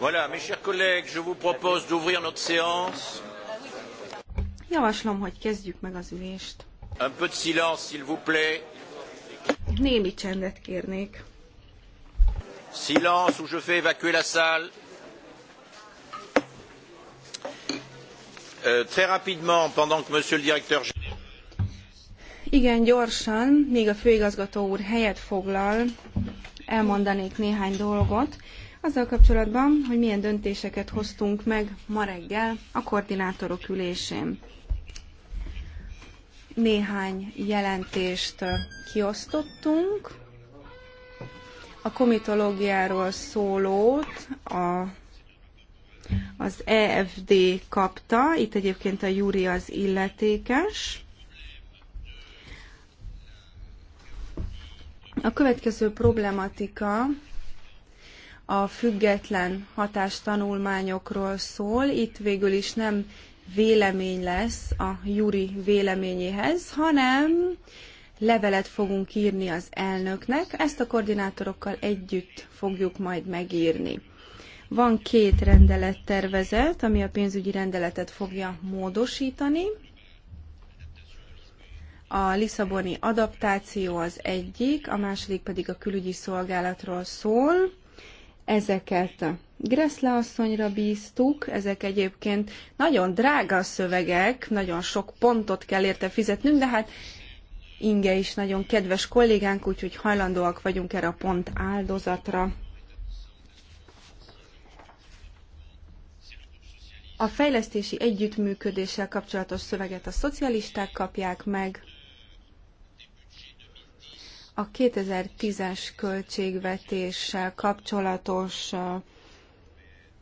Voilà, mes chers collègues, je vous propose d'ouvrir notre séance. Javaslom, hogy kezdjük meg az ülést. Un peu de silence, s'il vous plaît. Némi csendet kérnék. Silence ou je fais évacuer la salle. Euh, très rapidement, pendant que monsieur le directeur igen, gyorsan, még a főigazgató úr helyet foglal, elmondanék néhány dolgot azzal kapcsolatban, hogy milyen döntéseket hoztunk meg ma reggel a koordinátorok ülésén. Néhány jelentést kiosztottunk. A komitológiáról szólót a, az EFD kapta, itt egyébként a Júri az illetékes. A következő problematika a független hatástanulmányokról szól. Itt végül is nem vélemény lesz a Juri véleményéhez, hanem levelet fogunk írni az elnöknek, ezt a koordinátorokkal együtt fogjuk majd megírni. Van két rendelettervezet, ami a pénzügyi rendeletet fogja módosítani. A Lisszaboni adaptáció az egyik, a második pedig a külügyi szolgálatról szól. Ezeket Greszle asszonyra bíztuk, ezek egyébként nagyon drága szövegek, nagyon sok pontot kell érte fizetnünk, de hát Inge is nagyon kedves kollégánk, úgyhogy hajlandóak vagyunk erre a pont áldozatra. A fejlesztési együttműködéssel kapcsolatos szöveget a szocialisták kapják meg, a 2010-es költségvetéssel kapcsolatos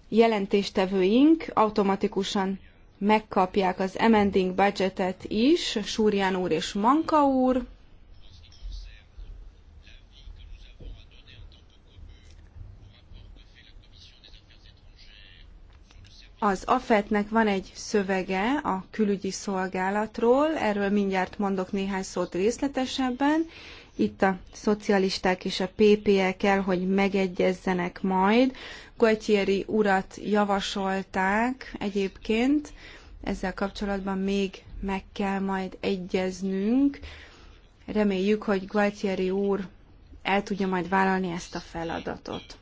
jelentéstevőink automatikusan megkapják az amending budgetet is, Súrján úr és Manka úr. Az AFET-nek van egy szövege a külügyi szolgálatról, erről mindjárt mondok néhány szót részletesebben, itt a szocialisták és a PPE kell, hogy megegyezzenek majd. Gualtieri urat javasolták egyébként, ezzel kapcsolatban még meg kell majd egyeznünk. Reméljük, hogy Gualtieri úr el tudja majd vállalni ezt a feladatot.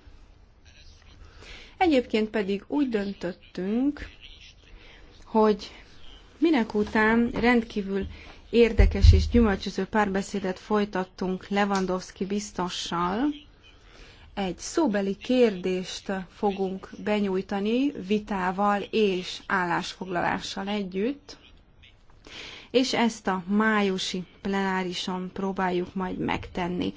Egyébként pedig úgy döntöttünk, hogy minek után rendkívül érdekes és gyümölcsöző párbeszédet folytattunk Lewandowski biztossal. Egy szóbeli kérdést fogunk benyújtani vitával és állásfoglalással együtt, és ezt a májusi plenárison próbáljuk majd megtenni.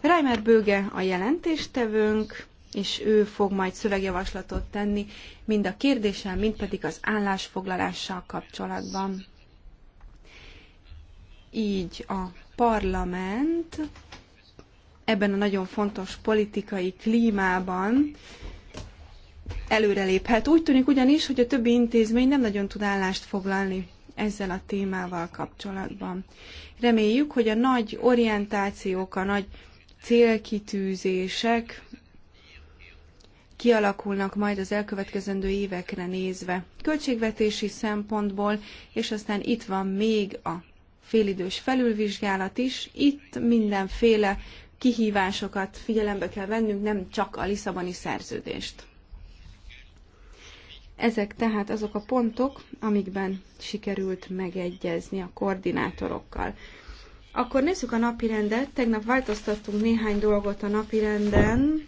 Reimer Bőge a jelentéstevőnk, és ő fog majd szövegjavaslatot tenni, mind a kérdéssel, mind pedig az állásfoglalással kapcsolatban. Így a parlament ebben a nagyon fontos politikai klímában előreléphet. Úgy tűnik ugyanis, hogy a többi intézmény nem nagyon tud állást foglalni ezzel a témával kapcsolatban. Reméljük, hogy a nagy orientációk, a nagy célkitűzések kialakulnak majd az elkövetkezendő évekre nézve költségvetési szempontból, és aztán itt van még a félidős felülvizsgálat is. Itt mindenféle kihívásokat figyelembe kell vennünk, nem csak a Lisszaboni szerződést. Ezek tehát azok a pontok, amikben sikerült megegyezni a koordinátorokkal. Akkor nézzük a napirendet. Tegnap változtattunk néhány dolgot a napirenden.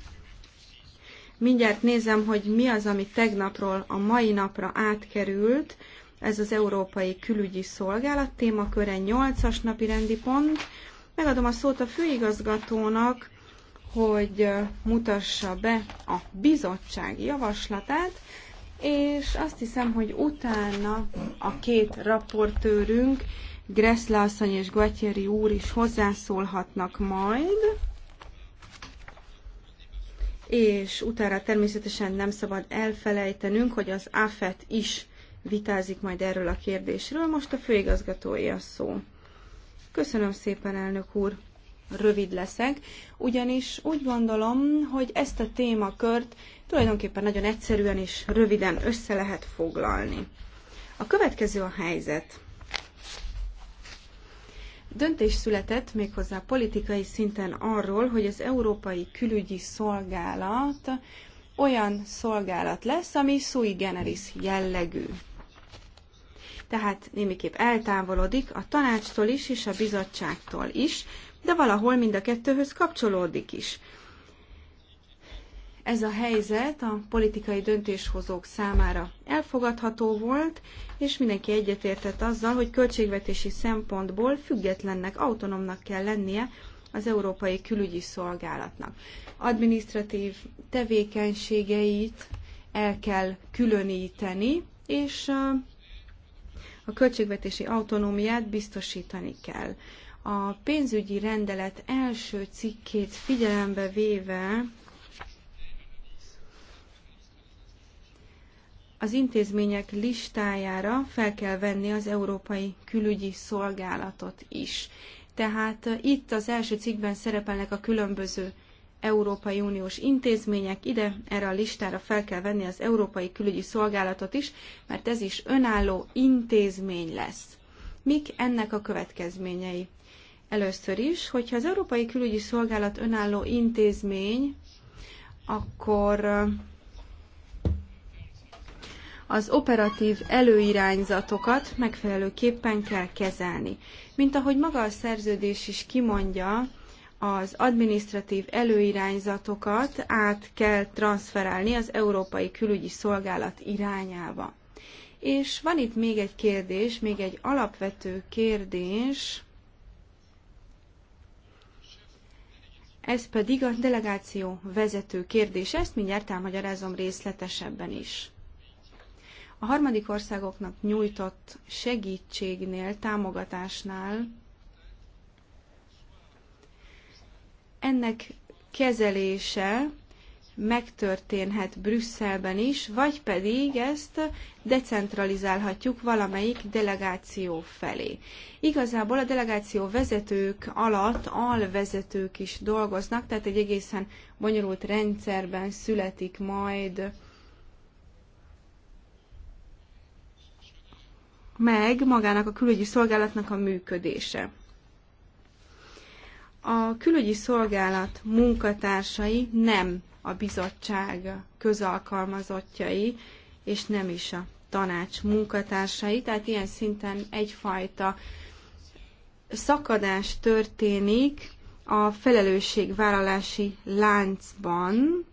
Mindjárt nézem, hogy mi az, ami tegnapról a mai napra átkerült. Ez az Európai Külügyi Szolgálat témaköre 8-as napi rendi pont. Megadom a szót a főigazgatónak, hogy mutassa be a bizottság javaslatát, és azt hiszem, hogy utána a két raportőrünk, Gressle asszony és Gatyeri úr is hozzászólhatnak majd, és utána természetesen nem szabad elfelejtenünk, hogy az AFET is vitázik majd erről a kérdésről. Most a főigazgatói a szó. Köszönöm szépen, elnök úr! Rövid leszek, ugyanis úgy gondolom, hogy ezt a témakört tulajdonképpen nagyon egyszerűen és röviden össze lehet foglalni. A következő a helyzet. Döntés született méghozzá politikai szinten arról, hogy az Európai Külügyi Szolgálat olyan szolgálat lesz, ami sui generis jellegű tehát némiképp eltávolodik a tanácstól is és a bizottságtól is, de valahol mind a kettőhöz kapcsolódik is. Ez a helyzet a politikai döntéshozók számára elfogadható volt, és mindenki egyetértett azzal, hogy költségvetési szempontból függetlennek, autonómnak kell lennie az Európai Külügyi Szolgálatnak. Administratív tevékenységeit el kell különíteni, és a költségvetési autonómiát biztosítani kell. A pénzügyi rendelet első cikkét figyelembe véve az intézmények listájára fel kell venni az Európai Külügyi Szolgálatot is. Tehát uh, itt az első cikkben szerepelnek a különböző Európai Uniós intézmények, ide erre a listára fel kell venni az Európai Külügyi Szolgálatot is, mert ez is önálló intézmény lesz. Mik ennek a következményei? Először is, hogyha az Európai Külügyi Szolgálat önálló intézmény, akkor uh, az operatív előirányzatokat megfelelőképpen kell kezelni. Mint ahogy maga a szerződés is kimondja, az administratív előirányzatokat át kell transferálni az Európai Külügyi Szolgálat irányába. És van itt még egy kérdés, még egy alapvető kérdés, ez pedig a delegáció vezető kérdése, ezt mindjárt elmagyarázom részletesebben is. A harmadik országoknak nyújtott segítségnél, támogatásnál ennek kezelése megtörténhet Brüsszelben is, vagy pedig ezt decentralizálhatjuk valamelyik delegáció felé. Igazából a delegáció vezetők alatt alvezetők is dolgoznak, tehát egy egészen bonyolult rendszerben születik majd meg magának a külügyi szolgálatnak a működése. A külügyi szolgálat munkatársai nem a bizottság közalkalmazottjai, és nem is a tanács munkatársai, tehát ilyen szinten egyfajta szakadás történik a felelősségvállalási láncban,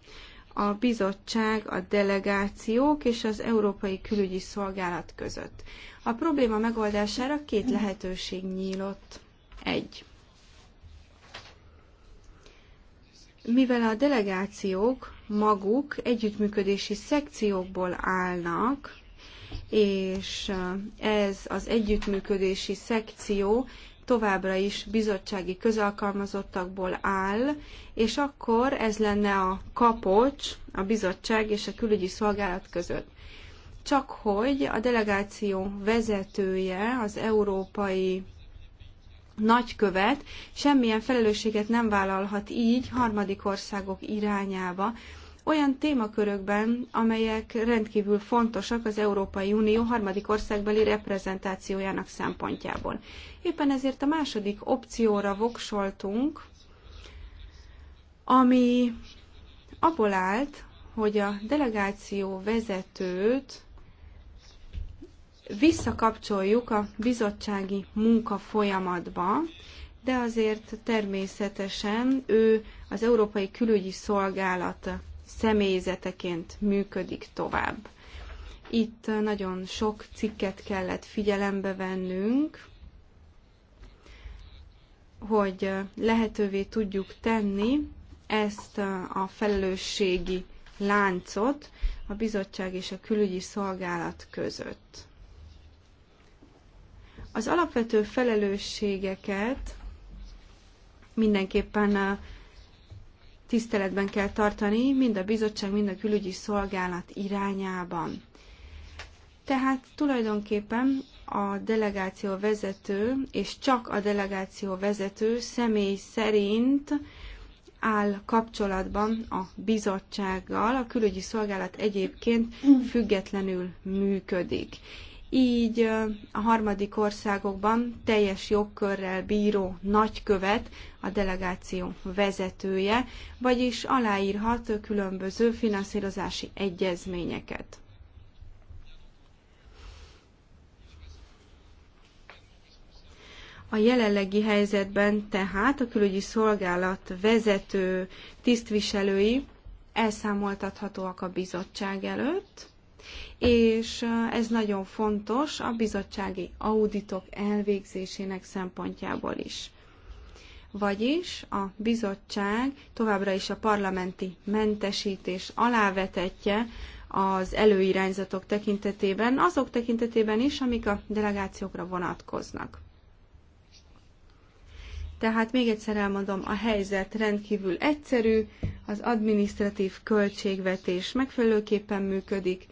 a bizottság, a delegációk és az Európai Külügyi Szolgálat között. A probléma megoldására két lehetőség nyílott. Egy Mivel a delegációk maguk együttműködési szekciókból állnak, és eh, ez az együttműködési szekció továbbra is bizottsági közalkalmazottakból áll, és akkor ez lenne a kapocs a bizottság és a külügyi szolgálat között. Csak hogy a delegáció vezetője az Európai nagykövet semmilyen felelősséget nem vállalhat így harmadik országok irányába, olyan témakörökben, amelyek rendkívül fontosak az Európai Unió harmadik országbeli reprezentációjának szempontjából. Éppen ezért a második opcióra voksoltunk, ami abból állt, hogy a delegáció vezetőt visszakapcsoljuk a bizottsági munka folyamatba, de azért természetesen ő az Európai Külügyi Szolgálat személyzeteként működik tovább. Itt nagyon sok cikket kellett figyelembe vennünk, hogy lehetővé tudjuk tenni ezt a felelősségi láncot a bizottság és a külügyi szolgálat között. Az alapvető felelősségeket mindenképpen uh, tiszteletben kell tartani, mind a bizottság, mind a külügyi szolgálat irányában. Tehát tulajdonképpen a delegáció vezető, és csak a delegáció vezető személy szerint áll kapcsolatban a bizottsággal, a külügyi szolgálat egyébként függetlenül működik így a harmadik országokban teljes jogkörrel bíró nagykövet a delegáció vezetője, vagyis aláírhat különböző finanszírozási egyezményeket. A jelenlegi helyzetben tehát a külügyi szolgálat vezető tisztviselői elszámoltathatóak a bizottság előtt, és ez nagyon fontos a bizottsági auditok elvégzésének szempontjából is. Vagyis a bizottság továbbra is a parlamenti mentesítés alávetetje az előirányzatok tekintetében, azok tekintetében is, amik a delegációkra vonatkoznak. Tehát még egyszer elmondom, a helyzet rendkívül egyszerű, az administratív költségvetés megfelelőképpen működik,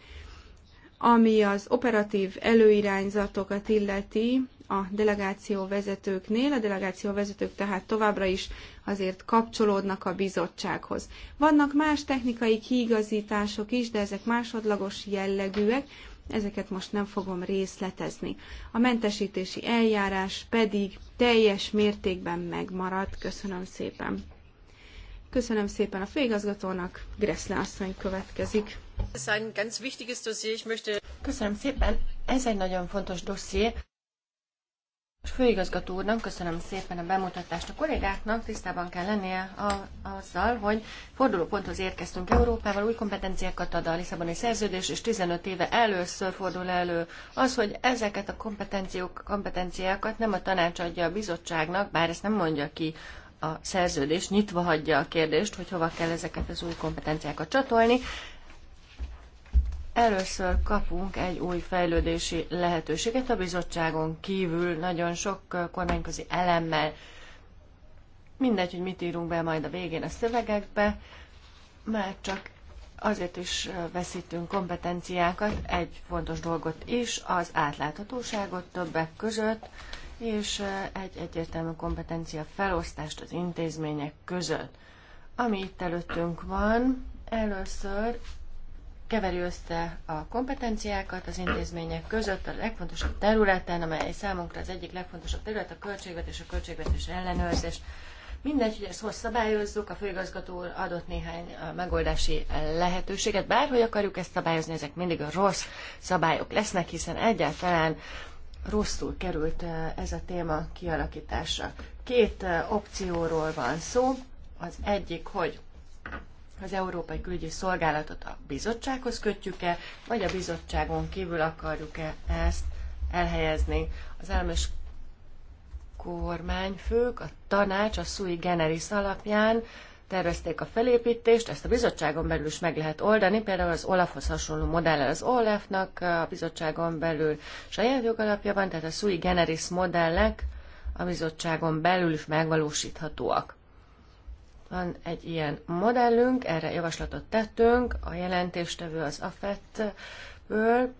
ami az operatív előirányzatokat illeti a delegáció vezetőknél, a delegáció vezetők tehát továbbra is azért kapcsolódnak a bizottsághoz. Vannak más technikai kiigazítások is, de ezek másodlagos jellegűek, ezeket most nem fogom részletezni. A mentesítési eljárás pedig teljes mértékben megmarad. Köszönöm szépen! Köszönöm szépen a főigazgatónak, Gressle asszony következik. Köszönöm szépen, ez egy nagyon fontos dosszié. A főigazgató úrnak köszönöm szépen a bemutatást. A kollégáknak tisztában kell lennie a, azzal, hogy fordulóponthoz érkeztünk Európával, új kompetenciákat ad a Lisszaboni szerződés, és 15 éve először fordul elő az, hogy ezeket a kompetenciákat nem a tanács adja a bizottságnak, bár ezt nem mondja ki a szerződés nyitva hagyja a kérdést, hogy hova kell ezeket az új kompetenciákat csatolni. Először kapunk egy új fejlődési lehetőséget a bizottságon kívül nagyon sok kormányközi elemmel. Mindegy, hogy mit írunk be majd a végén a szövegekbe, már csak azért is veszítünk kompetenciákat, egy fontos dolgot is, az átláthatóságot többek között, és egy egyértelmű kompetencia felosztást az intézmények között. Ami itt előttünk van, először keveri össze a kompetenciákat az intézmények között a legfontosabb területen, amely számunkra az egyik legfontosabb terület a költségvetés, a költségvetés ellenőrzés. Mindegy, hogy ezt hogy szabályozzuk, a főigazgató úr adott néhány megoldási lehetőséget, bárhogy akarjuk ezt szabályozni, ezek mindig a rossz szabályok lesznek, hiszen egyáltalán rosszul került eh, ez a téma kialakítása. Két eh, opcióról van szó. Az egyik, hogy az Európai Külügyi Szolgálatot a bizottsághoz kötjük-e, vagy a bizottságon kívül akarjuk-e ezt elhelyezni. Az elmes kormányfők, a tanács a sui generis alapján tervezték a felépítést, ezt a bizottságon belül is meg lehet oldani, például az Olafhoz hasonló modell az Olafnak a bizottságon belül saját jogalapja van, tehát a sui generis modellek a bizottságon belül is megvalósíthatóak. Van egy ilyen modellünk, erre javaslatot tettünk, a jelentéstevő az AFET-ből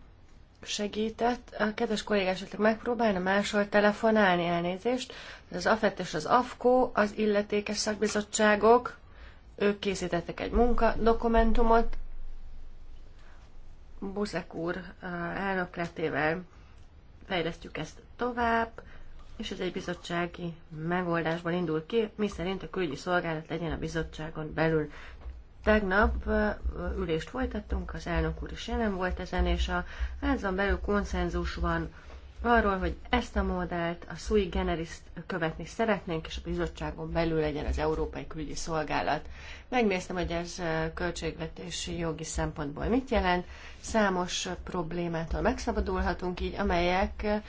segített. A kedves kollégás esetleg megpróbálna máshol telefonálni elnézést. Az AFET és az AFKO, az illetékes szakbizottságok, ők készítettek egy munkadokumentumot, Buzek úr elnökletével fejlesztjük ezt tovább, és ez egy bizottsági megoldásban indul ki, miszerint a külügyi szolgálat legyen a bizottságon belül. Tegnap ülést folytattunk, az elnök úr is jelen volt ezen, és a házban belül konszenzus van arról, hogy ezt a modellt, a sui generis követni szeretnénk, és a bizottságon belül legyen az Európai Külügyi Szolgálat. Megnéztem, hogy ez költségvetési jogi szempontból mit jelent. Számos problémától megszabadulhatunk így, amelyeket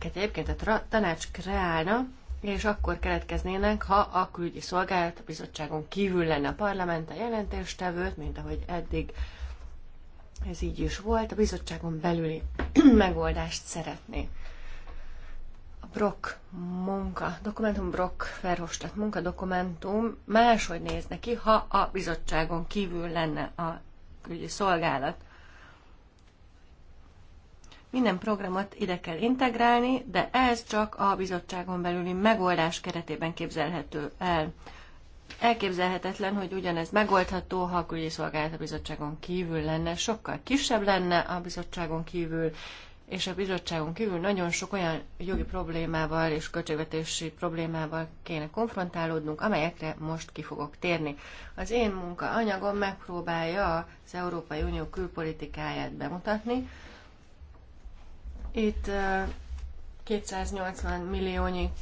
egyébként a tanács kreálna, és akkor keletkeznének, ha a külügyi szolgálat a bizottságon kívül lenne a parlament a jelentéstevőt, mint ahogy eddig ez így is volt, a bizottságon belüli megoldást szeretné. A Brock munka, dokumentum Brock Verhofstadt munka dokumentum máshogy nézne ki ha a bizottságon kívül lenne a külügyi szolgálat. Minden programot ide kell integrálni, de ez csak a bizottságon belüli megoldás keretében képzelhető el. Elképzelhetetlen, hogy ugyanez megoldható, ha a külügyi szolgálat a bizottságon kívül lenne, sokkal kisebb lenne a bizottságon kívül, és a bizottságon kívül nagyon sok olyan jogi problémával és költségvetési problémával kéne konfrontálódnunk, amelyekre most ki fogok térni. Az én munka anyagom megpróbálja az Európai Unió külpolitikáját bemutatni. Itt 280 milliónyi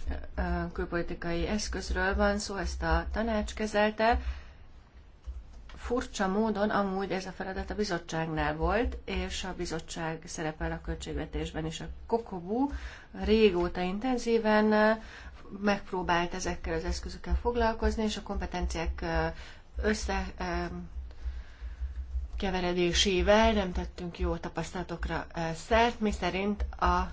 külpolitikai eszközről van szó, ezt a tanács kezelte. Furcsa módon amúgy ez a feladat a bizottságnál volt, és a bizottság szerepel a költségvetésben is. A Kokobu régóta intenzíven megpróbált ezekkel az eszközökkel foglalkozni, és a kompetenciák össze keveredésével nem tettünk jó tapasztalatokra szert, mi szerint a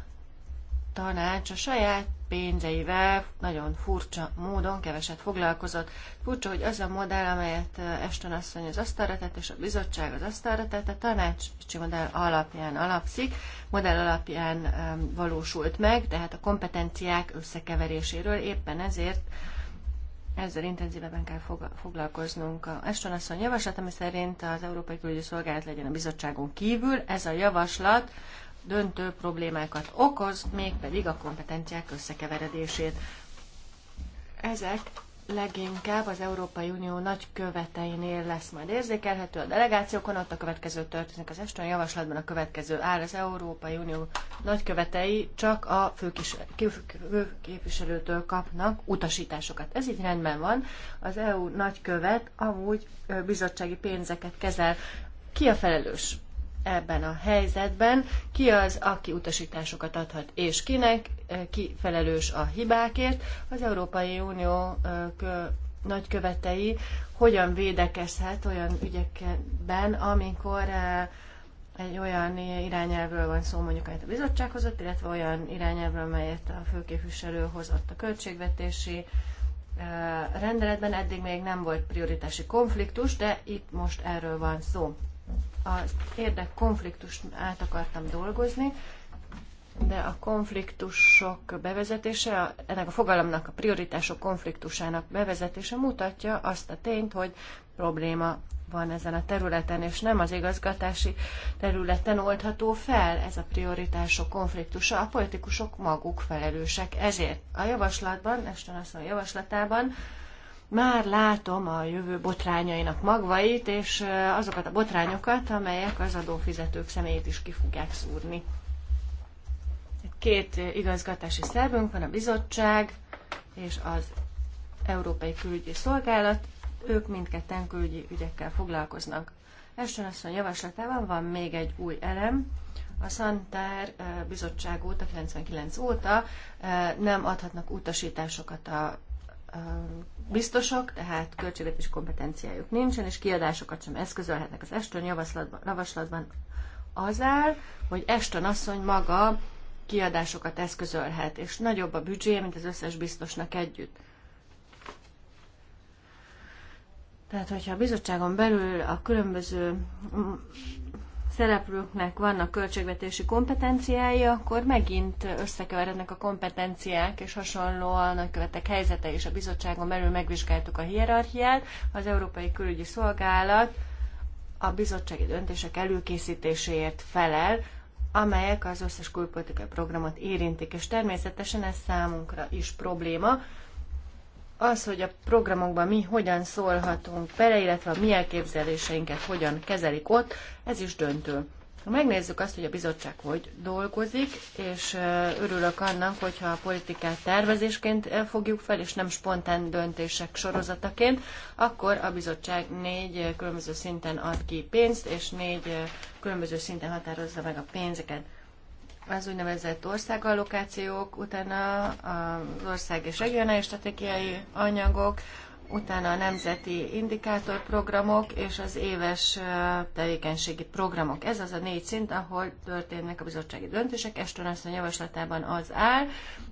tanács a saját pénzeivel nagyon furcsa módon keveset foglalkozott. Furcsa, hogy az a modell, amelyet Eston eh, asszony az asztalra tett, és a bizottság az asztalra tett, a tanács modell alapján alapszik, modell alapján um, valósult meg, tehát a kompetenciák összekeveréséről éppen ezért ezzel intenzívebben kell foglalkoznunk. A Eston asszony javaslat, ami szerint az Európai Külügyi Szolgálat legyen a bizottságon kívül, ez a javaslat döntő problémákat okoz, mégpedig a kompetenciák összekeveredését. Ezek leginkább az Európai Unió nagy követeinél lesz majd érzékelhető a delegációkon, ott a következő történik az estőn javaslatban a következő áll az Európai Unió nagy követei csak a főképviselőtől kapnak utasításokat. Ez így rendben van. Az EU nagykövet amúgy bizottsági pénzeket kezel. Ki a felelős? ebben a helyzetben, ki az, aki utasításokat adhat, és kinek, eh, ki felelős a hibákért. Az Európai Unió eh, nagykövetei hogyan védekezhet olyan ügyekben, amikor eh, egy olyan irányelvről van szó, mondjuk, amit a bizottság hozott, illetve olyan irányelvről, amelyet a főképviselő hozott a költségvetési rendeletben. Eddig még nem volt prioritási konfliktus, de itt most erről van szó az érdekkonfliktust át akartam dolgozni, de a konfliktusok bevezetése, ennek a fogalomnak a prioritások konfliktusának bevezetése mutatja azt a tényt, hogy probléma van ezen a területen, és nem az igazgatási területen oldható fel ez a prioritások konfliktusa. A politikusok maguk felelősek ezért. A javaslatban, Eston asszony javaslatában már látom a jövő botrányainak magvait, és azokat a botrányokat, amelyek az adófizetők személyét is ki fogják szúrni. Két igazgatási szervünk van, a bizottság és az Európai Külügyi Szolgálat. Ők mindketten külügyi ügyekkel foglalkoznak. Ashton asszony javaslatában van még egy új elem, a Szantár bizottság óta, 99 óta nem adhatnak utasításokat a biztosak, tehát költségvetési kompetenciájuk nincsen, és kiadásokat sem eszközölhetnek. Az Eston javaslatban az áll, hogy Eston asszony maga kiadásokat eszközölhet, és nagyobb a büdzséje, mint az összes biztosnak együtt. Tehát, hogyha a bizottságon belül a különböző szereplőknek vannak költségvetési kompetenciái, akkor megint összekeverednek a kompetenciák, és hasonlóan a követek helyzete és a bizottságon belül megvizsgáltuk a hierarchiát. Az Európai Külügyi Szolgálat a bizottsági döntések előkészítéséért felel, amelyek az összes külpolitikai programot érintik, és természetesen ez számunkra is probléma, az, hogy a programokban mi hogyan szólhatunk bele, illetve a mi elképzeléseinket hogyan kezelik ott, ez is döntő. Ha megnézzük azt, hogy a bizottság hogy dolgozik, és örülök annak, hogyha a politikát tervezésként fogjuk fel, és nem spontán döntések sorozataként, akkor a bizottság négy különböző szinten ad ki pénzt, és négy különböző szinten határozza meg a pénzeket az úgynevezett országallokációk, utána az ország és regionális stratégiai anyagok, utána a nemzeti indikátorprogramok és az éves tevékenységi programok. Ez az a négy szint, ahol történnek a bizottsági döntések. Eston a javaslatában az áll,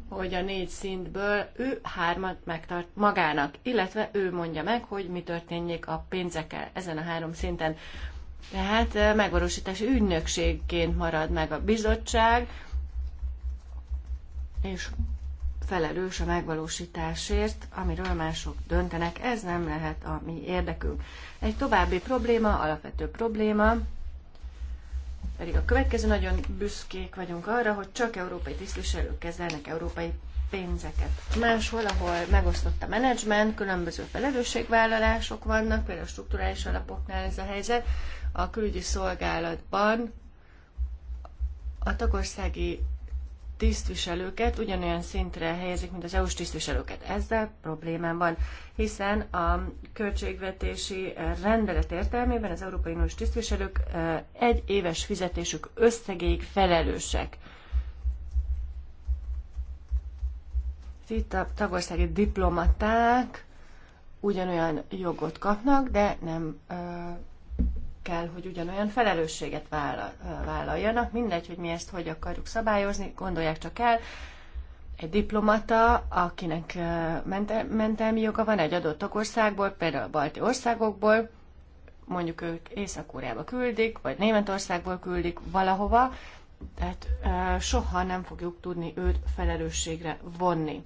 hogy a négy szintből ő hármat megtart magának, illetve ő mondja meg, hogy mi történjék a pénzekkel ezen a három szinten. Tehát megvalósítási ügynökségként marad meg a bizottság, és felelős a megvalósításért, amiről mások döntenek, ez nem lehet a mi érdekünk. Egy további probléma, alapvető probléma, pedig a következő nagyon büszkék vagyunk arra, hogy csak európai tisztviselők kezelnek európai pénzeket. Máshol, ahol megosztott a menedzsment, különböző felelősségvállalások vannak, például a strukturális alapoknál ez a helyzet, a külügyi szolgálatban a tagországi tisztviselőket ugyanolyan szintre helyezik, mint az EU-s tisztviselőket. Ezzel problémám van, hiszen a költségvetési rendelet értelmében az Európai Uniós tisztviselők eh, egy éves fizetésük összegéig felelősek. itt a tagországi diplomaták ugyanolyan jogot kapnak, de nem ö, kell, hogy ugyanolyan felelősséget vállaljanak. Mindegy, hogy mi ezt hogy akarjuk szabályozni, gondolják csak el. Egy diplomata, akinek mentelmi joga van egy adott tagországból, például a balti országokból, mondjuk ők Észak-Koreába küldik, vagy Németországból küldik valahova, tehát soha nem fogjuk tudni őt felelősségre vonni.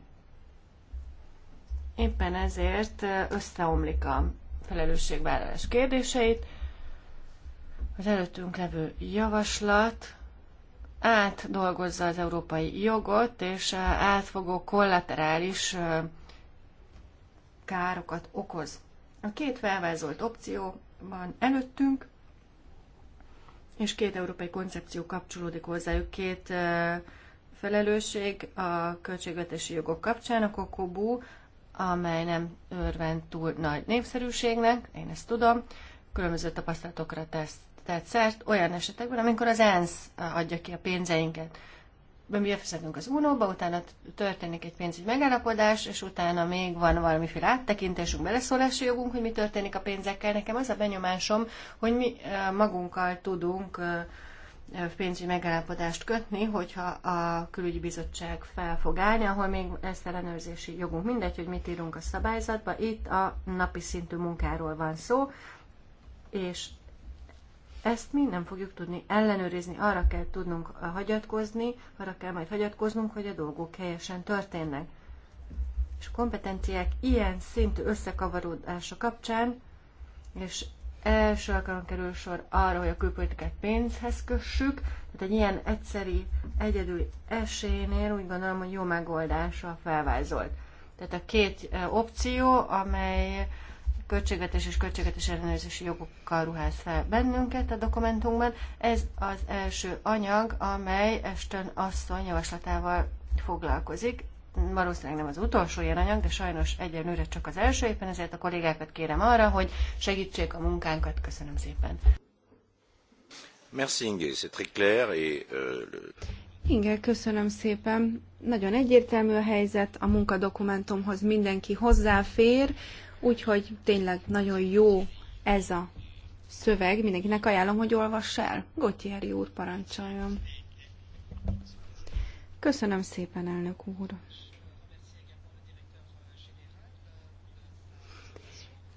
Éppen ezért összeomlik a felelősségvállalás kérdéseit. Az előttünk levő javaslat átdolgozza az európai jogot, és átfogó kollaterális károkat okoz. A két felvázolt opció van előttünk, és két európai koncepció kapcsolódik hozzájuk, két felelősség a költségvetési jogok kapcsán, a COCOBU, amely nem örvend túl nagy népszerűségnek, én ezt tudom, különböző tapasztalatokra tesz, tett szert, olyan esetekben, amikor az ENSZ adja ki a pénzeinket. Mi befizetünk az UNO-ba, utána történik egy pénzügyi megállapodás, és utána még van valamiféle áttekintésünk, beleszólási jogunk, hogy mi történik a pénzekkel. Nekem az a benyomásom, hogy mi eh, magunkkal tudunk eh, pénzügyi megállapodást kötni, hogyha a külügyi bizottság fel fog állni, ahol még ezt ellenőrzési jogunk. Mindegy, hogy mit írunk a szabályzatba, itt a napi szintű munkáról van szó, és ezt mi nem fogjuk tudni ellenőrizni, arra kell tudnunk hagyatkozni, arra kell majd hagyatkoznunk, hogy a dolgok helyesen történnek. És kompetenciák ilyen szintű összekavarodása kapcsán, és első alkalom kerül sor arra, hogy a külpolitikát pénzhez kössük, tehát egy ilyen egyszeri, egyedül esélynél úgy gondolom, hogy jó megoldása felvázolt. Tehát a két e, opció, amely költségvetés és költségvetés ellenőrzési jogokkal ruház fel bennünket a dokumentumban. Ez az első anyag, amely Esten asszony javaslatával foglalkozik valószínűleg nem az utolsó ilyen anyag, de sajnos egyenlőre csak az első, éppen ezért a kollégákat kérem arra, hogy segítsék a munkánkat. Köszönöm szépen. Merci Inge, c'est très clair et, euh, Inge, köszönöm szépen. Nagyon egyértelmű a helyzet, a munkadokumentumhoz mindenki hozzáfér, úgyhogy tényleg nagyon jó ez a szöveg. Mindenkinek ajánlom, hogy olvass el. Gottieri úr parancsoljon. Köszönöm szépen, elnök úr.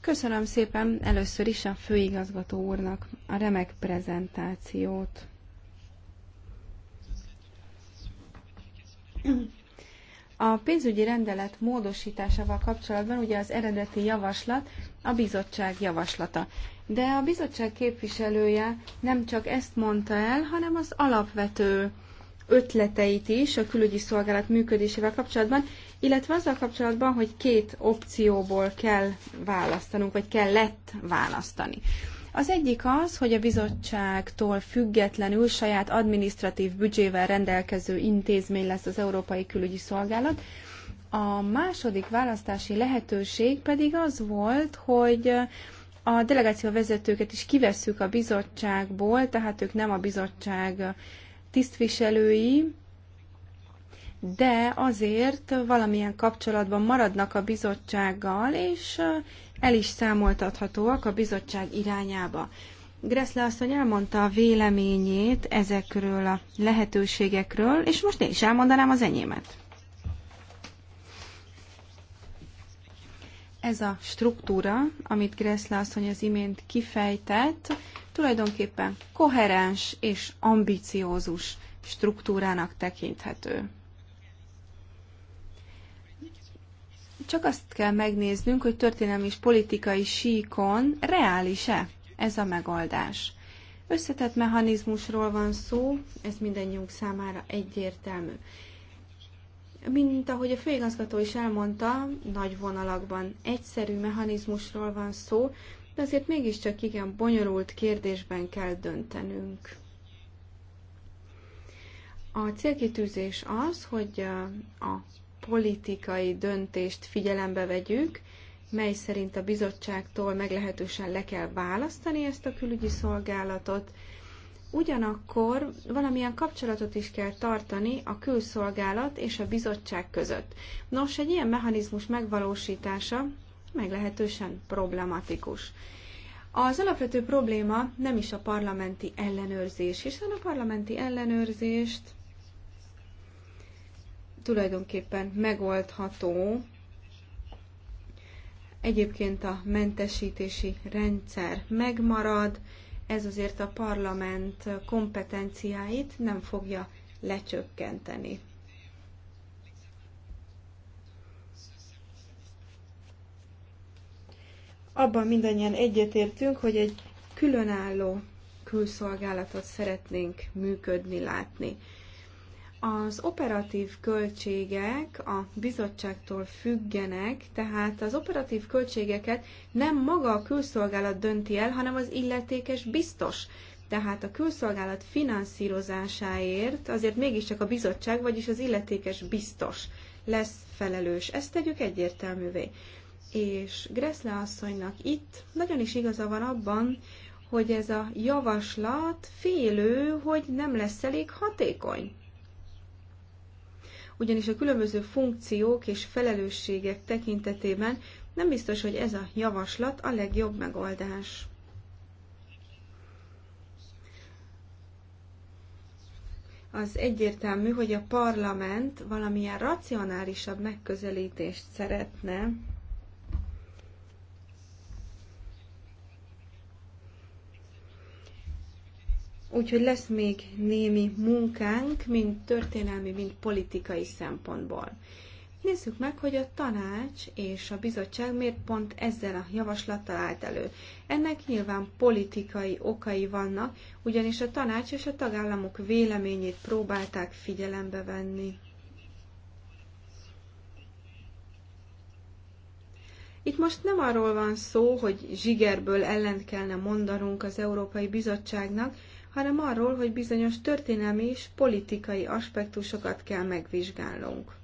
Köszönöm szépen először is a főigazgató úrnak a remek prezentációt. A pénzügyi rendelet módosításával kapcsolatban ugye az eredeti javaslat a bizottság javaslata. De a bizottság képviselője nem csak ezt mondta el, hanem az alapvető ötleteit is a külügyi szolgálat működésével kapcsolatban, illetve azzal kapcsolatban, hogy két opcióból kell választanunk, vagy kellett választani. Az egyik az, hogy a bizottságtól függetlenül saját adminisztratív büdzsével rendelkező intézmény lesz az Európai Külügyi Szolgálat. A második választási lehetőség pedig az volt, hogy a delegáció vezetőket is kivesszük a bizottságból, tehát ők nem a bizottság tisztviselői, de azért valamilyen kapcsolatban maradnak a bizottsággal, és el is számoltathatóak a bizottság irányába. Gressle asszony elmondta a véleményét ezekről a lehetőségekről, és most én is elmondanám az enyémet. ez a struktúra, amit Gressle asszony az imént kifejtett, tulajdonképpen koherens és ambiciózus struktúrának tekinthető. Csak azt kell megnéznünk, hogy történelmi és politikai síkon reális-e ez a megoldás. Összetett mechanizmusról van szó, ez mindannyiunk számára egyértelmű. Mint ahogy a főigazgató is elmondta, nagy vonalakban egyszerű mechanizmusról van szó, de azért mégiscsak igen bonyolult kérdésben kell döntenünk. A célkitűzés az, hogy a politikai döntést figyelembe vegyük, mely szerint a bizottságtól meglehetősen le kell választani ezt a külügyi szolgálatot, Ugyanakkor valamilyen kapcsolatot is kell tartani a külszolgálat és a bizottság között. Nos, egy ilyen mechanizmus megvalósítása meglehetősen problematikus. Az alapvető probléma nem is a parlamenti ellenőrzés, hiszen a parlamenti ellenőrzést tulajdonképpen megoldható egyébként a mentesítési rendszer megmarad, ez azért a parlament kompetenciáit nem fogja lecsökkenteni. Abban mindannyian egyetértünk, hogy egy különálló külszolgálatot szeretnénk működni, látni. Az operatív költségek a bizottságtól függenek, tehát az operatív költségeket nem maga a külszolgálat dönti el, hanem az illetékes biztos. Tehát a külszolgálat finanszírozásáért azért mégiscsak a bizottság, vagyis az illetékes biztos lesz felelős. Ezt tegyük egyértelművé. És Gressle asszonynak itt nagyon is igaza van abban, hogy ez a javaslat félő, hogy nem lesz elég hatékony ugyanis a különböző funkciók és felelősségek tekintetében nem biztos, hogy ez a javaslat a legjobb megoldás. Az egyértelmű, hogy a parlament valamilyen racionálisabb megközelítést szeretne Úgyhogy lesz még némi munkánk, mind történelmi, mind politikai szempontból. Nézzük meg, hogy a tanács és a bizottság miért pont ezzel a javaslattal állt elő. Ennek nyilván politikai okai vannak, ugyanis a tanács és a tagállamok véleményét próbálták figyelembe venni. Itt most nem arról van szó, hogy zsigerből ellent kellene mondanunk az Európai Bizottságnak, hanem arról, hogy bizonyos történelmi és politikai aspektusokat kell megvizsgálnunk.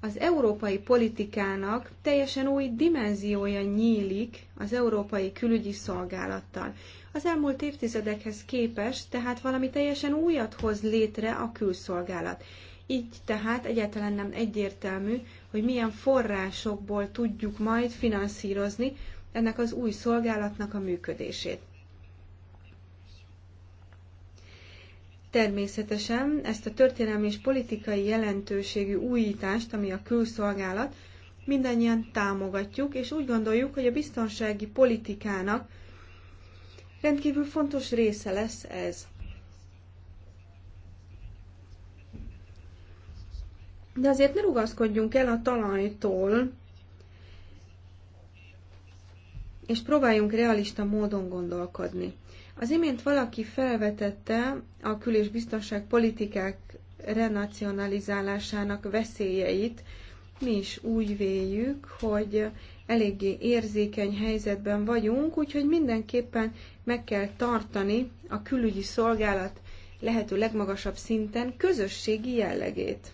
Az európai politikának teljesen új dimenziója nyílik az európai külügyi szolgálattal. Az elmúlt évtizedekhez képes, tehát valami teljesen újat hoz létre a külszolgálat. Így tehát egyáltalán nem egyértelmű, hogy milyen forrásokból tudjuk majd finanszírozni ennek az új szolgálatnak a működését. Természetesen ezt a történelmi és politikai jelentőségű újítást, ami a külszolgálat, mindannyian támogatjuk, és úgy gondoljuk, hogy a biztonsági politikának rendkívül fontos része lesz ez. De azért ne rugaszkodjunk el a talajtól, és próbáljunk realista módon gondolkodni. Az imént valaki felvetette a kül- és politikák renacionalizálásának veszélyeit. Mi is úgy véljük, hogy eléggé érzékeny helyzetben vagyunk, úgyhogy mindenképpen meg kell tartani a külügyi szolgálat lehető legmagasabb szinten közösségi jellegét.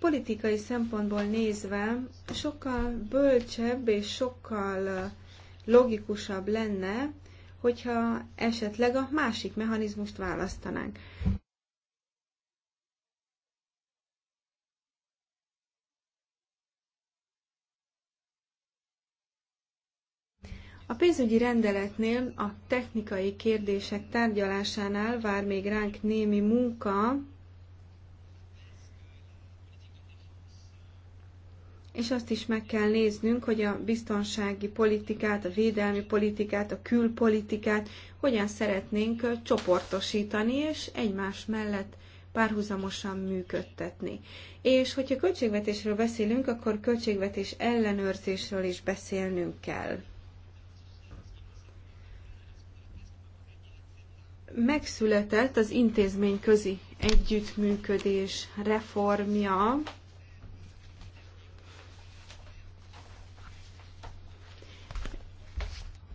Politikai szempontból nézve sokkal bölcsebb és sokkal logikusabb lenne, hogyha esetleg a másik mechanizmust választanánk. A pénzügyi rendeletnél a technikai kérdések tárgyalásánál vár még ránk némi munka, és azt is meg kell néznünk, hogy a biztonsági politikát, a védelmi politikát, a külpolitikát hogyan szeretnénk csoportosítani és egymás mellett párhuzamosan működtetni. És hogyha költségvetésről beszélünk, akkor költségvetés ellenőrzésről is beszélnünk kell. Megszületett az intézményközi együttműködés reformja,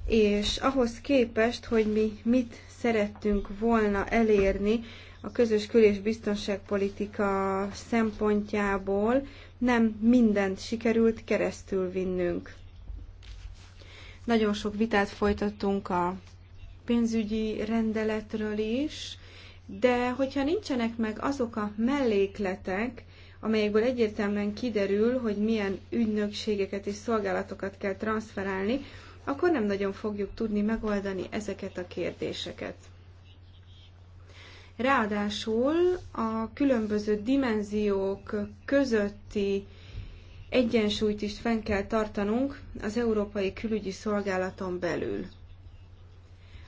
és ahhoz képest, hogy mi mit szerettünk volna elérni a közös kül- és biztonságpolitika szempontjából, nem mindent sikerült keresztül vinnünk. Nagyon sok vitát folytattunk a pénzügyi rendeletről is, de hogyha nincsenek meg azok a mellékletek, amelyekből egyértelműen kiderül, hogy milyen ügynökségeket és szolgálatokat kell transferálni, akkor nem nagyon fogjuk tudni megoldani ezeket a kérdéseket. Ráadásul a különböző dimenziók közötti egyensúlyt is fenn kell tartanunk az Európai Külügyi Szolgálaton belül.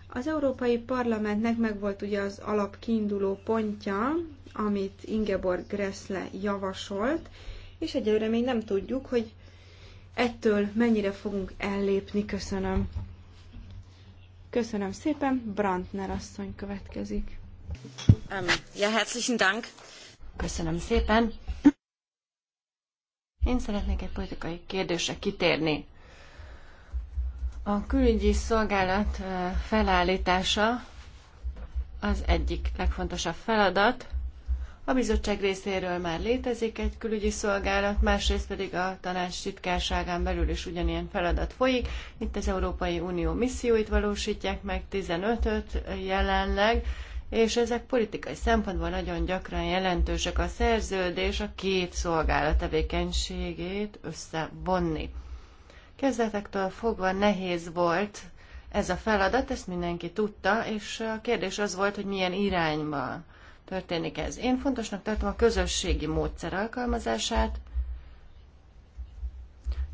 Az Európai Parlamentnek megvolt ugye az kiinduló pontja, amit Ingeborg Gressle javasolt, és egyelőre még nem tudjuk, hogy ettől mennyire fogunk ellépni. Köszönöm. Köszönöm szépen. Brandner asszony következik. Ähm, ja, herzlichen Dank. Köszönöm szépen. Én szeretnék egy politikai kérdésre kitérni. A külügyi szolgálat eh, felállítása az egyik legfontosabb feladat, a bizottság részéről már létezik egy külügyi szolgálat, másrészt pedig a tanács titkárságán belül is ugyanilyen feladat folyik. Itt az Európai Unió misszióit valósítják meg, 15-öt jelenleg, és ezek politikai szempontból nagyon gyakran jelentősek a szerződés a két szolgálat tevékenységét összevonni. Kezdetektől fogva nehéz volt ez a feladat, ezt mindenki tudta, és a kérdés az volt, hogy milyen irányba történik ez. Én fontosnak tartom a közösségi módszer alkalmazását.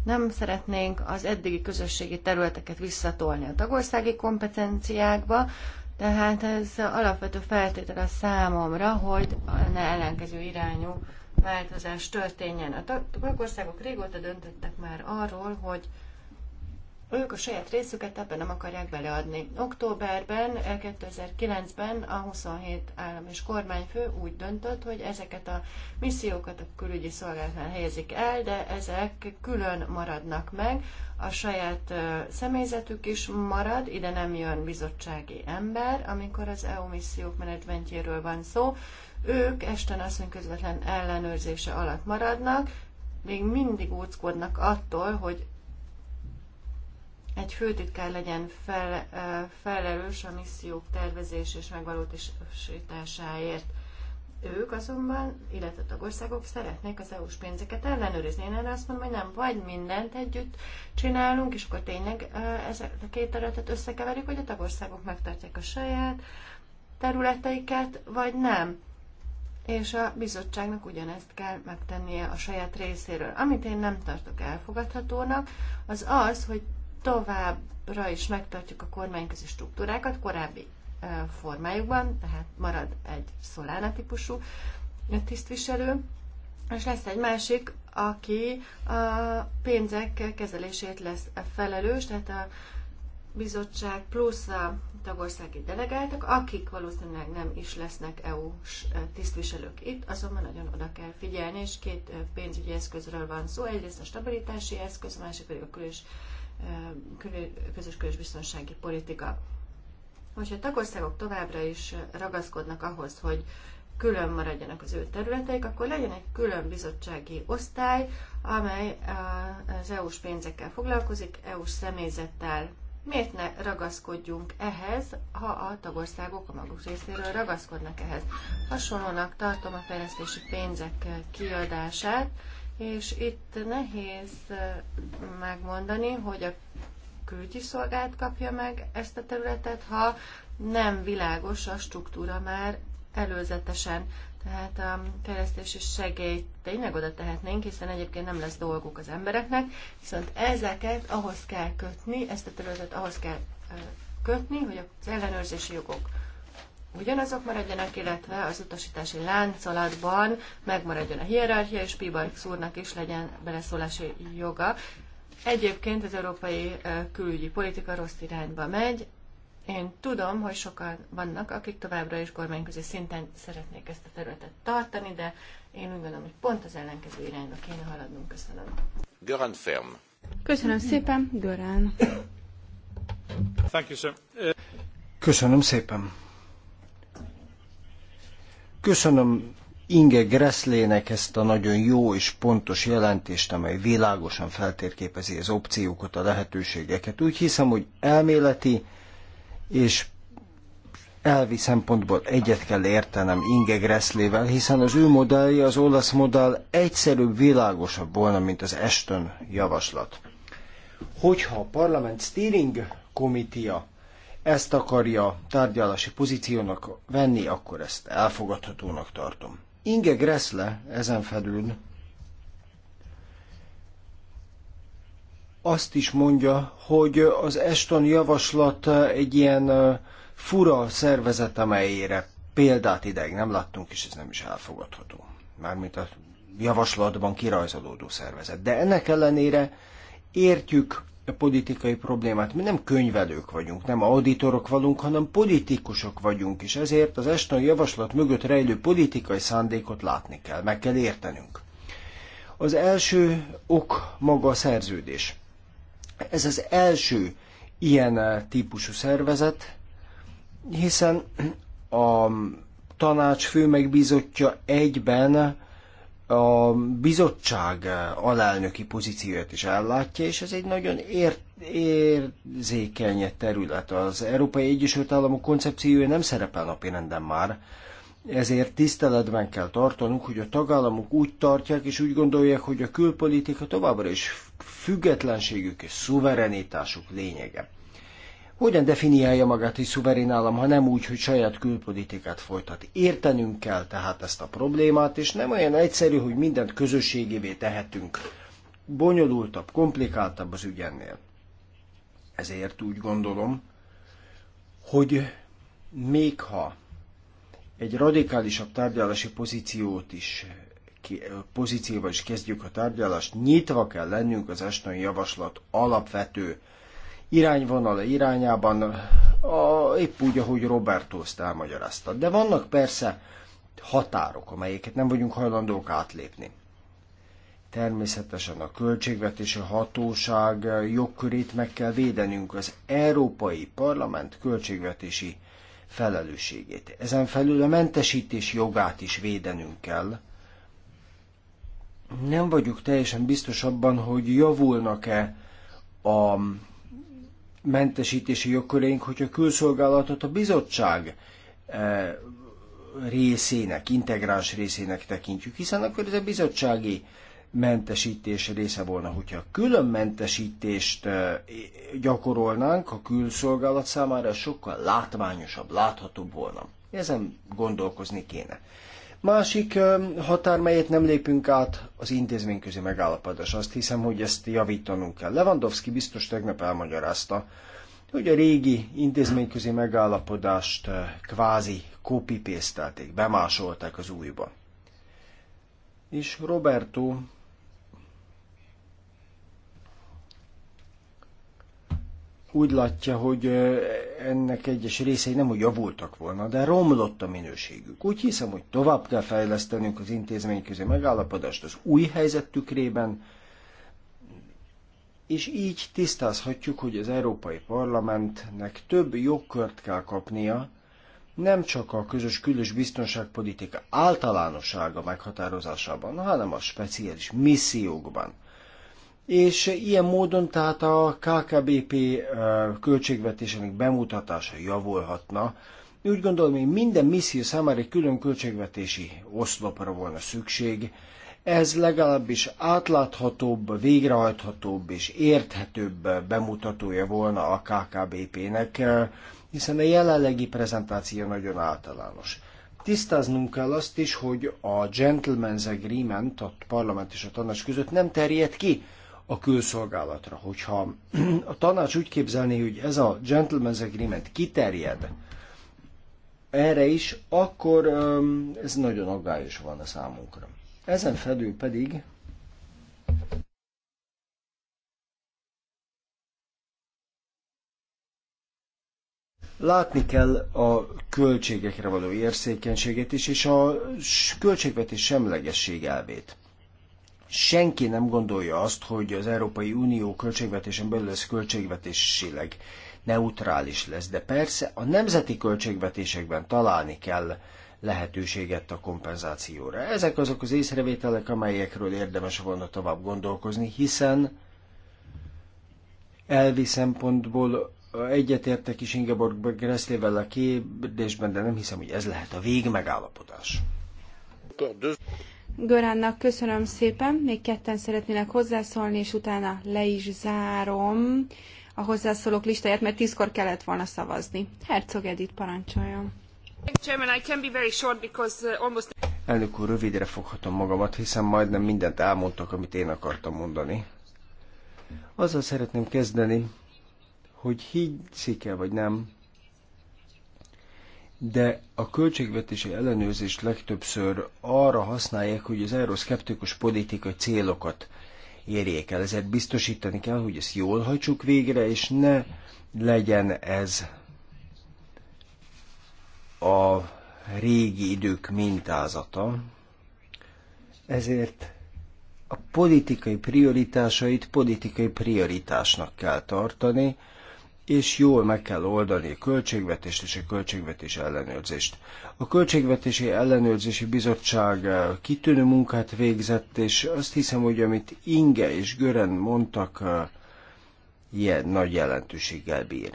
Nem szeretnénk az eddigi közösségi területeket visszatolni a tagországi kompetenciákba, tehát ez alapvető feltétel a számomra, hogy ne ellenkező irányú változás történjen. A tagországok régóta döntöttek már arról, hogy ők a saját részüket ebben nem akarják beleadni. Októberben, 2009-ben eh, a 27 állam és kormányfő úgy döntött, hogy ezeket a missziókat a külügyi szolgálatnál helyezik el, de ezek külön maradnak meg, a saját eh, személyzetük is marad, ide nem jön bizottsági ember, amikor az EU missziók menedzsmentjéről van szó, ők Esten asszony közvetlen ellenőrzése alatt maradnak, még mindig óckodnak attól, hogy egy főtitkár legyen fel, felelős a missziók tervezés és megvalósításáért. Ők azonban, illetve a tagországok szeretnék az EU-s pénzeket ellenőrizni. Én erre azt mondom, hogy nem, vagy mindent együtt csinálunk, és akkor tényleg ezeket a két területet összekeverjük, hogy a tagországok megtartják a saját területeiket, vagy nem. És a bizottságnak ugyanezt kell megtennie a saját részéről. Amit én nem tartok elfogadhatónak, az az, hogy továbbra is megtartjuk a kormányközi struktúrákat korábbi formájukban, tehát marad egy Solana típusú tisztviselő, és lesz egy másik, aki a pénzek kezelését lesz felelős, tehát a bizottság plusz a tagországi delegáltak, akik valószínűleg nem is lesznek EU-s tisztviselők itt, azonban nagyon oda kell figyelni, és két pénzügyi eszközről van szó, egyrészt a stabilitási eszköz, a másik pedig a külös közös biztonsági politika. Hogyha a tagországok továbbra is ragaszkodnak ahhoz, hogy külön maradjanak az ő területeik, akkor legyen egy külön bizottsági osztály, amely az EU-s pénzekkel foglalkozik, EU-s személyzettel. Miért ne ragaszkodjunk ehhez, ha a tagországok a maguk részéről ragaszkodnak ehhez? Hasonlónak tartom a fejlesztési pénzek kiadását, és itt nehéz megmondani, hogy a külügyi szolgált kapja meg ezt a területet, ha nem világos a struktúra már előzetesen. Tehát a fejlesztési segélyt tényleg oda tehetnénk, hiszen egyébként nem lesz dolguk az embereknek, viszont ezeket ahhoz kell kötni, ezt a területet ahhoz kell kötni, hogy az ellenőrzési jogok ugyanazok maradjanak, illetve az utasítási láncolatban megmaradjon a hierarchia, és Pibark úrnak is legyen beleszólási joga. Egyébként az európai külügyi politika rossz irányba megy. Én tudom, hogy sokan vannak, akik továbbra is kormányközi szinten szeretnék ezt a területet tartani, de én úgy gondolom, hogy pont az ellenkező irányba kéne haladnunk. Köszönöm. Göran Film. Köszönöm szépen, Görán. Thank you, sir. Köszönöm szépen. Köszönöm Inge Gresslének ezt a nagyon jó és pontos jelentést, amely világosan feltérképezi az opciókat, a lehetőségeket. Úgy hiszem, hogy elméleti és elvi szempontból egyet kell értenem Inge Gresslével, hiszen az ő modellje, az olasz modell egyszerűbb, világosabb volna, mint az Eston javaslat. Hogyha a parlament steering komitia ezt akarja tárgyalási pozíciónak venni, akkor ezt elfogadhatónak tartom. Inge Gressle ezen felül azt is mondja, hogy az Eston javaslat egy ilyen fura szervezet, amelyére példát ideig nem láttunk, és ez nem is elfogadható. Mármint a javaslatban kirajzolódó szervezet. De ennek ellenére értjük politikai problémát. Mi nem könyvelők vagyunk, nem auditorok vagyunk, hanem politikusok vagyunk, és ezért az Eston javaslat mögött rejlő politikai szándékot látni kell, meg kell értenünk. Az első ok maga a szerződés. Ez az első ilyen típusú szervezet, hiszen a tanács főmegbízottja egyben a bizottság alelnöki pozícióját is ellátja, és ez egy nagyon ért érzékeny terület. Az Európai Egyesült Államok koncepciója nem szerepel napirenden már, ezért tiszteletben kell tartanunk, hogy a tagállamok úgy tartják és úgy gondolják, hogy a külpolitika továbbra is függetlenségük és szuverenitásuk lényege hogyan definiálja magát egy szuverén állam, ha nem úgy, hogy saját külpolitikát folytat. Értenünk kell tehát ezt a problémát, és nem olyan egyszerű, hogy mindent közösségévé tehetünk. Bonyolultabb, komplikáltabb az ügyennél. Ezért úgy gondolom, hogy még ha egy radikálisabb tárgyalási pozíciót is pozícióval is kezdjük a tárgyalást, nyitva kell lennünk az estnai javaslat alapvető irányvonala irányában, a, épp úgy, ahogy Roberto ezt elmagyarázta. De vannak persze határok, amelyeket nem vagyunk hajlandók átlépni. Természetesen a költségvetési hatóság jogkörét meg kell védenünk az Európai Parlament költségvetési felelősségét. Ezen felül a mentesítés jogát is védenünk kell. Nem vagyok teljesen biztos abban, hogy javulnak-e a mentesítési jogkörénk, hogy a külszolgálatot a bizottság eh, részének, integráns részének tekintjük, hiszen akkor ez a bizottsági mentesítés része volna. Hogyha külön mentesítést eh, gyakorolnánk a külszolgálat számára, sokkal látványosabb, láthatóbb volna. Ezen gondolkozni kéne. Másik határ, melyet nem lépünk át, az intézményközi megállapodás. Azt hiszem, hogy ezt javítanunk kell. Lewandowski biztos tegnap elmagyarázta, hogy a régi intézményközi megállapodást kvázi kopipésztelték, bemásolták az újba. És Roberto úgy látja, hogy ennek egyes részei nem úgy javultak volna, de romlott a minőségük. Úgy hiszem, hogy tovább kell fejlesztenünk az intézményközi megállapodást az új helyzet tükrében, és így tisztázhatjuk, hogy az Európai Parlamentnek több jogkört kell kapnia, nem csak a közös külös biztonságpolitika általánossága meghatározásában, hanem a speciális missziókban és ilyen módon tehát a KKBP költségvetésének bemutatása javulhatna. Úgy gondolom, hogy minden misszió számára egy külön költségvetési oszlopra volna szükség. Ez legalábbis átláthatóbb, végrehajthatóbb és érthetőbb bemutatója volna a KKBP-nek, hiszen a jelenlegi prezentáció nagyon általános. Tisztáznunk kell azt is, hogy a Gentleman's Agreement a parlament és a tanács között nem terjed ki a külszolgálatra. Hogyha a tanács úgy képzelné, hogy ez a gentleman's agreement kiterjed erre is, akkor ez nagyon aggályos van a számunkra. Ezen felül pedig látni kell a költségekre való érzékenységet is, és a költségvetés semlegesség elvét senki nem gondolja azt, hogy az Európai Unió költségvetésen belül ez költségvetésileg neutrális lesz, de persze a nemzeti költségvetésekben találni kell lehetőséget a kompenzációra. Ezek azok az észrevételek, amelyekről érdemes volna tovább gondolkozni, hiszen elvi szempontból egyetértek is Ingeborg Gresslével a kérdésben, de nem hiszem, hogy ez lehet a végmegállapodás. Göránnak köszönöm szépen, még ketten szeretnének hozzászólni, és utána le is zárom a hozzászólók listáját, mert tízkor kellett volna szavazni. Herzog Edith parancsoljon. Uh, Elnök úr, rövidre foghatom magamat, hiszen majdnem mindent elmondtak, amit én akartam mondani. Azzal szeretném kezdeni, hogy higgszik-e vagy nem, de a költségvetési ellenőrzést legtöbbször arra használják, hogy az euroszkeptikus politikai célokat érjék el. Ezért biztosítani kell, hogy ezt jól hajtsuk végre, és ne legyen ez a régi idők mintázata. Ezért a politikai prioritásait politikai prioritásnak kell tartani, és jól meg kell oldani a költségvetést és a költségvetés ellenőrzést. A Költségvetési Ellenőrzési Bizottság eh, kitűnő munkát végzett, és azt hiszem, hogy amit Inge és Gören mondtak, eh, ilyen nagy jelentőséggel bír.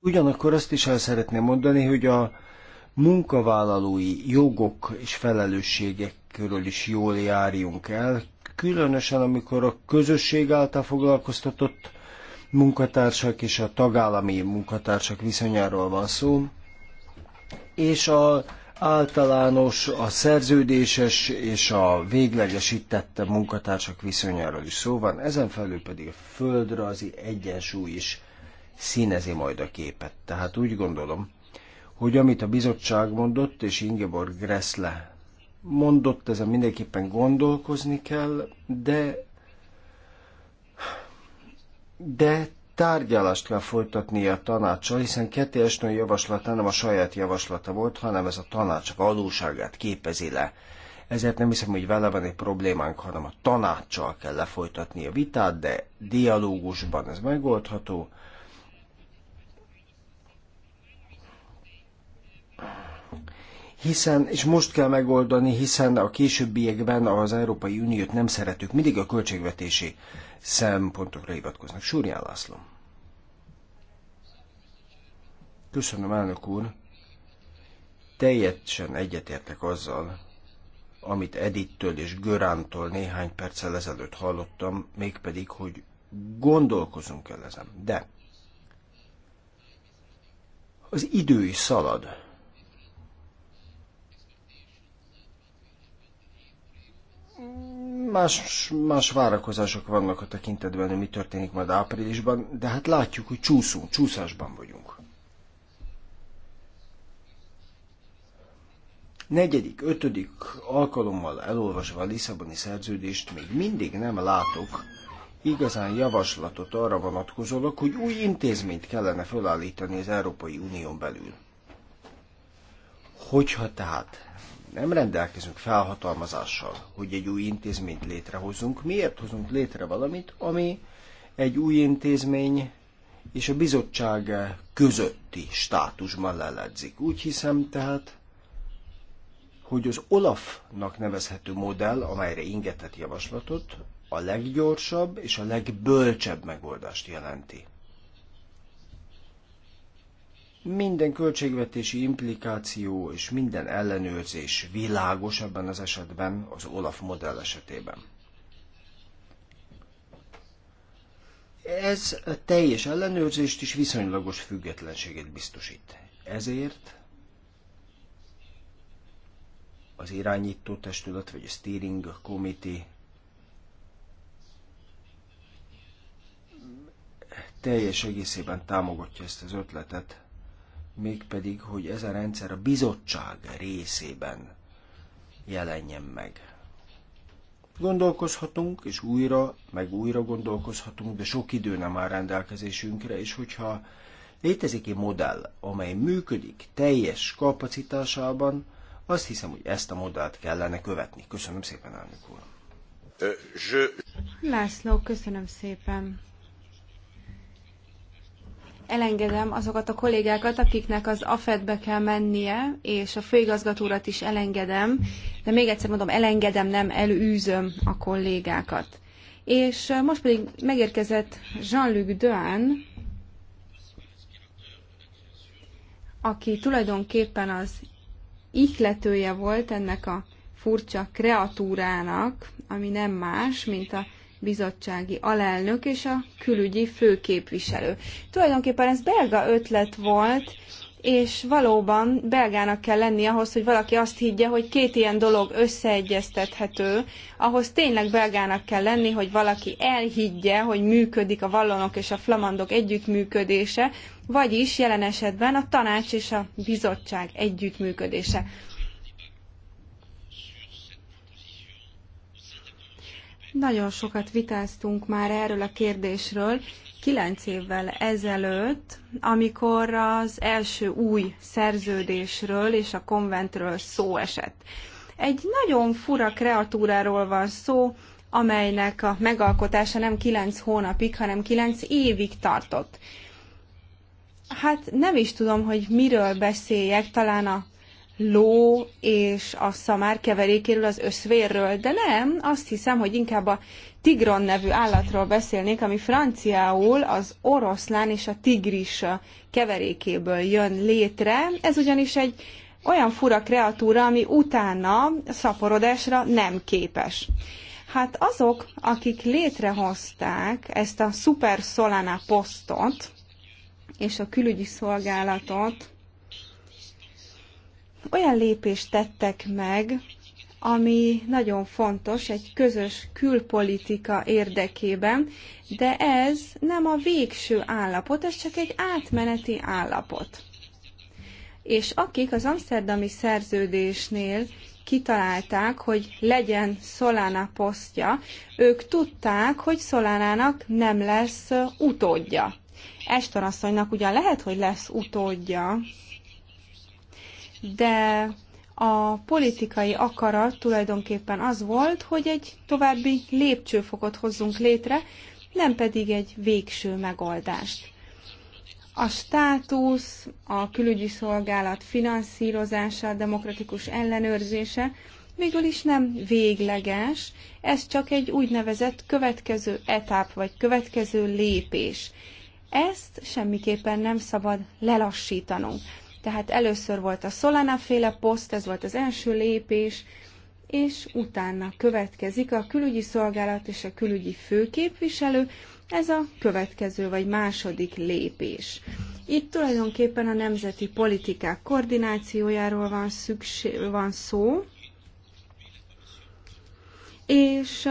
Ugyanakkor azt is el szeretném mondani, hogy a munkavállalói jogok és felelősségek körül is jól járjunk el, különösen amikor a közösség által foglalkoztatott munkatársak és a tagállami munkatársak viszonyáról van szó, és a általános, a szerződéses és a véglegesítette munkatársak viszonyáról is szó van, ezen felül pedig a földrajzi egyensúly is színezi majd a képet. Tehát úgy gondolom, hogy amit a bizottság mondott, és Ingeborg Gressle mondott, ezen mindenképpen gondolkozni kell, de de tárgyalást kell folytatnia a tanácssal, hiszen Keti Esnő javaslata nem a saját javaslata volt, hanem ez a tanács valóságát képezi le. Ezért nem hiszem, hogy vele van egy problémánk, hanem a tanácssal kell lefolytatni a vitát, de dialógusban ez megoldható. hiszen, és most kell megoldani, hiszen a későbbiekben az Európai Uniót nem szeretük, mindig a költségvetési szempontokra hivatkoznak. Súrján László. Köszönöm, elnök úr. Teljesen egyetértek azzal, amit Edittől és Görántól néhány perccel ezelőtt hallottam, mégpedig, hogy gondolkozunk el ezen. De az idő is szalad. Más, más várakozások vannak a tekintetben, hogy mi történik majd áprilisban, de hát látjuk, hogy csúszunk, csúszásban vagyunk. Negyedik, ötödik alkalommal elolvasva a Lisszaboni szerződést még mindig nem látok igazán javaslatot arra vonatkozólag, hogy új intézményt kellene felállítani az Európai Unión belül. Hogyha tehát nem rendelkezünk felhatalmazással, hogy egy új intézményt létrehozzunk. Miért hozunk létre valamit, ami egy új intézmény és a bizottság közötti státusban leledzik. Úgy hiszem tehát, hogy az Olafnak nevezhető modell, amelyre ingetett javaslatot, a leggyorsabb és a legbölcsebb megoldást jelenti. Minden költségvetési implikáció és minden ellenőrzés világos ebben az esetben az Olaf modell esetében. Ez a teljes ellenőrzést is viszonylagos függetlenséget biztosít. Ezért az irányító testület, vagy a steering committee teljes egészében támogatja ezt az ötletet, mégpedig, hogy ez a rendszer a bizottság részében jelenjen meg. Gondolkozhatunk, és újra, meg újra gondolkozhatunk, de sok idő nem áll rendelkezésünkre, és hogyha létezik egy modell, amely működik teljes kapacitásában, azt hiszem, hogy ezt a modellt kellene követni. Köszönöm szépen, elnök úr. Euh, László, köszönöm szépen elengedem azokat a kollégákat, akiknek az AFED-be kell mennie, és a főigazgatórat is elengedem, de még egyszer mondom, elengedem, nem elűzöm a kollégákat. És most pedig megérkezett Jean-Luc Dehan, aki tulajdonképpen az ihletője volt ennek a furcsa kreatúrának, ami nem más, mint a bizottsági alelnök és a külügyi főképviselő. Tulajdonképpen ez belga ötlet volt, és valóban belgának kell lenni ahhoz, hogy valaki azt higgye, hogy két ilyen dolog összeegyeztethető, ahhoz tényleg belgának kell lenni, hogy valaki elhiggye, hogy működik a vallonok és a flamandok együttműködése, vagyis jelen esetben a tanács és a bizottság együttműködése. Nagyon sokat vitáztunk már erről a kérdésről, kilenc évvel ezelőtt, amikor az első új szerződésről és a konventről szó esett. Egy nagyon fura kreatúráról van szó, amelynek a megalkotása nem kilenc hónapig, hanem kilenc évig tartott. Hát nem is tudom, hogy miről beszéljek, talán a ló és a szamár keverékéről, az összvérről, de nem, azt hiszem, hogy inkább a tigron nevű állatról beszélnék, ami franciául az oroszlán és a tigris keverékéből jön létre. Ez ugyanis egy olyan fura kreatúra, ami utána szaporodásra nem képes. Hát azok, akik létrehozták ezt a Super Solana posztot és a külügyi szolgálatot, olyan lépést tettek meg, ami nagyon fontos egy közös külpolitika érdekében, de ez nem a végső állapot, ez csak egy átmeneti állapot. És akik az amsterdami szerződésnél kitalálták, hogy legyen Solana posztja, ők tudták, hogy Szolánának nem lesz utódja. Estorasszonynak ugyan lehet, hogy lesz utódja, de a politikai akarat tulajdonképpen az volt, hogy egy további lépcsőfokot hozzunk létre, nem pedig egy végső megoldást. A státusz, a külügyi szolgálat finanszírozása, a demokratikus ellenőrzése végül is nem végleges, ez csak egy úgynevezett következő etap vagy következő lépés. Ezt semmiképpen nem szabad lelassítanunk. Tehát először volt a Solana féle poszt, ez volt az első lépés, és utána következik a külügyi szolgálat és a külügyi főképviselő, ez a következő vagy második lépés. Itt tulajdonképpen a nemzeti politikák koordinációjáról van, szükség, van szó, és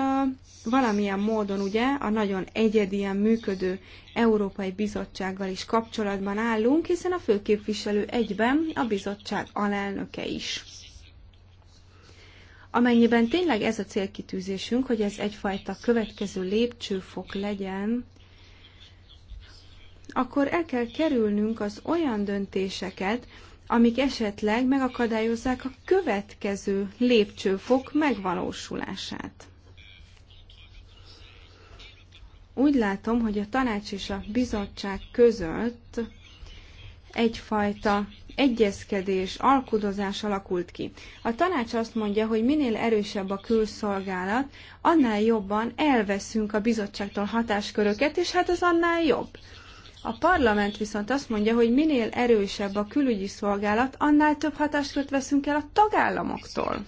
valamilyen módon ugye a nagyon egyedien működő Európai Bizottsággal is kapcsolatban állunk, hiszen a főképviselő egyben a bizottság alelnöke is. Amennyiben tényleg ez a célkitűzésünk, hogy ez egyfajta következő lépcsőfok legyen, akkor el kell kerülnünk az olyan döntéseket, amik esetleg megakadályozzák a következő lépcsőfok megvalósulását. Úgy látom, hogy a tanács és a bizottság között egyfajta egyezkedés, alkudozás alakult ki. A tanács azt mondja, hogy minél erősebb a külszolgálat, annál jobban elveszünk a bizottságtól hatásköröket, és hát az annál jobb. A parlament viszont azt mondja, hogy minél erősebb a külügyi szolgálat, annál több hatáskört veszünk el a tagállamoktól.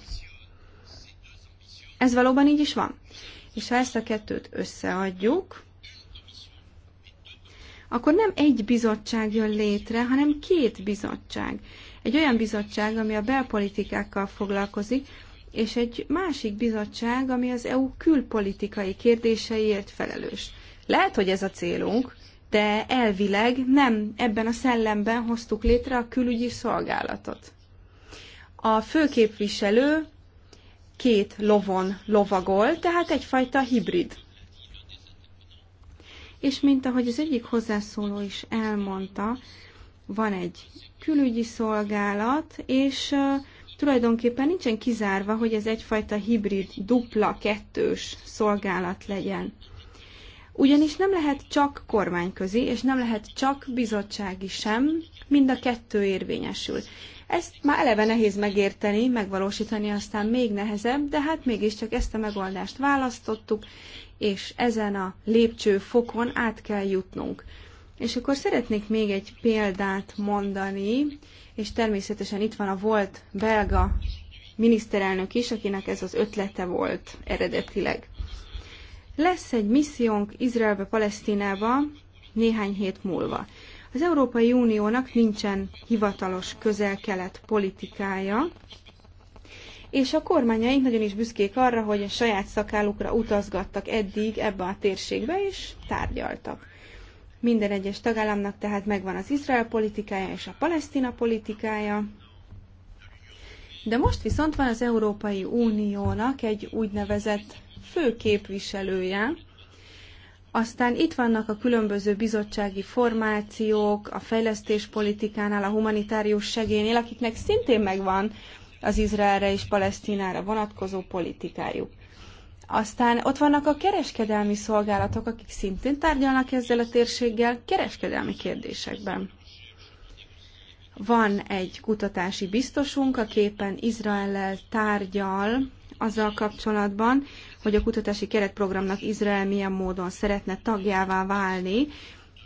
Ez valóban így is van? és ha ezt a kettőt összeadjuk, akkor nem egy bizottság jön létre, hanem két bizottság. Egy olyan bizottság, ami a belpolitikákkal foglalkozik, és egy másik bizottság, ami az EU külpolitikai kérdéseiért felelős. Lehet, hogy ez a célunk, de elvileg nem ebben a szellemben hoztuk létre a külügyi szolgálatot. A főképviselő két lovon lovagol, tehát egyfajta hibrid. És mint ahogy az egyik hozzászóló is elmondta, van egy külügyi szolgálat, és tulajdonképpen nincsen kizárva, hogy ez egyfajta hibrid, dupla, kettős szolgálat legyen. Ugyanis nem lehet csak kormányközi, és nem lehet csak bizottsági sem, mind a kettő érvényesül. Ezt már eleve nehéz megérteni, megvalósítani aztán még nehezebb, de hát mégiscsak ezt a megoldást választottuk, és ezen a lépcsőfokon át kell jutnunk. És akkor szeretnék még egy példát mondani, és természetesen itt van a volt belga miniszterelnök is, akinek ez az ötlete volt eredetileg. Lesz egy missziónk Izraelbe, Palesztinába néhány hét múlva. Az Európai Uniónak nincsen hivatalos közel-kelet politikája, és a kormányaink nagyon is büszkék arra, hogy a saját szakálukra utazgattak eddig ebbe a térségbe, és tárgyaltak. Minden egyes tagállamnak tehát megvan az Izrael politikája és a Palesztina politikája. De most viszont van az Európai Uniónak egy úgynevezett főképviselője, aztán itt vannak a különböző bizottsági formációk, a fejlesztéspolitikánál, a humanitárius segélynél, akiknek szintén megvan az Izraelre és Palesztinára vonatkozó politikájuk. Aztán ott vannak a kereskedelmi szolgálatok, akik szintén tárgyalnak ezzel a térséggel kereskedelmi kérdésekben. Van egy kutatási biztosunk, a képen Izraellel tárgyal azzal kapcsolatban, hogy a kutatási keretprogramnak Izrael milyen módon szeretne tagjává válni.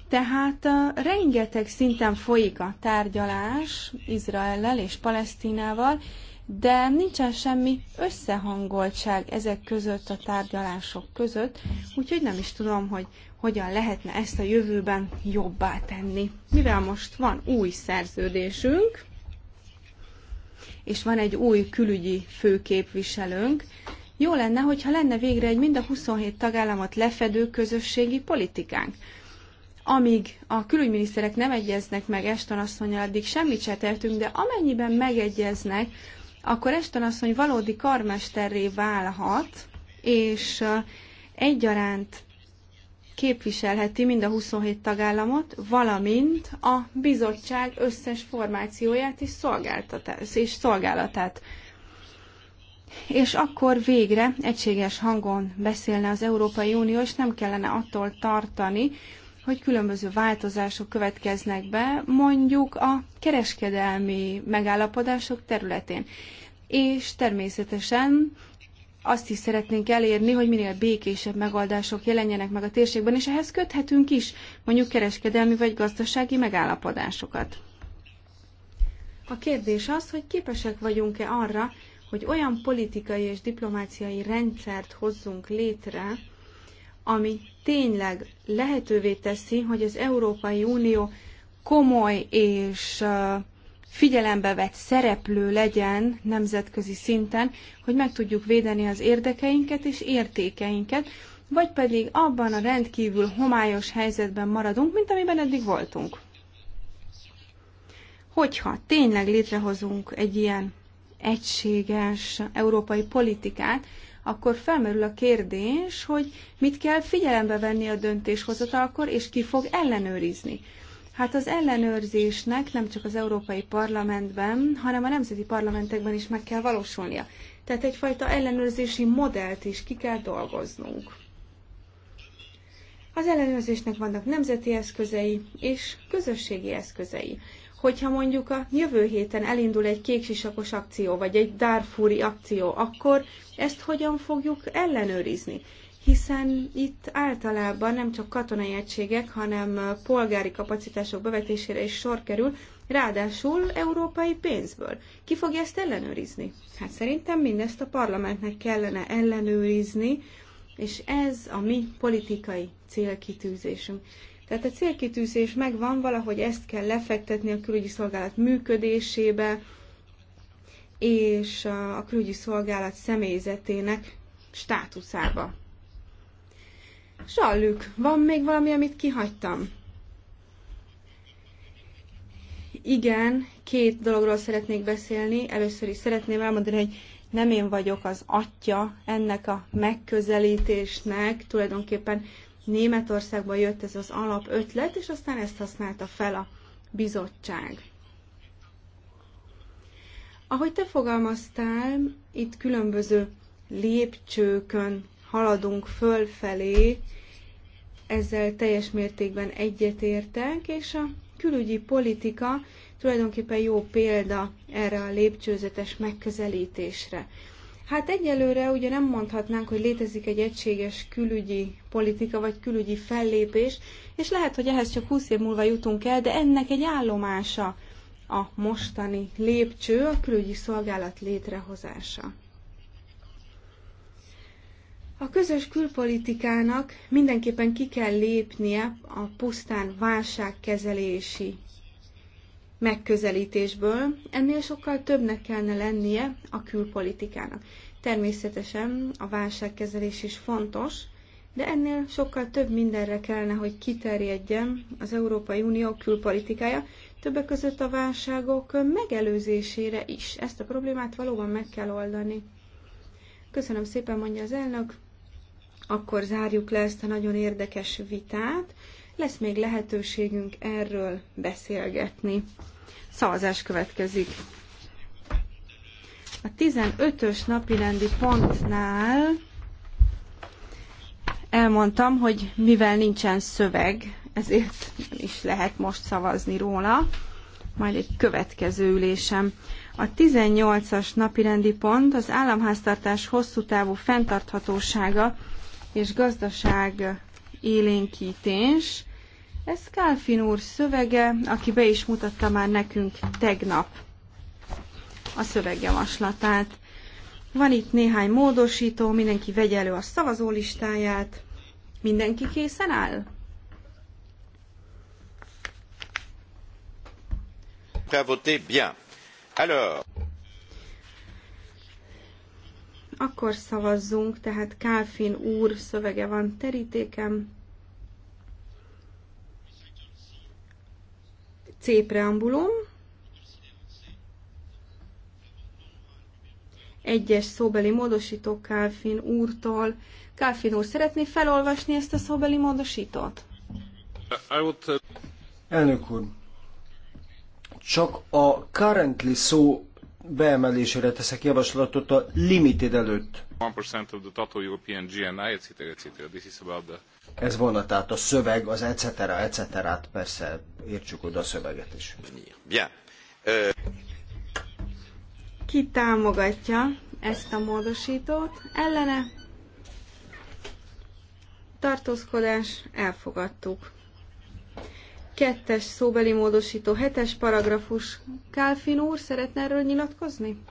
Tehát rengeteg szinten folyik a tárgyalás Izraellel és Palesztinával, de nincsen semmi összehangoltság ezek között, a tárgyalások között, úgyhogy nem is tudom, hogy hogyan lehetne ezt a jövőben jobbá tenni. Mivel most van új szerződésünk, és van egy új külügyi főképviselőnk, jó lenne, hogyha lenne végre egy mind a 27 tagállamot lefedő közösségi politikánk. Amíg a külügyminiszterek nem egyeznek meg Eston asszonyjal, addig semmit se tettünk, de amennyiben megegyeznek, akkor Eston asszony valódi karmesterré válhat, és uh, egyaránt képviselheti mind a 27 tagállamot, valamint a bizottság összes formációját és, szolgáltatás, és szolgálatát és akkor végre egységes hangon beszélne az Európai Unió, és nem kellene attól tartani, hogy különböző változások következnek be, mondjuk a kereskedelmi megállapodások területén. És természetesen azt is szeretnénk elérni, hogy minél békésebb megoldások jelenjenek meg a térségben, és ehhez köthetünk is mondjuk kereskedelmi vagy gazdasági megállapodásokat. A kérdés az, hogy képesek vagyunk-e arra, hogy olyan politikai és diplomáciai rendszert hozzunk létre, ami tényleg lehetővé teszi, hogy az Európai Unió komoly és figyelembe vett szereplő legyen nemzetközi szinten, hogy meg tudjuk védeni az érdekeinket és értékeinket, vagy pedig abban a rendkívül homályos helyzetben maradunk, mint amiben eddig voltunk. Hogyha tényleg létrehozunk egy ilyen egységes európai politikát, akkor felmerül a kérdés, hogy mit kell figyelembe venni a döntéshozatalkor, és ki fog ellenőrizni. Hát az ellenőrzésnek nem csak az Európai Parlamentben, hanem a nemzeti parlamentekben is meg kell valósulnia. Tehát egyfajta ellenőrzési modellt is ki kell dolgoznunk. Az ellenőrzésnek vannak nemzeti eszközei és közösségi eszközei. Hogyha mondjuk a jövő héten elindul egy kéksisakos akció, vagy egy dárfúri akció, akkor ezt hogyan fogjuk ellenőrizni? hiszen itt általában nem csak katonai egységek, hanem polgári kapacitások bevetésére is sor kerül, ráadásul európai pénzből. Ki fogja ezt ellenőrizni? Hát szerintem mindezt a parlamentnek kellene ellenőrizni, és ez a mi politikai célkitűzésünk. Tehát a célkitűzés megvan, valahogy ezt kell lefektetni a külügyi szolgálat működésébe, és a külügyi szolgálat személyzetének státuszába. Sallük, van még valami, amit kihagytam? Igen, két dologról szeretnék beszélni. Először is szeretném elmondani, hogy nem én vagyok az atya ennek a megközelítésnek, tulajdonképpen Németországban jött ez az alap ötlet és aztán ezt használta fel a bizottság. Ahogy te fogalmaztál, itt különböző lépcsőkön haladunk fölfelé, ezzel teljes mértékben egyetértek, és a külügyi politika tulajdonképpen jó példa erre a lépcsőzetes megközelítésre. Hát egyelőre ugye nem mondhatnánk, hogy létezik egy egységes külügyi politika vagy külügyi fellépés, és lehet, hogy ehhez csak 20 év múlva jutunk el, de ennek egy állomása a mostani lépcső, a külügyi szolgálat létrehozása. A közös külpolitikának mindenképpen ki kell lépnie a pusztán válságkezelési megközelítésből, ennél sokkal többnek kellene lennie a külpolitikának. Természetesen a válságkezelés is fontos, de ennél sokkal több mindenre kellene, hogy kiterjedjen az Európai Unió külpolitikája, többek között a válságok megelőzésére is. Ezt a problémát valóban meg kell oldani. Köszönöm szépen, mondja az elnök. Akkor zárjuk le ezt a nagyon érdekes vitát. Lesz még lehetőségünk erről beszélgetni. Szavazás következik. A 15-ös napirendi pontnál elmondtam, hogy mivel nincsen szöveg, ezért nem is lehet most szavazni róla, majd egy következő ülésem. A 18-as napirendi pont az államháztartás hosszú távú fenntarthatósága és gazdaság élénkítés. Ez Kálfin úr szövege, aki be is mutatta már nekünk tegnap a szövegjavaslatát. Van itt néhány módosító, mindenki vegye elő a szavazólistáját. Mindenki készen áll? Bien. Alors. Akkor szavazzunk, tehát Kálfin úr szövege van terítéken. C preambulum, egyes szóbeli módosító Kálfin úrtól. Kálfin úr, szeretné felolvasni ezt a szóbeli módosítót? Would... Uh, Elnök úr, csak a currently szó beemelésére teszek javaslatot a limited előtt. 1% of the total European GNI, etc. etc. This is about the ez volna tehát a szöveg, az etc. etc. Hát persze értsük oda a szöveget is. Bien. Ki támogatja ezt a módosítót? Ellene? Tartózkodás, elfogadtuk. Kettes szóbeli módosító, hetes paragrafus. Kálfin úr, szeretne erről nyilatkozni?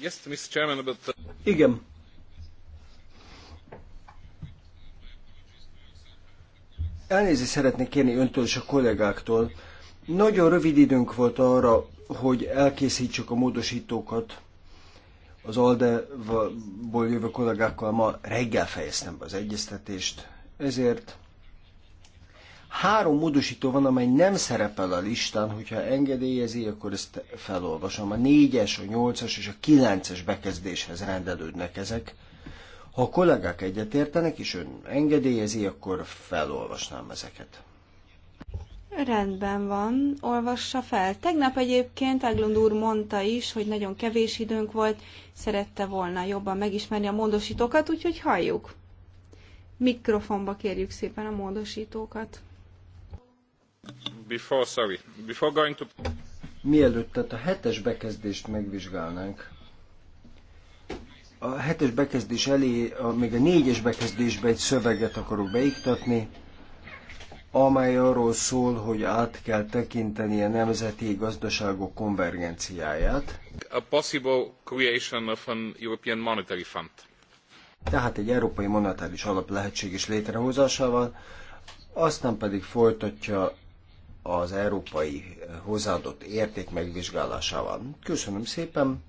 Yes, Mr. Chairman, but... Igen, Elnézést szeretnék kérni öntől és a kollégáktól. Nagyon rövid időnk volt arra, hogy elkészítsük a módosítókat. Az Aldeból jövő kollégákkal ma reggel fejeztem be az egyeztetést, ezért három módosító van, amely nem szerepel a listán, hogyha engedélyezi, akkor ezt felolvasom. A négyes, a nyolcas és a kilences bekezdéshez rendelődnek ezek. Ha a kollégák egyetértenek, és ön engedélyezi, akkor felolvasnám ezeket. Rendben van, olvassa fel. Tegnap egyébként Aglund úr mondta is, hogy nagyon kevés időnk volt, szerette volna jobban megismerni a módosítókat, úgyhogy halljuk. Mikrofonba kérjük szépen a módosítókat. Before, sorry. Before going to... Mielőtt tehát a hetes bekezdést megvizsgálnánk, a hetes bekezdés elé, a, még a négyes bekezdésbe egy szöveget akarok beiktatni, amely arról szól, hogy át kell tekinteni a nemzeti gazdaságok konvergenciáját. A possible creation of an European Monetary Fund. Tehát egy európai monetáris alap lehetséges létrehozásával, aztán pedig folytatja az európai hozzáadott érték megvizsgálásával. Köszönöm szépen!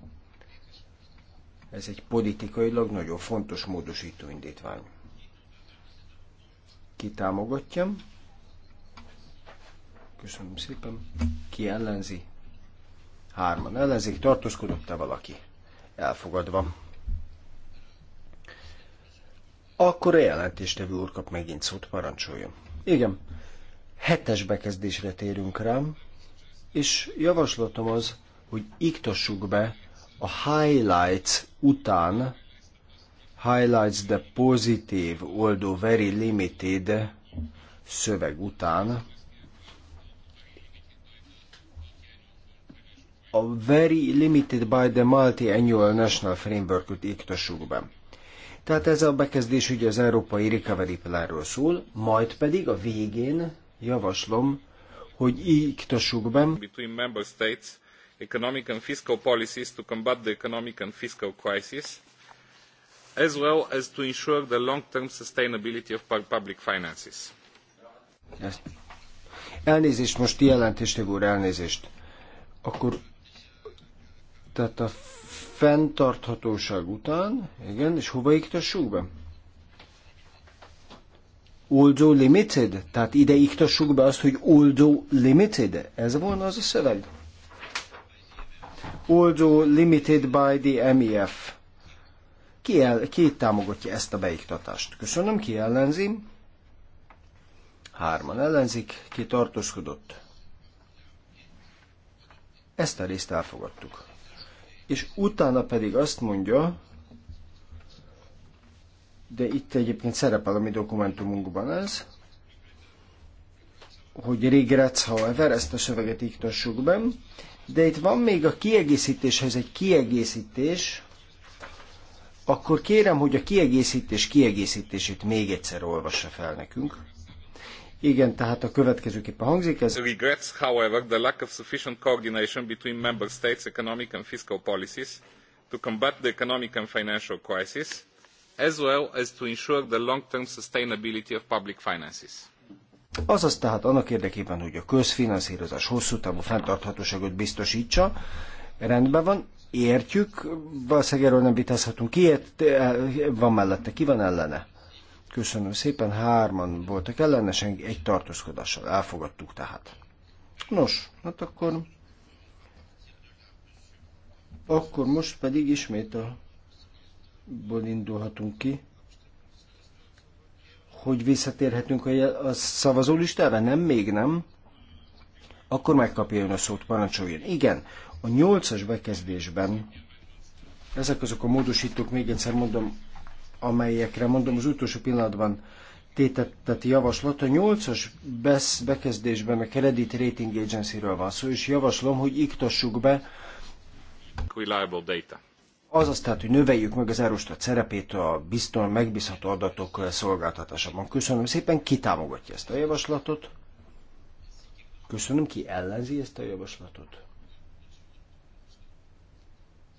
Ez egy politikailag nagyon fontos módosító indítvány. Ki támogatja? Köszönöm szépen. Ki ellenzi? Hárman ellenzik, tartózkodott-e valaki? Elfogadva. Akkor a jelentéstevő úr kap megint szót, parancsoljon. Igen, hetes bekezdésre térünk rám, és javaslatom az, hogy iktassuk be a highlights után highlights the positive, although very limited szöveg után a very limited by the multi-annual national framework-ot iktassuk be. Tehát ez a bekezdés ugye az Európai Recovery Plan-ról szól, majd pedig a végén javaslom, hogy iktassuk be between member states economic and fiscal policies to combat the economic and fiscal crisis, as well as to ensure the long-term sustainability of public finances. Elnézést most jelentéstevő úr, elnézést. Akkor, tehát a fenntarthatóság után, igen, és hova iktassuk be? Oldó limited? Tehát ide iktassuk be azt, hogy oldó limited? Ez volna az a szöveg? oldo limited by the MEF. Ki, el, ki támogatja ezt a beiktatást? Köszönöm, ki ellenzi? Hárman ellenzik, ki tartózkodott? Ezt a részt elfogadtuk. És utána pedig azt mondja, de itt egyébként szerepel a mi dokumentumunkban ez, hogy regrets, however, ezt a szöveget iktassuk be, de itt van még a kiegészítéshez egy kiegészítés, akkor kérem, hogy a kiegészítés kiegészítését még egyszer olvassa fel nekünk. Igen, tehát a következőképpen hangzik ez. Regrets, however, the lack of sufficient coordination between member states' economic and fiscal policies to combat the economic and financial crisis, as well as to ensure the long-term sustainability of public finances Azaz tehát annak érdekében, hogy a közfinanszírozás hosszú távú fenntarthatóságot biztosítsa, rendben van, értjük, valószínűleg erről nem vitázhatunk, ki eh, van mellette, ki van ellene. Köszönöm szépen, hárman voltak ellenesen, egy tartózkodással elfogadtuk tehát. Nos, hát akkor... Akkor most pedig ismét a ból indulhatunk ki hogy visszatérhetünk a szavazólistára? Nem, még nem. Akkor megkapja ön a szót, parancsoljon. Igen, a nyolcas bekezdésben ezek azok a módosítók, még egyszer mondom, amelyekre mondom az utolsó pillanatban tétetett javaslat. A nyolcas BESZ bekezdésben a Credit Rating Agency-ről van szó, és javaslom, hogy iktassuk be Reliable data Azaz tehát, hogy növeljük meg az Eurostat szerepét a bizton, megbízható adatok szolgáltatásában. Köszönöm szépen, ki támogatja ezt a javaslatot? Köszönöm, ki ellenzi ezt a javaslatot?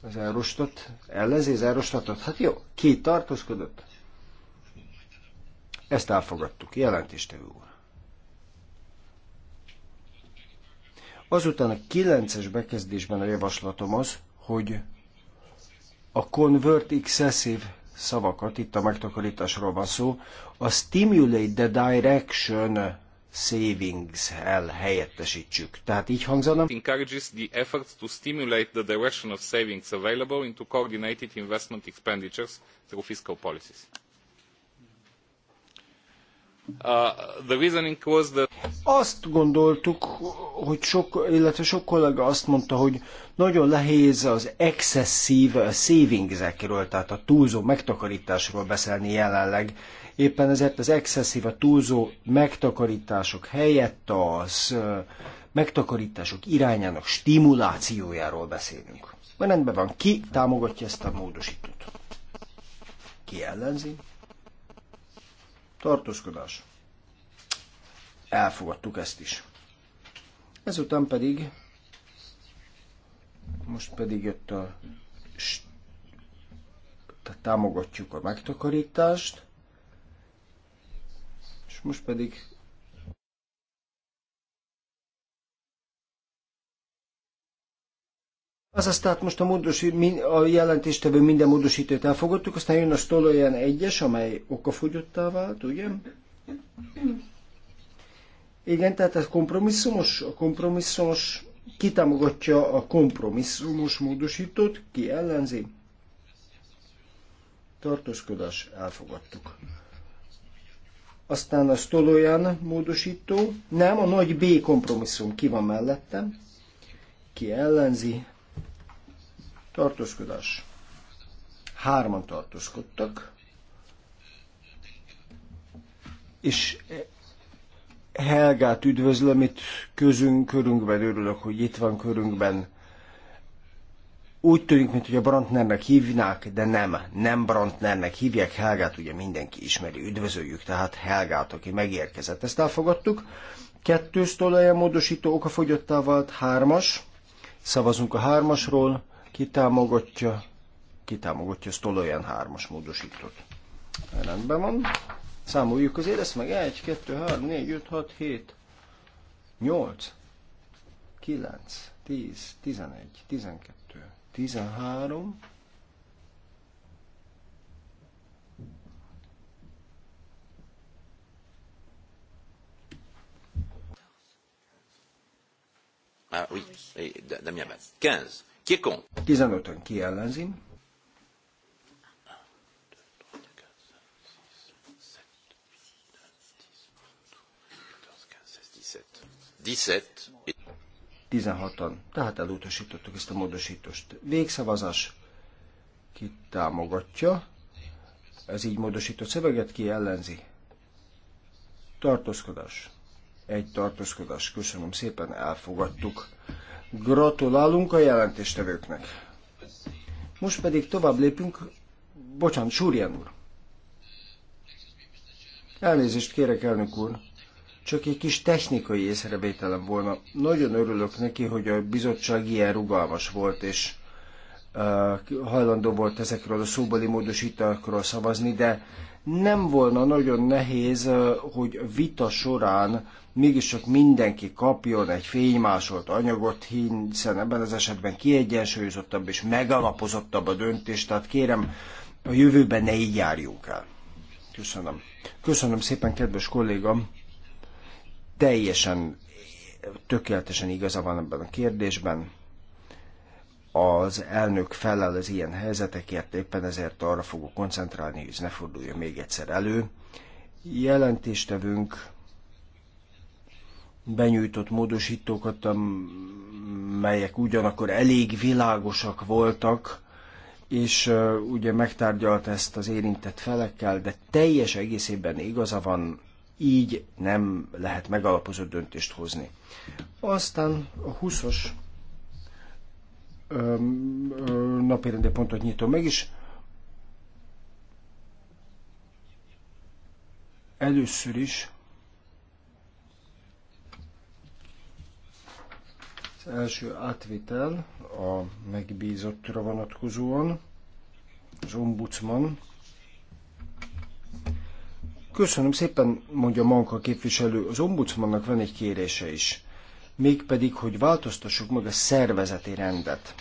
Az Eurostat ellenzi az Eurostatot? Hát jó, ki tartózkodott? Ezt elfogadtuk, jelentéstevő úr. Azután a kilences bekezdésben a javaslatom az, hogy a Convert Excessive szavakat, itt a megtakarításról van szó, a Stimulate the Direction savings el helyettesítsük. Tehát így hangzana. Encourages the efforts to stimulate the direction of savings available into coordinated investment expenditures through fiscal policies. Uh, azt gondoltuk, hogy sok, illetve sok kollega azt mondta, hogy nagyon nehéz az excessív savingsekről, tehát a túlzó megtakarításról beszélni jelenleg. Éppen ezért az excessív, a túlzó megtakarítások helyett az megtakarítások irányának stimulációjáról beszélünk. Rendben van, ki támogatja ezt a módosítót? Ki ellenzi? tartózkodás. Elfogadtuk ezt is. Ezután pedig, most pedig jött a tehát támogatjuk a megtakarítást, és most pedig Azaz, tehát most a, módos, a jelentéstevő minden módosítőt elfogadtuk, aztán jön a Stolojan 1-es, amely okafogyottá vált, ugye? Igen, tehát a kompromisszumos, a kompromisszumos kitámogatja a kompromisszumos módosítót, ki ellenzi. Tartózkodás, elfogadtuk. Aztán a Stolojan módosító, nem, a nagy B kompromisszum ki van mellettem, ki ellenzi, Tartózkodás. Hárman tartózkodtak. És Helgát üdvözlöm itt közünk, körünkben, örülök, hogy itt van körünkben. Úgy tűnik, mint hogy a Brantnernek hívnák, de nem, nem Brantnernek hívják Helgát, ugye mindenki ismeri, üdvözöljük tehát Helgát, aki megérkezett. Ezt elfogadtuk. Kettős tolaja módosító okafogyottá vált, hármas. Szavazunk a hármasról kitámogatja, kitámogatja ezt olyan hármas módosítót. Rendben van. Számoljuk azért ezt meg 1, 2, 3, 4, 5, 6, 7, 8, 9, 10, 11, 12, 13, Ah oui, et Damien Batz. 15. Ki est contre? 15-ön ki ellenzi? Tizenhat. 16-an, tehát elutasítottuk ezt a módosítást. Végszavazás ki támogatja, ez így módosított szöveget ki ellenzi. Tartózkodás. Egy tartózkodás. Köszönöm szépen, elfogadtuk. Gratulálunk a jelentéstevőknek. Most pedig tovább lépünk. Bocsánat, Súrján úr. Elnézést kérek, elnök úr. Csak egy kis technikai észrevételem volna. Nagyon örülök neki, hogy a bizottság ilyen rugalmas volt, és uh, hajlandó volt ezekről a szóbeli módosítókról szavazni, de nem volna nagyon nehéz, hogy vita során mégis csak mindenki kapjon egy fénymásolt anyagot, hiszen ebben az esetben kiegyensúlyozottabb és megalapozottabb a döntés, tehát kérem, a jövőben ne így járjunk el. Köszönöm. Köszönöm szépen, kedves kollégam. Teljesen, tökéletesen igaza van ebben a kérdésben az elnök felel az ilyen helyzetekért, éppen ezért arra fogok koncentrálni, hogy ez ne forduljon még egyszer elő. Jelentéstevünk benyújtott módosítókat, melyek ugyanakkor elég világosak voltak, és uh, ugye megtárgyalt ezt az érintett felekkel, de teljes egészében igaza van, így nem lehet megalapozott döntést hozni. Aztán a 20-os napi pontot nyitom meg is. Először is az első átvitel a megbízottra vonatkozóan, az ombudsman. Köszönöm szépen, mondja Manka képviselő, az ombudsmannak van egy kérése is mégpedig, hogy változtassuk meg a szervezeti rendet.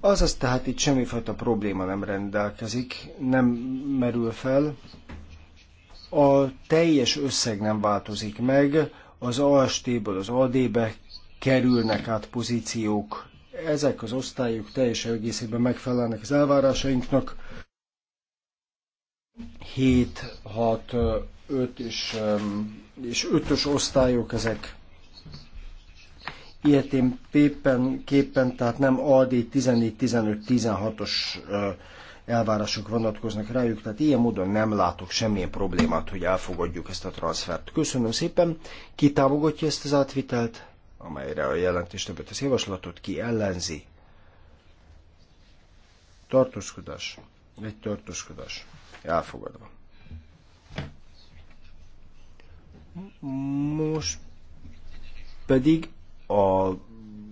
Azaz tehát itt semmifajta probléma nem rendelkezik, nem merül fel. A teljes összeg nem változik meg, az AST-ből az AD-be kerülnek át pozíciók. Ezek az osztályok teljes egészében megfelelnek az elvárásainknak. 7, 6, 5 és, és 5-ös osztályok ezek ilyetén képpen képpen, tehát nem AD 14, 15, 16-os elvárások vonatkoznak rájuk, tehát ilyen módon nem látok semmilyen problémát, hogy elfogadjuk ezt a transfert. Köszönöm szépen, ki támogatja ezt az átvitelt, amelyre a jelentés többet az javaslatot, ki ellenzi. Tartózkodás. Egy tartózkodás. Elfogadva. Most pedig a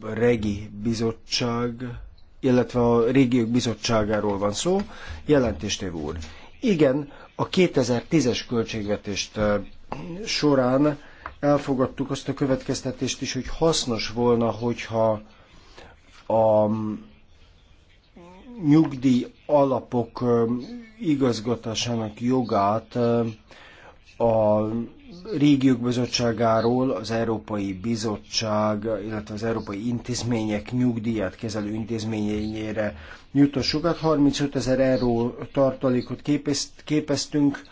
Regi Bizottság, illetve a Régiók Bizottságáról van szó, jelentéstév úr. Igen, a 2010-es költségvetést eh, során elfogadtuk azt a következtetést is, hogy hasznos volna, hogyha a nyugdíj alapok eh, igazgatásának jogát eh, a régiók bizottságáról az Európai Bizottság, illetve az Európai Intézmények nyugdíjat kezelő intézményeinére jutassuk át. 35 ezer euró tartalékot képeztünk,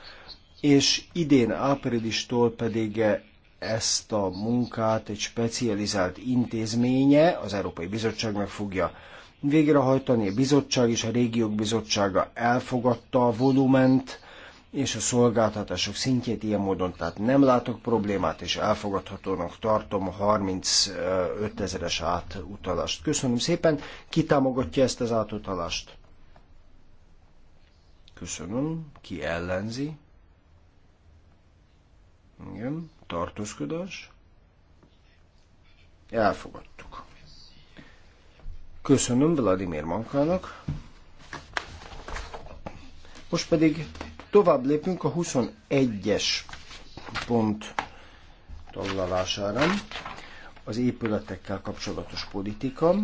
és idén áprilistól pedig ezt a munkát egy specializált intézménye, az Európai Bizottság meg fogja végrehajtani. A bizottság és a régiók bizottsága elfogadta a volument, és a szolgáltatások szintjét ilyen módon, tehát nem látok problémát, és elfogadhatónak tartom a 35 ezeres átutalást. Köszönöm szépen, ki támogatja ezt az átutalást? Köszönöm, ki ellenzi? Igen, tartózkodás. Elfogadtuk. Köszönöm Vladimir Mankának. Most pedig Tovább lépünk a 21-es pont taglalására, az épületekkel kapcsolatos politika,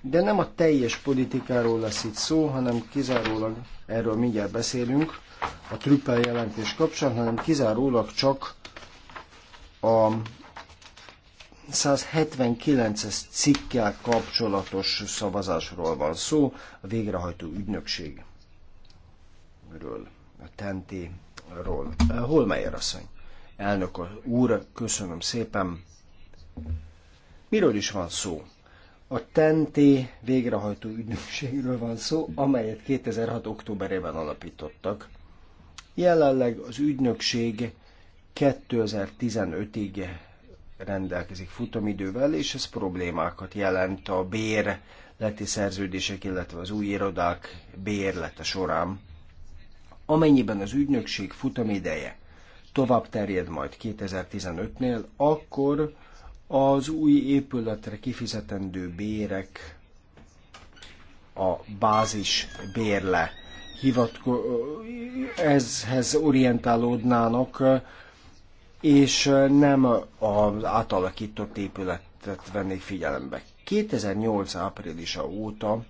de nem a teljes politikáról lesz itt szó, hanem kizárólag, erről mindjárt beszélünk, a trüppel jelentés kapcsán, hanem kizárólag csak a 179-es cikkel kapcsolatos szavazásról van szó, a végrehajtó ügynökségről a TENTI-ról. Holmeyer asszony, elnök úr, köszönöm szépen. Miről is van szó? A TENTI végrehajtó ügynökségről van szó, amelyet 2006. októberében alapítottak. Jelenleg az ügynökség 2015-ig rendelkezik futamidővel, és ez problémákat jelent a bérleti szerződések, illetve az új irodák bérlete során amennyiben az ügynökség futamideje tovább terjed majd 2015-nél, akkor az új épületre kifizetendő bérek a bázis bérle hivatko- ezhez orientálódnának, és nem az átalakított épületet vennék figyelembe. 2008. áprilisa óta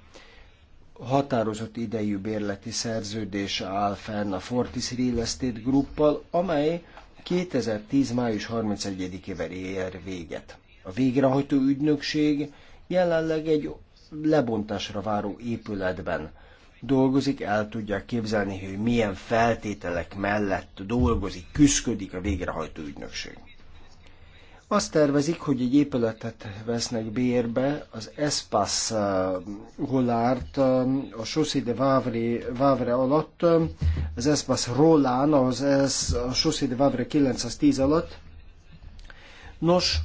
határozott idejű bérleti szerződés áll fenn a Fortis Real Estate Gruppal, amely 2010. május 31-ével ér véget. A végrehajtó ügynökség jelenleg egy lebontásra váró épületben dolgozik, el tudják képzelni, hogy milyen feltételek mellett dolgozik, küszködik a végrehajtó ügynökség. Azt tervezik, hogy egy épületet vesznek bérbe, az Espass uh, Rollárt, um, a Chaussée de Vavre, Vavre alatt, um, az Espass Rollán, az es, a Chaussée de Vavre 910 alatt. Nos,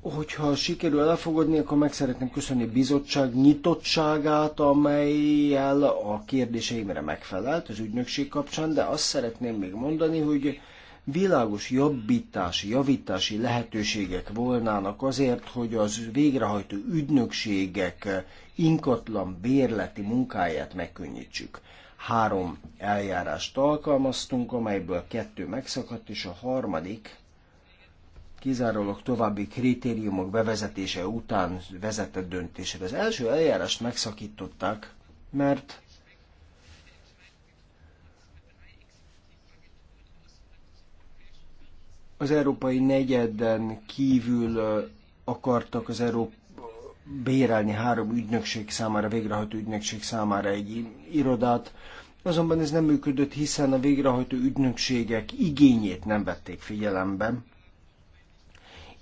hogyha sikerül elfogadni, akkor meg szeretném köszönni a bizottság nyitottságát, amelyel a kérdéseimre megfelelt az ügynökség kapcsán, de azt szeretném még mondani, hogy világos jobbítási, javítási lehetőségek volnának azért, hogy az végrehajtó ügynökségek inkatlan bérleti munkáját megkönnyítsük. Három eljárást alkalmaztunk, amelyből kettő megszakadt, és a harmadik kizárólag további kritériumok bevezetése után vezetett döntésre. Az első eljárást megszakították, mert az európai negyeden kívül akartak az Európa bérelni három ügynökség számára, végrehajtó ügynökség számára egy irodát, azonban ez nem működött, hiszen a végrehajtó ügynökségek igényét nem vették figyelembe,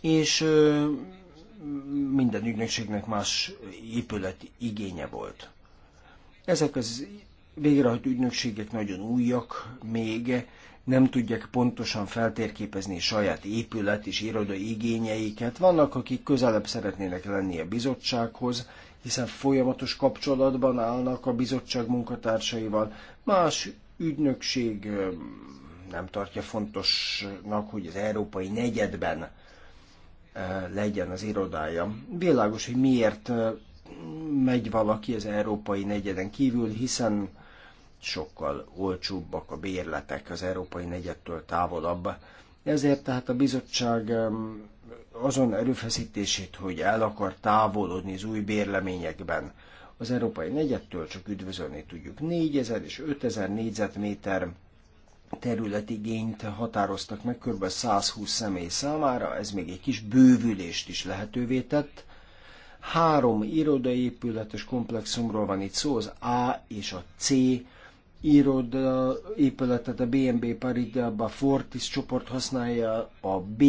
és minden ügynökségnek más épület igénye volt. Ezek az végrehajtó ügynökségek nagyon újak még, nem tudják pontosan feltérképezni saját épület és iroda igényeiket. Vannak, akik közelebb szeretnének lenni a bizottsághoz, hiszen folyamatos kapcsolatban állnak a bizottság munkatársaival. Más ügynökség nem tartja fontosnak, hogy az európai negyedben legyen az irodája. Világos, hogy miért megy valaki az európai negyeden kívül, hiszen sokkal olcsóbbak a bérletek az európai negyedtől távolabb. Ezért tehát a bizottság azon erőfeszítését, hogy el akar távolodni az új bérleményekben, az európai negyedtől csak üdvözölni tudjuk. 4000 és 5000 négyzetméter területigényt határoztak meg kb. 120 személy számára, ez még egy kis bővülést is lehetővé tett. Három irodaépületes komplexumról van itt szó, az A és a C a épületet a BNB a Fortis csoport használja, a B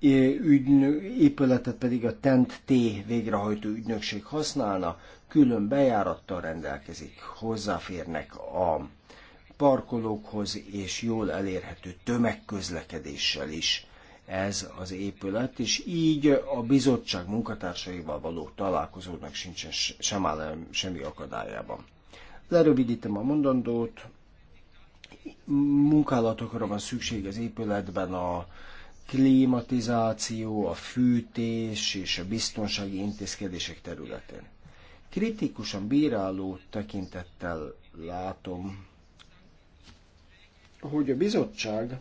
ügynök, épületet pedig a TENT-T végrehajtó ügynökség használna, külön bejárattal rendelkezik, hozzáférnek a parkolókhoz és jól elérhető tömegközlekedéssel is ez az épület, és így a bizottság munkatársaival való találkozónak sincsen sem áll semmi akadályában. Lerövidítem a mondandót. Munkálatokra van szükség az épületben a klimatizáció, a fűtés és a biztonsági intézkedések területén. Kritikusan bíráló tekintettel látom, hogy a bizottság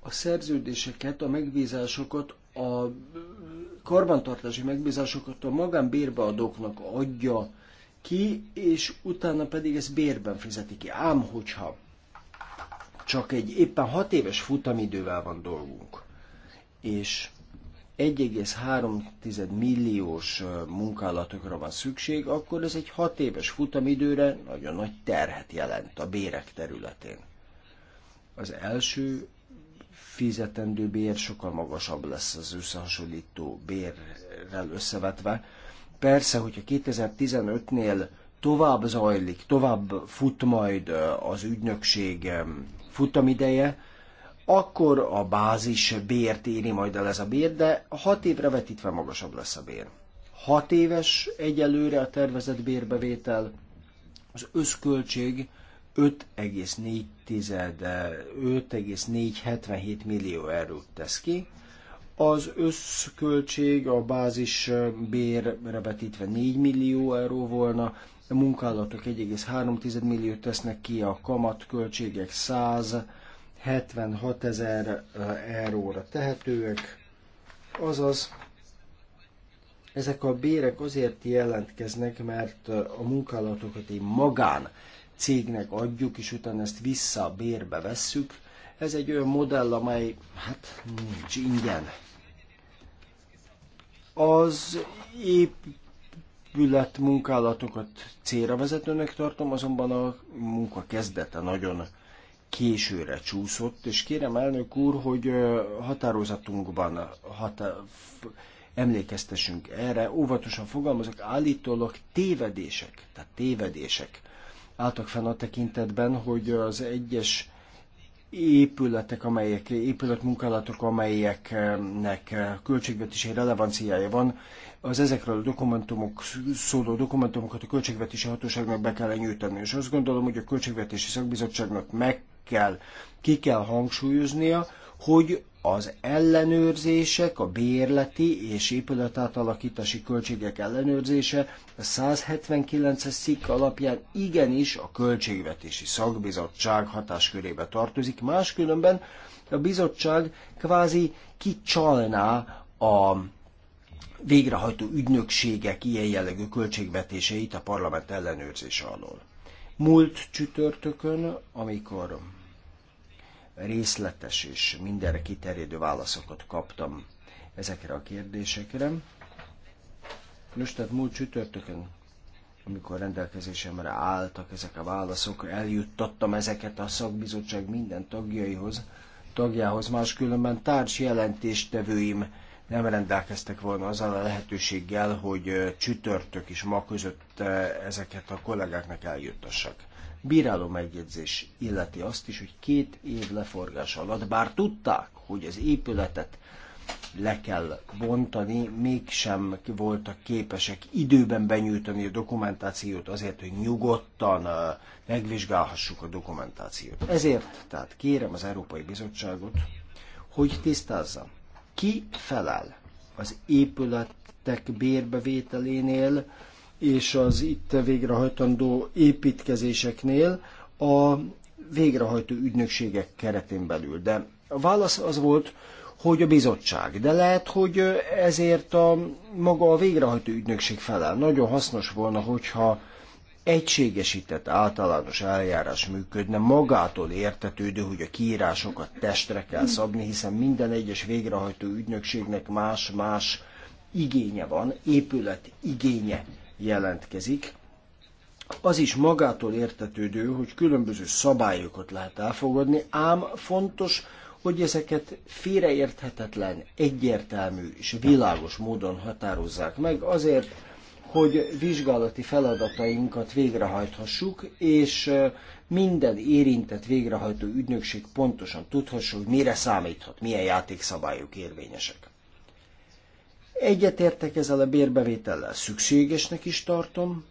a szerződéseket, a megbízásokat a karbantartási megbízásokat a magánbérbeadóknak adja ki, és utána pedig ezt bérben fizeti ki. Ám hogyha csak egy éppen 6 éves futamidővel van dolgunk, és 1,3 milliós munkálatokra van szükség, akkor ez egy 6 éves futamidőre nagyon nagy terhet jelent a bérek területén. Az első fizetendő bér sokkal magasabb lesz az összehasonlító bérrel összevetve. Persze, hogyha 2015-nél tovább zajlik, tovább fut majd az ügynökség futamideje, akkor a bázis bért éri majd el ez a bér, de 6 évre vetítve magasabb lesz a bér. 6 éves egyelőre a tervezett bérbevétel, az összköltség 5,477 millió eurót tesz ki. Az összköltség a bázis bérre betítve 4 millió euró volna, a munkálatok 1,3 milliót tesznek ki, a kamatköltségek 176 ezer euróra tehetőek, azaz ezek a bérek azért jelentkeznek, mert a munkálatokat egy magán cégnek adjuk, és utána ezt vissza a bérbe vesszük. Ez egy olyan modell, amely hát nincs ingyen. Az épület munkálatokat célra vezetőnek tartom, azonban a munka kezdete nagyon későre csúszott, és kérem elnök úr, hogy határozatunkban hatá emlékeztessünk erre, óvatosan fogalmazok, állítólag tévedések, tehát tévedések álltak fenn a tekintetben, hogy az egyes épületek, amelyek, épületmunkálatok, amelyeknek költségvetési relevanciája van, az ezekről a dokumentumok, szóló dokumentumokat a költségvetési hatóságnak be kell nyújtani. És azt gondolom, hogy a költségvetési szakbizottságnak meg kell, ki kell hangsúlyoznia, hogy az ellenőrzések, a bérleti és épületátalakítási költségek ellenőrzése a 179-es szik alapján igenis a Költségvetési Szakbizottság hatáskörébe tartozik, máskülönben a bizottság kvázi kicsalná a végrehajtó ügynökségek ilyen jellegű költségvetéseit a parlament ellenőrzése alól. Múlt csütörtökön, amikor részletes és mindenre kiterjedő válaszokat kaptam ezekre a kérdésekre. Nos, tehát múlt csütörtökön, amikor rendelkezésemre álltak ezek a válaszok, eljuttattam ezeket a szakbizottság minden tagjaihoz, tagjához, máskülönben társ jelentéstevőim nem rendelkeztek volna azzal a lehetőséggel, hogy csütörtök is ma között ezeket a kollégáknak eljuttassak. Bíráló megjegyzés illeti azt is, hogy két év leforgás alatt, bár tudták, hogy az épületet le kell bontani, mégsem voltak képesek időben benyújtani a dokumentációt azért, hogy nyugodtan uh, megvizsgálhassuk a dokumentációt. Ezért, tehát kérem az Európai Bizottságot, hogy tisztázza, ki felel az épületek bérbevételénél, és az itt végrehajtandó építkezéseknél a végrehajtó ügynökségek keretén belül. De a válasz az volt, hogy a bizottság. De lehet, hogy ezért a maga a végrehajtó ügynökség felel. Nagyon hasznos volna, hogyha egységesített általános eljárás működne, magától értetődő, hogy a kiírásokat testre kell szabni, hiszen minden egyes végrehajtó ügynökségnek más-más igénye van, épület igénye jelentkezik. Az is magától értetődő, hogy különböző szabályokat lehet elfogadni, ám fontos, hogy ezeket félreérthetetlen, egyértelmű és világos módon határozzák meg azért, hogy vizsgálati feladatainkat végrehajthassuk, és minden érintett végrehajtó ügynökség pontosan tudhassa, hogy mire számíthat, milyen játékszabályok érvényesek. Egyetértek ezzel a bérbevétellel szükségesnek is tartom,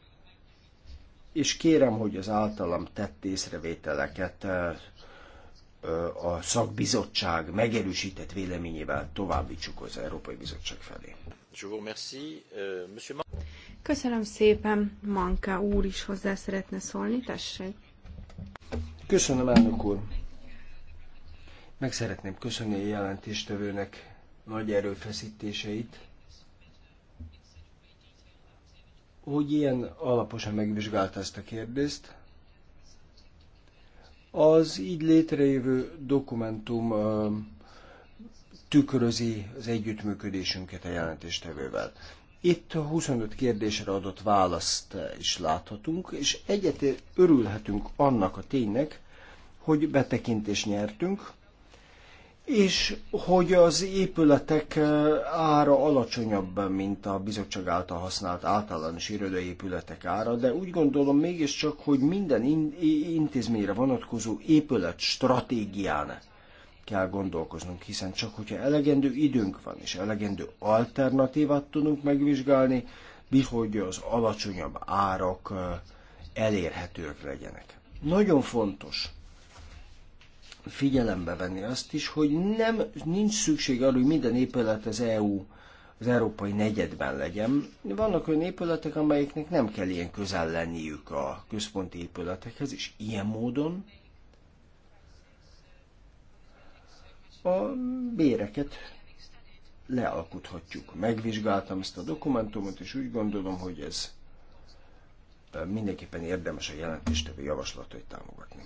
és kérem, hogy az általam tett észrevételeket a szakbizottság megerősített véleményével továbbítsuk az Európai Bizottság felé. Euh, Köszönöm szépen, Manka úr is hozzá szeretne szólni, tessék. Köszönöm, elnök úr. Meg szeretném köszönni a jelentéstevőnek nagy erőfeszítéseit, hogy ilyen alaposan megvizsgálta ezt a kérdést. Az így létrejövő dokumentum tükrözi az együttműködésünket a jelentéstevővel. Itt a 25 kérdésre adott választ is láthatunk, és egyet örülhetünk annak a ténynek, hogy betekintést nyertünk, és hogy az épületek eh, ára alacsonyabb, mint a bizottság által használt általános épületek ára, de úgy gondolom mégiscsak, hogy minden intézményre vonatkozó épület stratégián kell gondolkoznunk, hiszen csak hogyha elegendő időnk van, és elegendő alternatívát tudunk megvizsgálni, hogy az alacsonyabb árak eh, elérhetők legyenek. Nagyon fontos, figyelembe venni azt is, hogy nem, nincs szükség arra, hogy minden épület az EU az európai negyedben legyen. Vannak olyan épületek, amelyeknek nem kell ilyen közel lenniük a központi épületekhez, és ilyen módon a béreket lealkuthatjuk. Megvizsgáltam ezt a dokumentumot, és úgy gondolom, hogy ez mindenképpen érdemes a jelentéstevő javaslatot támogatni.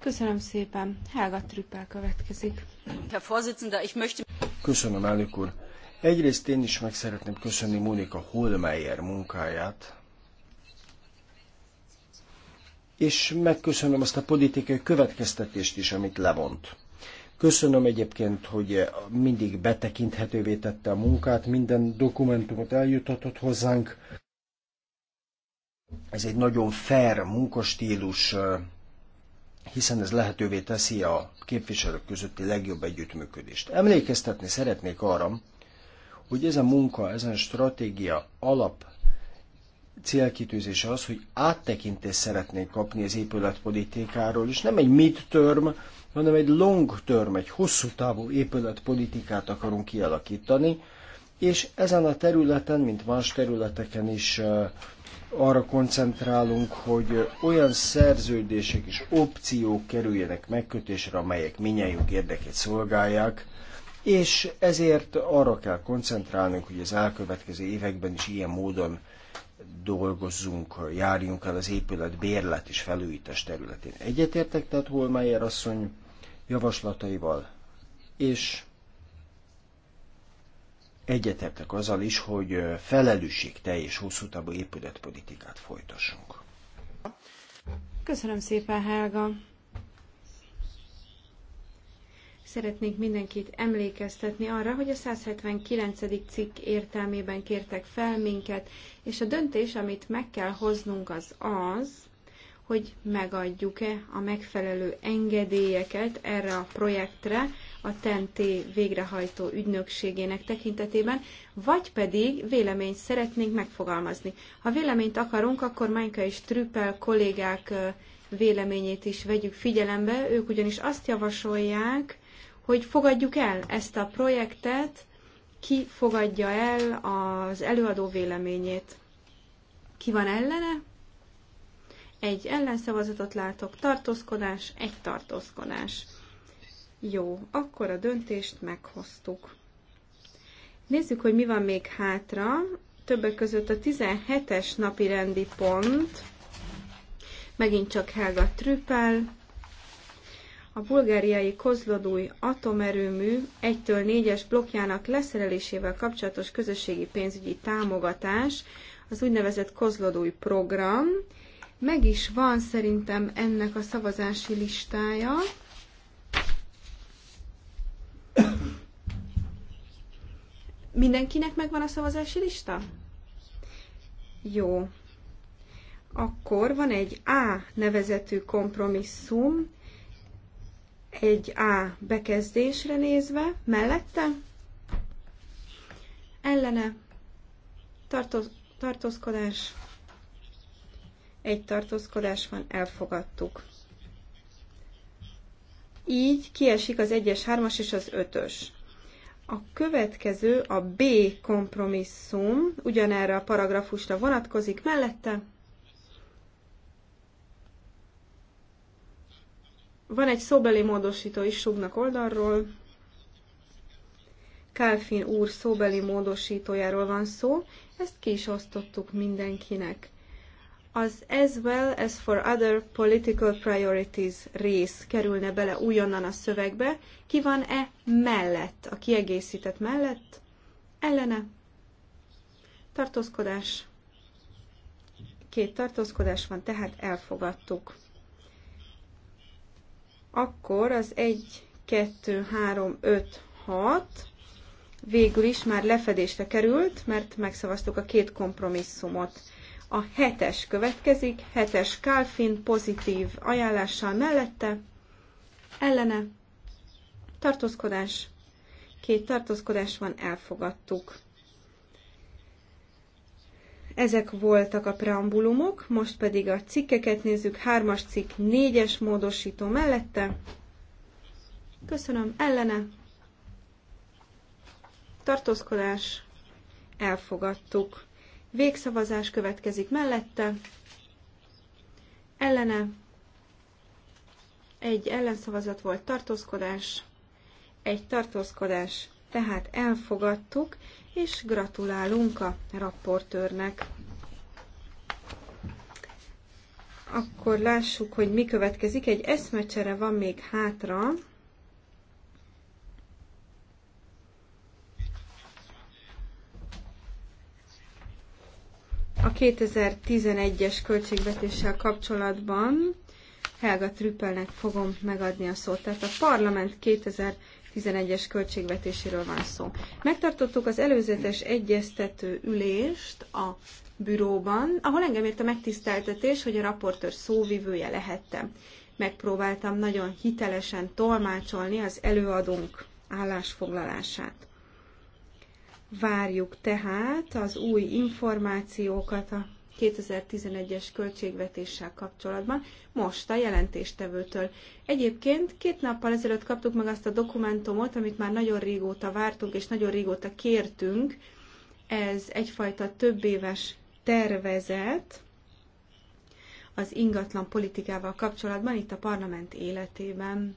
Köszönöm szépen. Helga Trüppel következik. Köszönöm, elnök úr. Egyrészt én is meg szeretném köszönni Mónika Holmeyer munkáját, és megköszönöm azt a politikai következtetést is, amit levont. Köszönöm egyébként, hogy mindig betekinthetővé tette a munkát, minden dokumentumot eljutatott hozzánk ez egy nagyon fair munkastílus, hiszen ez lehetővé teszi a képviselők közötti legjobb együttműködést. Emlékeztetni szeretnék arra, hogy ez a munka, ezen a stratégia alap célkitűzése az, hogy áttekintést szeretnék kapni az épületpolitikáról, és nem egy mid-term, hanem egy long-term, egy hosszú távú épületpolitikát akarunk kialakítani, és ezen a területen, mint más területeken is arra koncentrálunk, hogy olyan szerződések és opciók kerüljenek megkötésre, amelyek minnyájuk érdekét szolgálják, és ezért arra kell koncentrálnunk, hogy az elkövetkező években is ilyen módon dolgozzunk, járjunk el az épület bérlet és felújítás területén. Egyetértek tehát Holmeyer asszony javaslataival, és egyetettek azzal is, hogy felelősségteljes hosszú távú épületpolitikát folytassunk. Köszönöm szépen, Helga! Szeretnék mindenkit emlékeztetni arra, hogy a 179. cikk értelmében kértek fel minket, és a döntés, amit meg kell hoznunk, az az, hogy megadjuk-e a megfelelő engedélyeket erre a projektre, a TNT végrehajtó ügynökségének tekintetében, vagy pedig véleményt szeretnénk megfogalmazni. Ha véleményt akarunk, akkor Mányka és Trüppel kollégák véleményét is vegyük figyelembe. Ők ugyanis azt javasolják, hogy fogadjuk el ezt a projektet, ki fogadja el az előadó véleményét. Ki van ellene? Egy ellenszavazatot látok, tartózkodás, egy tartózkodás. Jó, akkor a döntést meghoztuk. Nézzük, hogy mi van még hátra. Többek között a 17-es napi rendi pont. Megint csak Helga Trüppel. A bulgáriai Kozlodúj atomerőmű 1-től 4-es blokkjának leszerelésével kapcsolatos közösségi pénzügyi támogatás, az úgynevezett Kozlodúj program. Meg is van szerintem ennek a szavazási listája. Mindenkinek megvan a szavazási lista? Jó. Akkor van egy A nevezetű kompromisszum, egy A bekezdésre nézve, mellette, ellene, tartoz, tartózkodás, egy tartózkodás van, elfogadtuk így kiesik az 1-es, 3-as és az 5-ös. A következő a B kompromisszum, ugyanerre a paragrafusra vonatkozik mellette. Van egy szóbeli módosító is sugnak oldalról. Kálfin úr szóbeli módosítójáról van szó, ezt ki is osztottuk mindenkinek az as well as for other political priorities rész kerülne bele újonnan a szövegbe. Ki van-e mellett, a kiegészített mellett? Ellene. Tartózkodás. Két tartózkodás van, tehát elfogadtuk. Akkor az 1, 2, 3, 5, 6 végül is már lefedésre került, mert megszavaztuk a két kompromisszumot. A hetes következik, hetes Kálfin pozitív ajánlással mellette, ellene, tartózkodás, két tartózkodás van, elfogadtuk. Ezek voltak a preambulumok, most pedig a cikkeket nézzük, hármas cikk, négyes módosító mellette. Köszönöm, ellene. Tartózkodás, elfogadtuk. Végszavazás következik mellette. Ellene egy ellenszavazat volt tartózkodás, egy tartózkodás, tehát elfogadtuk, és gratulálunk a rapportőrnek. Akkor lássuk, hogy mi következik. Egy eszmecsere van még hátra. a 2011-es költségvetéssel kapcsolatban Helga Trüppelnek fogom megadni a szót. Tehát a parlament 2011-es költségvetéséről van szó. Megtartottuk az előzetes egyeztető ülést a büróban, ahol engem ért a megtiszteltetés, hogy a raportőr szóvivője lehettem. Megpróbáltam nagyon hitelesen tolmácsolni az előadónk állásfoglalását. Várjuk tehát az új információkat a 2011-es költségvetéssel kapcsolatban, most a jelentéstevőtől. Egyébként két nappal ezelőtt kaptuk meg azt a dokumentumot, amit már nagyon régóta vártunk és nagyon régóta kértünk. Ez egyfajta több éves tervezet az ingatlan politikával kapcsolatban itt a parlament életében.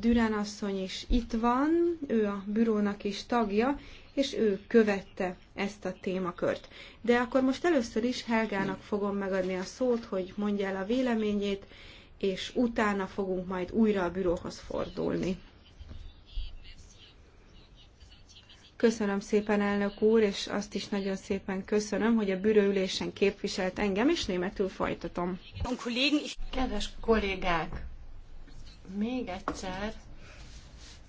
Dürán asszony is itt van, ő a bürónak is tagja, és ő követte ezt a témakört. De akkor most először is Helgának fogom megadni a szót, hogy mondja el a véleményét, és utána fogunk majd újra a bürohoz fordulni. Köszönöm szépen, elnök úr, és azt is nagyon szépen köszönöm, hogy a bürőülésen képviselt engem, és németül folytatom. Kedves kollégák, még egyszer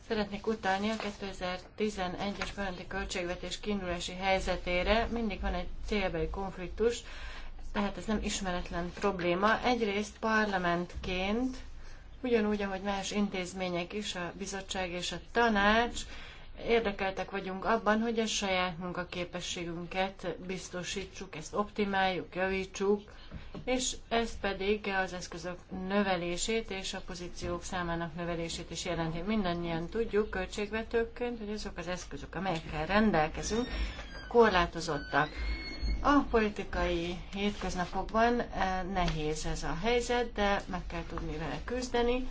szeretnék utalni a 2011-es parlamenti költségvetés kiindulási helyzetére. Mindig van egy célbeli konfliktus, tehát ez nem ismeretlen probléma. Egyrészt parlamentként, ugyanúgy, ahogy más intézmények is, a bizottság és a tanács érdekeltek vagyunk abban, hogy a saját munkaképességünket biztosítsuk, ezt optimáljuk, javítsuk, és ez pedig az eszközök növelését és a pozíciók számának növelését is jelenti. Mindannyian tudjuk költségvetőként, hogy azok az eszközök, amelyekkel rendelkezünk, korlátozottak. A politikai hétköznapokban eh, nehéz ez a helyzet, de meg kell tudni vele küzdeni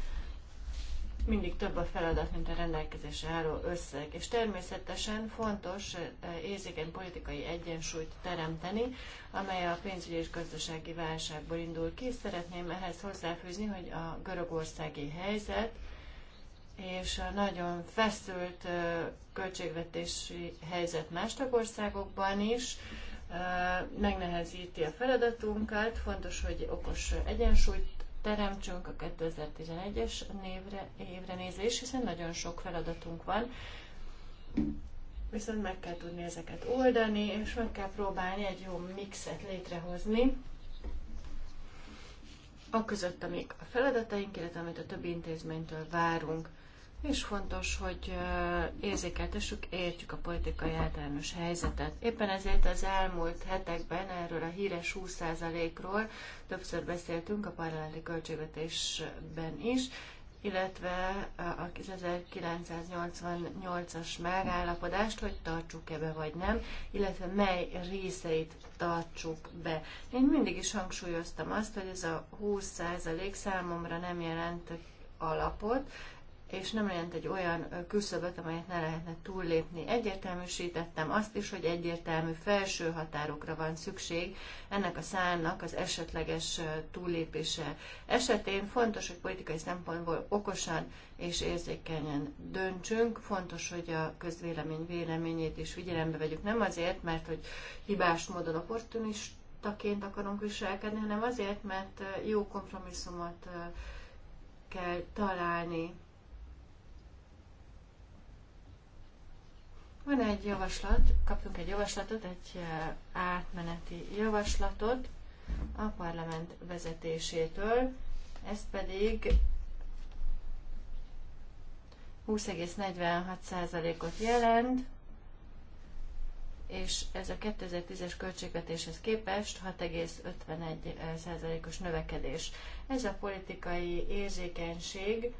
mindig több a feladat, mint a rendelkezésre álló összeg. És természetesen fontos eh, érzékeny politikai egyensúlyt teremteni, amely a pénzügyi és gazdasági válságból indul ki. Szeretném ehhez hozzáfűzni, hogy a görögországi helyzet és a nagyon feszült eh, költségvetési helyzet más tagországokban is eh, megnehezíti a feladatunkat. Fontos, hogy okos egyensúlyt teremtsünk a 2011-es névre, évre nézés, hiszen nagyon sok feladatunk van. Viszont meg kell tudni ezeket oldani, és meg kell próbálni egy jó mixet létrehozni, a között, amik a feladataink, illetve amit a többi intézménytől várunk és fontos, hogy érzékeltessük, értjük a politikai általános helyzetet. Éppen ezért az elmúlt hetekben erről a híres 20%-ról többször beszéltünk a parlamenti költségvetésben is, illetve a 1988-as megállapodást, hogy tartsuk-e be vagy nem, illetve mely részeit tartsuk be. Én mindig is hangsúlyoztam azt, hogy ez a 20% számomra nem jelent alapot, és nem jelent egy olyan küszöböt, amelyet ne lehetne túllépni. Egyértelműsítettem azt is, hogy egyértelmű felső határokra van szükség ennek a szánnak az esetleges túllépése esetén. Fontos, hogy politikai szempontból okosan és érzékenyen döntsünk. Fontos, hogy a közvélemény véleményét is figyelembe vegyük. Nem azért, mert hogy hibás módon opportunistaként akarunk viselkedni, hanem azért, mert jó kompromisszumot kell találni Van egy javaslat, kaptunk egy javaslatot, egy eh, átmeneti javaslatot a parlament vezetésétől, ezt pedig 20,46%-ot jelent, és ez a 2010-es költségvetéshez képest 6,51%-os növekedés. Ez a politikai érzékenység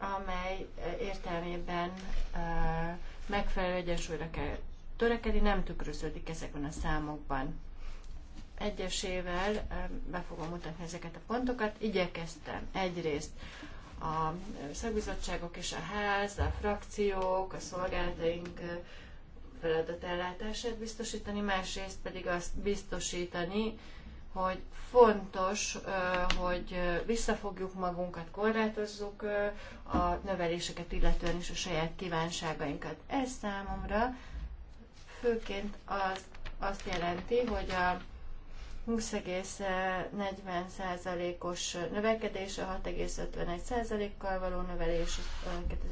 amely e, értelmében e, megfelelő egyensúlyra kell törekedni, nem tükröződik ezekben a számokban. Egyesével e, be fogom mutatni ezeket a pontokat. Igyekeztem egyrészt a szakbizottságok és a ház, a frakciók, a szolgálataink feladatellátását biztosítani, másrészt pedig azt biztosítani, hogy fontos, hogy visszafogjuk magunkat, korlátozzuk a növeléseket, illetően is a saját kívánságainkat. Ez számomra főként az, azt jelenti, hogy a 20,40%-os növekedés, a 6,51%-kal való növelés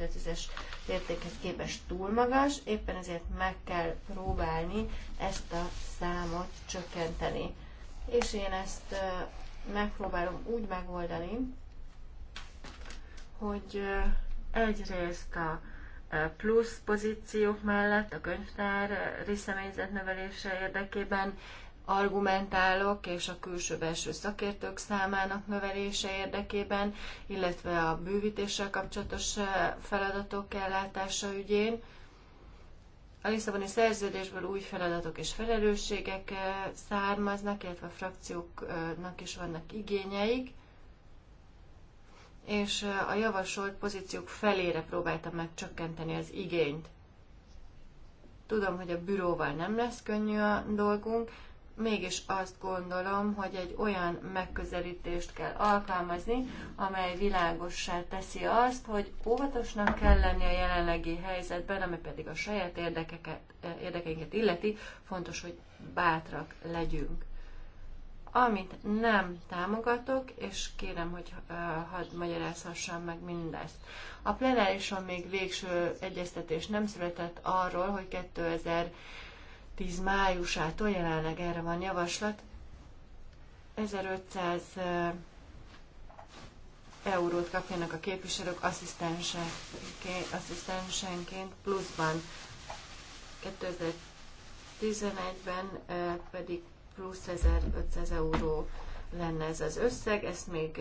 2010-es értékhez képest túl magas, éppen ezért meg kell próbálni ezt a számot csökkenteni és én ezt megpróbálom úgy megoldani, hogy egyrészt a plusz pozíciók mellett a könyvtár részemélyzet növelése érdekében argumentálok, és a külső-belső szakértők számának növelése érdekében, illetve a bővítéssel kapcsolatos feladatok ellátása ügyén a Lisszaboni szerződésből új feladatok és felelősségek eh, származnak, illetve a frakcióknak is vannak igényeik, és eh, a javasolt pozíciók felére próbáltam meg csökkenteni az igényt. Tudom, hogy a büróval nem lesz könnyű a dolgunk, mégis azt gondolom, hogy egy olyan megközelítést kell alkalmazni, amely világossá teszi azt, hogy óvatosnak kell lenni a jelenlegi helyzetben, ami pedig a saját érdekeket, eh, érdekeinket illeti, fontos, hogy bátrak legyünk. Amit nem támogatok, és kérem, hogy uh, hadd magyarázhassam meg mindezt. A plenárison még végső egyeztetés nem született arról, hogy 2000 10 májusától jelenleg erre van javaslat. 1500 eurót kapjanak a képviselők asszisztensenként pluszban. 2011-ben pedig plusz 1500 euró lenne ez az összeg, ezt még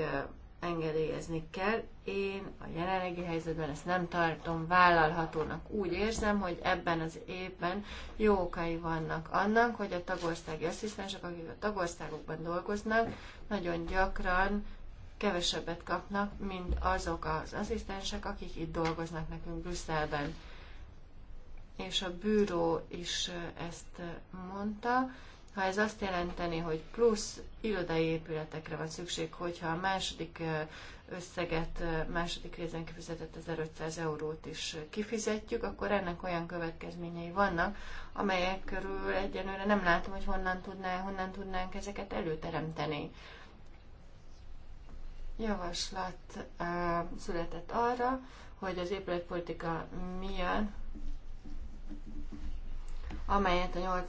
engedélyezni kell. Én a jelenlegi helyzetben ezt nem tartom vállalhatónak. Úgy érzem, hogy ebben az évben jó okai vannak annak, hogy a tagországi asszisztensek, akik a tagországokban dolgoznak, nagyon gyakran kevesebbet kapnak, mint azok az asszisztensek, akik itt dolgoznak nekünk Brüsszelben. És a bűró is ezt mondta, ha ez azt jelenteni, hogy plusz irodai épületekre van szükség, hogyha a második összeget, második részen kifizetett 1500 eurót is kifizetjük, akkor ennek olyan következményei vannak, amelyek körül egyenőre nem látom, hogy honnan, tudná, honnan tudnánk ezeket előteremteni. Javaslat uh, született arra, hogy az épületpolitika milyen amelyet a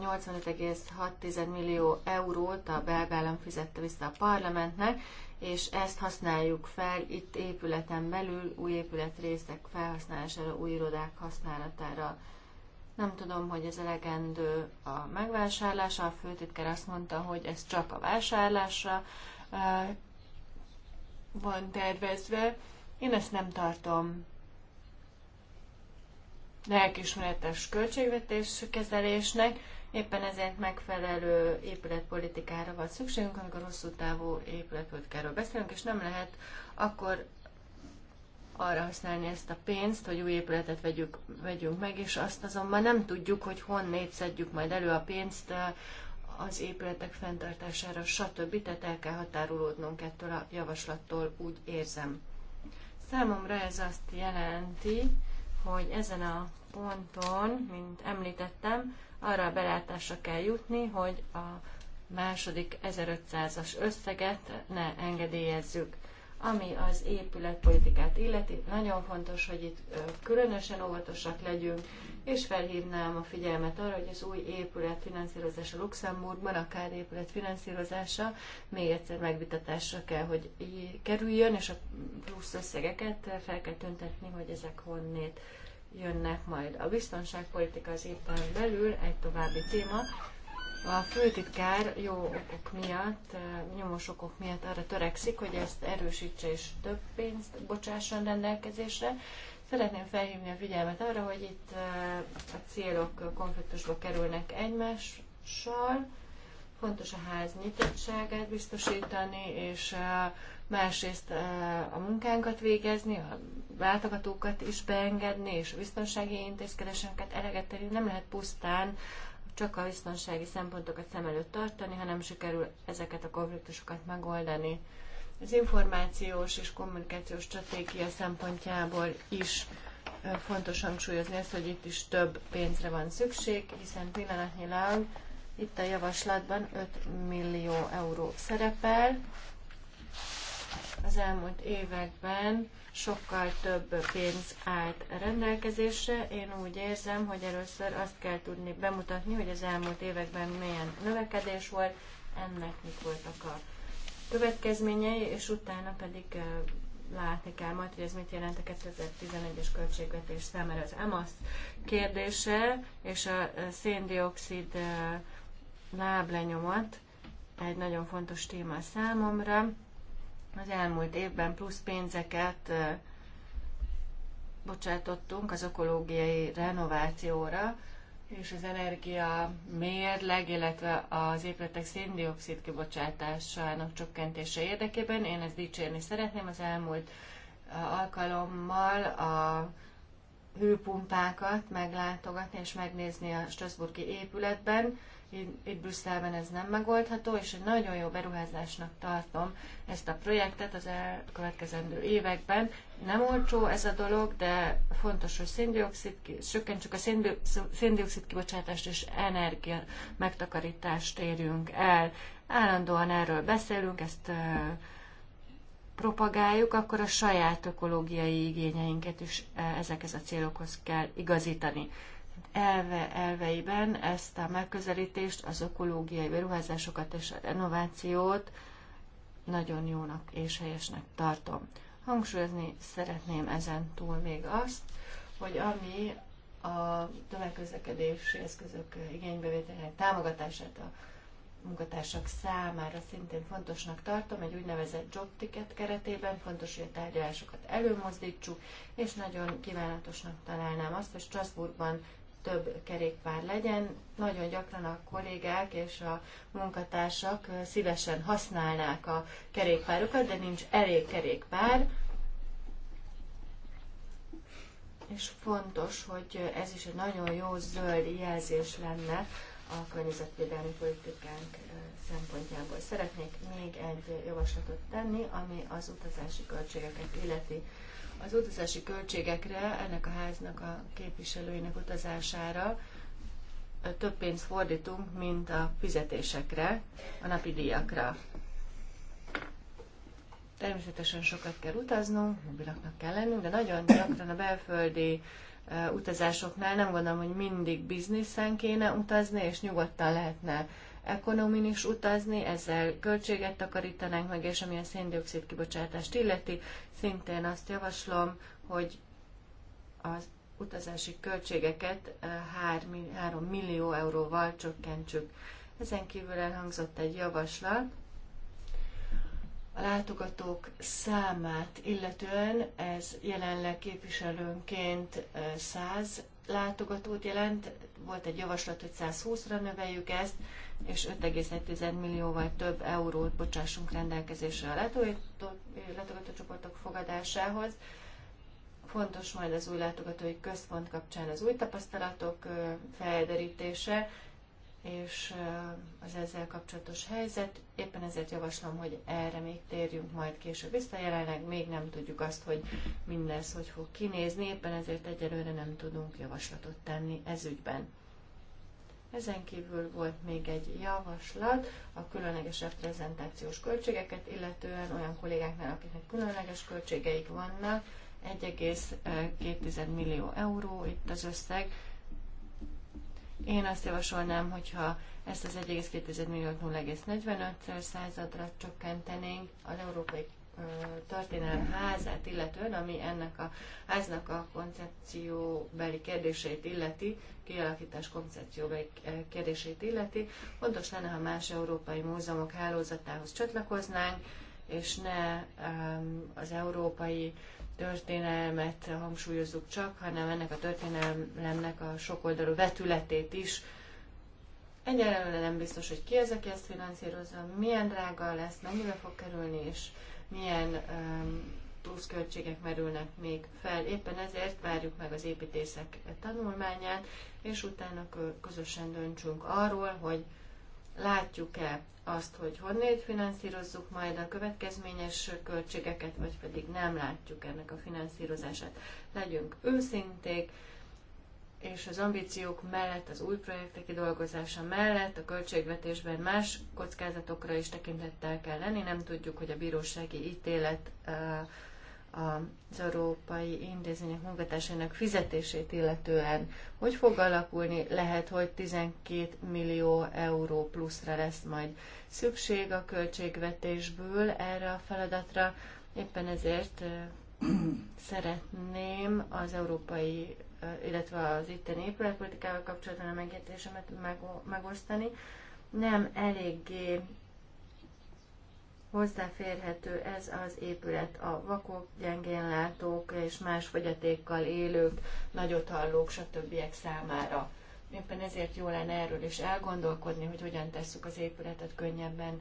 85,6 millió eurót a belgállam fizette vissza a parlamentnek, és ezt használjuk fel itt épületen belül, új épületrészek felhasználására, új irodák használatára. Nem tudom, hogy ez elegendő a megvásárlása. A főtitkár azt mondta, hogy ez csak a vásárlásra eh, van tervezve. Én ezt nem tartom lelkismeretes költségvetés kezelésnek, éppen ezért megfelelő épületpolitikára van szükségünk, amikor hosszú távú épületpolitikáról beszélünk, és nem lehet akkor arra használni ezt a pénzt, hogy új épületet vegyük, vegyünk meg, és azt azonban nem tudjuk, hogy honnét szedjük majd elő a pénzt az épületek fenntartására, stb. Tehát el kell határolódnunk ettől a javaslattól, úgy érzem. Számomra ez azt jelenti, hogy ezen a ponton, mint említettem, arra a belátásra kell jutni, hogy a második 1500-as összeget ne engedélyezzük. Ami az épületpolitikát illeti, nagyon fontos, hogy itt különösen óvatosak legyünk, és felhívnám a figyelmet arra, hogy az új épület finanszírozása Luxemburgban, akár épület finanszírozása még egyszer megvitatásra kell, hogy kerüljön, és a plusz összegeket fel kell tüntetni, hogy ezek honnét jönnek majd. A biztonságpolitika az éppen belül egy további téma, a főtitkár jó okok miatt, nyomos okok miatt arra törekszik, hogy ezt erősítse és több pénzt bocsásson rendelkezésre. Szeretném felhívni a figyelmet arra, hogy itt a célok konfliktusba kerülnek egymással, fontos a ház nyitottságát biztosítani, és másrészt a munkánkat végezni, a látogatókat is beengedni, és a biztonsági intézkedéseket eleget tenni. Nem lehet pusztán csak a biztonsági szempontokat szem előtt tartani, hanem sikerül ezeket a konfliktusokat megoldani. Az információs és kommunikációs stratégia szempontjából is fontos hangsúlyozni ezt, hogy itt is több pénzre van szükség, hiszen pillanatnyilag itt a javaslatban 5 millió euró szerepel, az elmúlt években sokkal több pénz állt rendelkezésre. Én úgy érzem, hogy először azt kell tudni bemutatni, hogy az elmúlt években milyen növekedés volt, ennek mik voltak a következményei, és utána pedig látni kell majd, hogy ez mit jelent a 2011-es költségvetés számára. Az EMASZ kérdése és a széndiokszid láblenyomat egy nagyon fontos téma számomra. Az elmúlt évben plusz pénzeket bocsátottunk az ökológiai renovációra, és az energia mérleg, illetve az épületek széndiokszid kibocsátásának csökkentése érdekében. Én ezt dicsérni szeretném. Az elmúlt alkalommal a hőpumpákat meglátogatni és megnézni a Strasburgi épületben itt Brüsszelben ez nem megoldható, és egy nagyon jó beruházásnak tartom ezt a projektet az elkövetkezendő években. Nem olcsó ez a dolog, de fontos, hogy széndiokszid, csökkentsük a széndiokszid kibocsátást és energia megtakarítást érjünk el. Állandóan erről beszélünk, ezt propagáljuk, akkor a saját ökológiai igényeinket is ezekhez a célokhoz kell igazítani elve, elveiben ezt a megközelítést, az ökológiai beruházásokat és a renovációt nagyon jónak és helyesnek tartom. Hangsúlyozni szeretném ezen túl még azt, hogy ami a tömegközlekedési eszközök igénybevételének támogatását a munkatársak számára szintén fontosnak tartom, egy úgynevezett job ticket keretében fontos, hogy a tárgyalásokat előmozdítsuk, és nagyon kívánatosnak találnám azt, hogy Strasbourgban több kerékpár legyen. Nagyon gyakran a kollégák és a munkatársak szívesen használnák a kerékpárokat, de nincs elég kerékpár. És fontos, hogy ez is egy nagyon jó zöld jelzés lenne a környezetvédelmi politikánk szempontjából. Szeretnék még egy javaslatot tenni, ami az utazási költségeket illeti az utazási költségekre, ennek a háznak a képviselőinek utazására több pénzt fordítunk, mint a fizetésekre, a napi díjakra. Természetesen sokat kell utaznunk, mobilaknak kell lennünk, de nagyon gyakran a belföldi utazásoknál nem gondolom, hogy mindig bizniszen kéne utazni, és nyugodtan lehetne ekonomin is utazni, ezzel költséget takarítanánk meg, és ami a széndiokszid kibocsátást illeti, szintén azt javaslom, hogy az utazási költségeket 3 eh, millió euróval csökkentsük. Ezen kívül elhangzott egy javaslat, a látogatók számát illetően ez jelenleg képviselőnként 100 eh, látogatót jelent. Volt egy javaslat, hogy 120-ra növeljük ezt, és 5,1 millióval több eurót bocsássunk rendelkezésre a letogató csoportok fogadásához. Fontos majd az új látogatói központ kapcsán az új tapasztalatok felderítése, és az ezzel kapcsolatos helyzet. Éppen ezért javaslom, hogy erre még térjünk majd később vissza. Jelenleg még nem tudjuk azt, hogy mindez hogy fog kinézni, éppen ezért egyelőre nem tudunk javaslatot tenni ez ügyben. Ezen kívül volt még egy javaslat a különleges reprezentációs költségeket, illetően olyan kollégáknál, akiknek különleges költségeik vannak, 1,2 eh, millió euró itt az összeg. Én azt javasolnám, hogyha ezt az 1,2 milliót 0,45 századra csökkentenénk, az európai történelem házát illetően, ami ennek a háznak a koncepcióbeli kérdését illeti, kialakítás koncepcióbeli eh, kérdését illeti. Fontos lenne, ha más európai múzeumok hálózatához csatlakoznánk, és ne az európai történelmet hangsúlyozzuk csak, hanem ennek a történelemnek a sokoldalú vetületét is. Egyelőre nem biztos, hogy ki az, aki ezt finanszírozza, milyen drága lesz, mennyibe fog kerülni, és milyen um, pluszköltségek merülnek még fel. Éppen ezért várjuk meg az építészek tanulmányát, és utána közösen döntsünk arról, hogy látjuk-e azt, hogy honnét finanszírozzuk majd a következményes költségeket, vagy pedig nem látjuk ennek a finanszírozását. Legyünk őszinték, és az ambíciók mellett, az új projektek kidolgozása mellett a költségvetésben más kockázatokra is tekintettel kell lenni. Nem tudjuk, hogy a bírósági ítélet eh, az európai intézmények munkatársainak fizetését illetően hogy fog alakulni, lehet, hogy 12 millió euró pluszra lesz majd szükség a költségvetésből erre a feladatra. Éppen ezért eh, szeretném az Európai illetve az itteni épületpolitikával kapcsolatban a megértésemet megosztani. Nem eléggé hozzáférhető ez az épület a vakok, látók és más fogyatékkal élők, nagyot hallók, stb. számára. Éppen ezért jó lenne erről is elgondolkodni, hogy hogyan tesszük az épületet könnyebben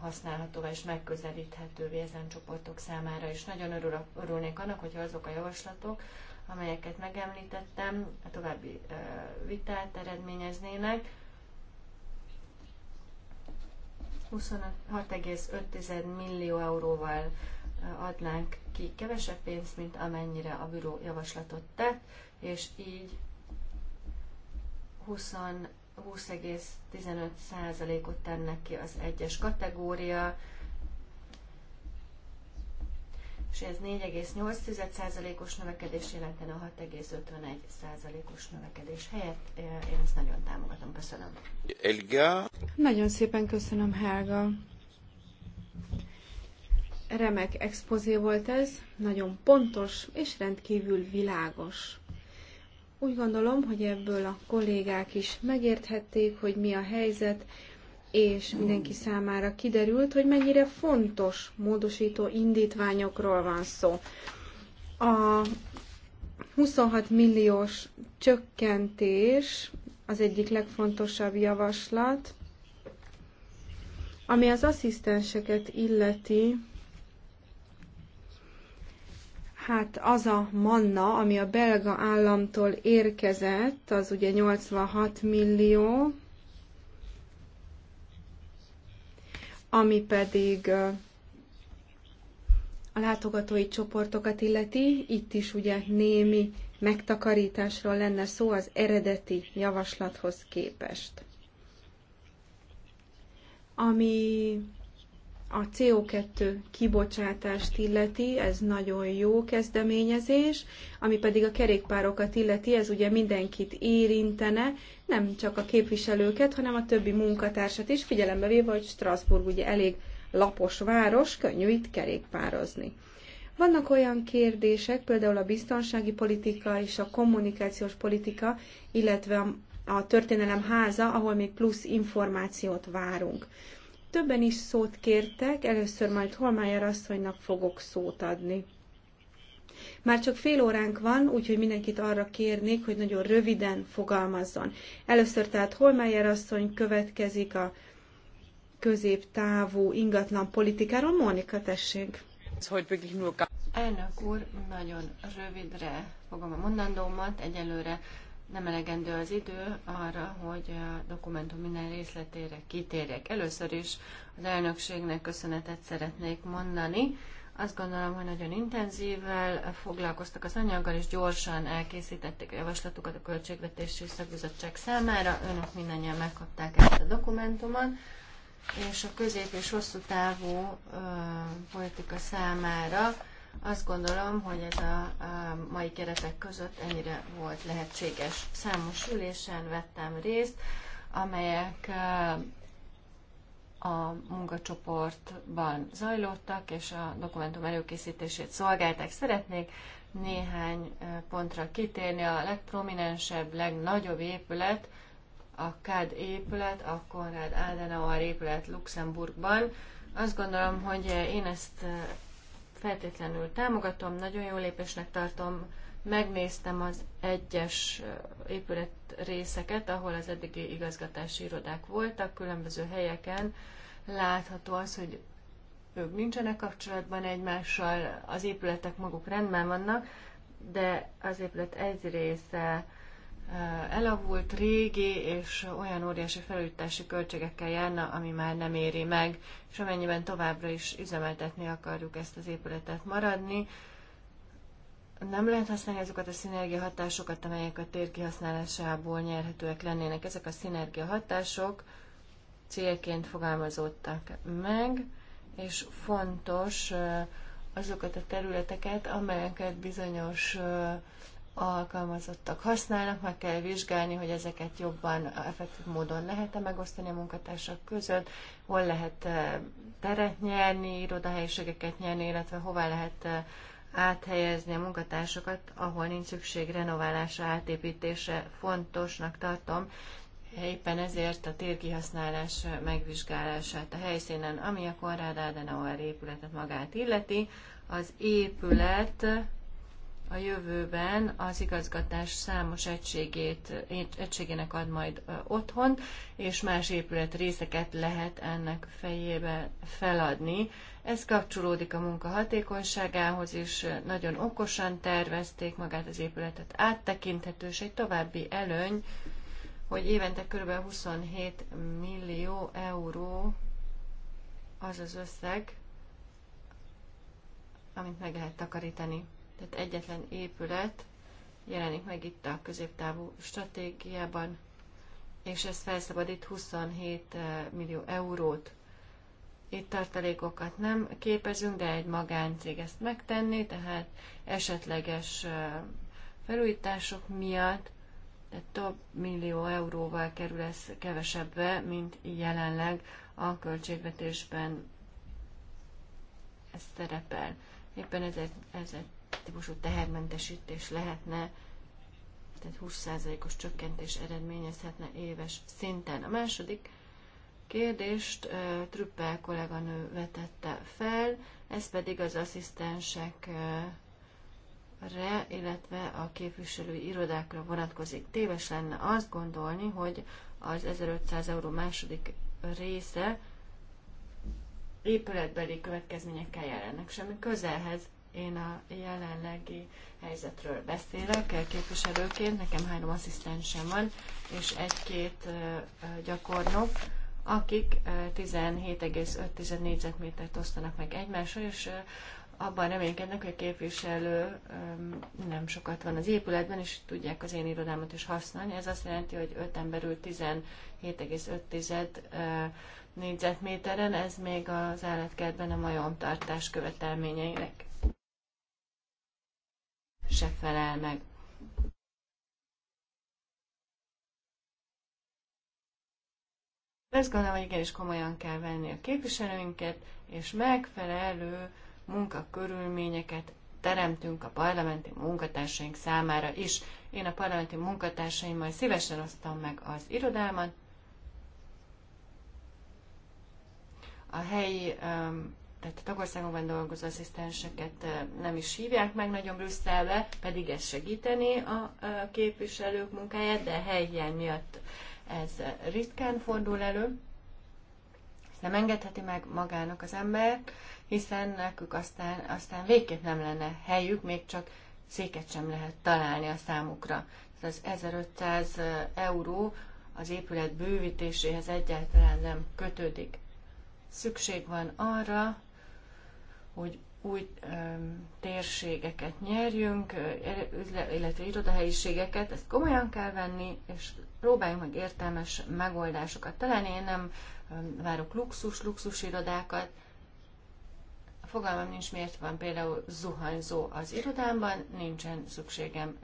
használhatóvá és megközelíthetővé ezen csoportok számára. És nagyon örülnék annak, hogyha azok a javaslatok, amelyeket megemlítettem, a további vitát eredményeznének. 26,5 millió euróval adnánk ki kevesebb pénzt, mint amennyire a büró javaslatot tett, és így 20,15%-ot tennek ki az egyes kategória, és ez 4,8%-os növekedés jelentene a 6,51%-os növekedés helyett. Eh, én ezt nagyon támogatom, köszönöm. Elga. Nagyon szépen köszönöm, Helga. Remek expozé volt ez, nagyon pontos és rendkívül világos. Úgy gondolom, hogy ebből a kollégák is megérthették, hogy mi a helyzet, és mindenki számára kiderült, hogy mennyire fontos módosító indítványokról van szó. A 26 milliós csökkentés az egyik legfontosabb javaslat, ami az asszisztenseket illeti, Hát az a manna, ami a belga államtól érkezett, az ugye 86 millió, Ami pedig a látogatói csoportokat illeti, itt is ugye némi megtakarításról lenne szó az eredeti javaslathoz képest. Ami a CO2 kibocsátást illeti, ez nagyon jó kezdeményezés, ami pedig a kerékpárokat illeti, ez ugye mindenkit érintene, nem csak a képviselőket, hanem a többi munkatársat is, figyelembe véve, hogy Strasbourg ugye elég lapos város, könnyű itt kerékpározni. Vannak olyan kérdések, például a biztonsági politika és a kommunikációs politika, illetve a történelem háza, ahol még plusz információt várunk. Többen is szót kértek, először majd Holmájer asszonynak fogok szót adni. Már csak fél óránk van, úgyhogy mindenkit arra kérnék, hogy nagyon röviden fogalmazzon. Először tehát Holmájer asszony következik a középtávú ingatlan politikáról. Mónika, tessék! Elnök úr, nagyon rövidre fogom a mondandómat. Egyelőre nem elegendő az idő arra, hogy a dokumentum minden részletére kitérjek. Először is az elnökségnek köszönetet szeretnék mondani. Azt gondolom, hogy nagyon intenzívvel foglalkoztak az anyaggal, és gyorsan elkészítették a javaslatukat a Költségvetési Szakbizottság számára. Önök mindannyian megkapták ezt a dokumentumot, és a közép- és hosszú távú ö, politika számára azt gondolom, hogy ez a, a mai keretek között ennyire volt lehetséges. Számos ülésen vettem részt, amelyek a munkacsoportban zajlottak, és a dokumentum előkészítését szolgálták. Szeretnék néhány pontra kitérni. A legprominensebb, legnagyobb épület, a CAD épület, a Konrad Adenauer épület Luxemburgban. Azt gondolom, hogy én ezt feltétlenül támogatom, nagyon jó lépésnek tartom. Megnéztem az egyes épület részeket, ahol az eddigi igazgatási irodák voltak, különböző helyeken. Látható az, hogy ők nincsenek kapcsolatban egymással, az épületek maguk rendben vannak, de az épület egy része elavult, régi és olyan óriási felújítási költségekkel járna, ami már nem éri meg, és amennyiben továbbra is üzemeltetni akarjuk ezt az épületet maradni, nem lehet használni azokat a szinergia hatásokat, amelyek a tér kihasználásából nyerhetőek lennének. Ezek a szinergia hatások célként fogalmazódtak meg, és fontos azokat a területeket, amelyeket bizonyos alkalmazottak használnak, meg kell vizsgálni, hogy ezeket jobban, eh, effektív módon lehet-e megosztani a munkatársak között, hol lehet eh, teret nyerni, irodahelyiségeket nyerni, illetve hová lehet eh, áthelyezni a munkatársakat, ahol nincs szükség renoválásra, átépítése, fontosnak tartom. Éppen ezért a térkihasználás megvizsgálását a helyszínen, ami a Konrád Adenauer épületet magát illeti, az épület a jövőben az igazgatás számos egységét, egységének ad majd otthon, és más épület részeket lehet ennek fejébe feladni. Ez kapcsolódik a munka hatékonyságához is, nagyon okosan tervezték magát az épületet, áttekinthető, és egy további előny, hogy évente kb. 27 millió euró az az összeg, amit meg lehet takarítani. Tehát egyetlen épület jelenik meg itt a középtávú stratégiában, és ez felszabadít 27 eh, millió eurót. Itt tartalékokat nem képezünk, de egy magáncég ezt megtenni, tehát esetleges eh, felújítások miatt tehát több millió euróval kerül ez kevesebbe, mint jelenleg a költségvetésben ez szerepel. Éppen ez egy, ez egy típusú tehermentesítés lehetne, tehát 20%-os csökkentés eredményezhetne éves szinten. A második kérdést Trüppel kolléganő vetette fel, ez pedig az asszisztensek re, illetve a képviselői irodákra vonatkozik. Téves lenne azt gondolni, hogy az 1500 euró második része épületbeli következményekkel jár ennek semmi közelhez. Én a jelenlegi helyzetről beszélek képviselőként, nekem három asszisztensem van, és egy-két gyakornok, akik 17,5 négyzetmétert osztanak meg egymással, és abban reménykednek, hogy a képviselő nem sokat van az épületben, és tudják az én irodámat is használni. Ez azt jelenti, hogy 5 emberül 17,5 négyzetméteren, ez még az állatkertben a tartás követelményeinek se felel meg. Azt gondolom, hogy igenis komolyan kell venni a képviselőinket, és megfelelő munkakörülményeket teremtünk a parlamenti munkatársaink számára is. Én a parlamenti munkatársaimmal szívesen osztam meg az irodámat, a helyi um, tehát a tagországokban dolgozó asszisztenseket nem is hívják meg nagyon Brüsszelbe, pedig ez segíteni a képviselők munkáját, de helyhiány miatt ez ritkán fordul elő. Ezt nem engedheti meg magának az ember, hiszen nekük aztán, aztán végképp nem lenne helyük, még csak széket sem lehet találni a számukra. Ez az 1500 euró az épület bővítéséhez egyáltalán nem kötődik. Szükség van arra, hogy új térségeket nyerjünk, illetve irodahelyiségeket, ezt komolyan kell venni, és próbáljunk meg értelmes megoldásokat találni. Én nem várok luxus, luxus irodákat. A fogalmam nincs, miért van például zuhanyzó az irodámban, nincsen szükségem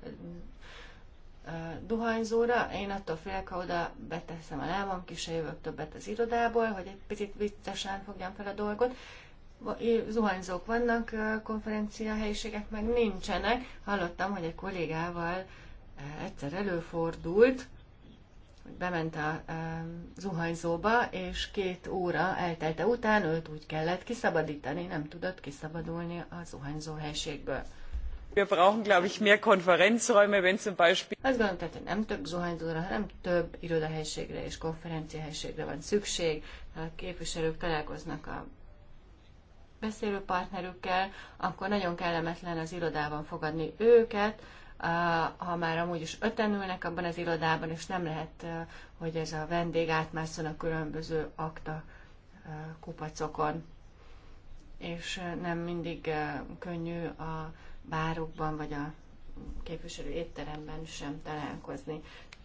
duhanyzóra. Én attól félek, ha oda beteszem a lábam, ki se jövök többet az irodából, hogy egy picit viccesen fogjam fel a dolgot zuhanyzók vannak, konferencia helyiségek meg nincsenek. Hallottam, hogy egy kollégával egyszer előfordult, hogy bement a zuhanyzóba, és két óra eltelte után őt úgy kellett kiszabadítani, nem tudott kiszabadulni a zuhanyzó helységből. Wir brauchen, glaube ich, mehr Konferenzräume, wenn zum Beispiel... Azt gondolom, tehát, hogy nem több zuhanyzóra, hanem több irodahelyiségre és konferenciahelyiségre van szükség. A képviselők találkoznak a beszélő partnerükkel, akkor nagyon kellemetlen az irodában fogadni őket, ha már amúgy is öten ülnek abban az irodában, és nem lehet, hogy ez a vendég átmászon a különböző akta kupacokon. És nem mindig könnyű a bárokban vagy a képviselő étteremben sem találkozni.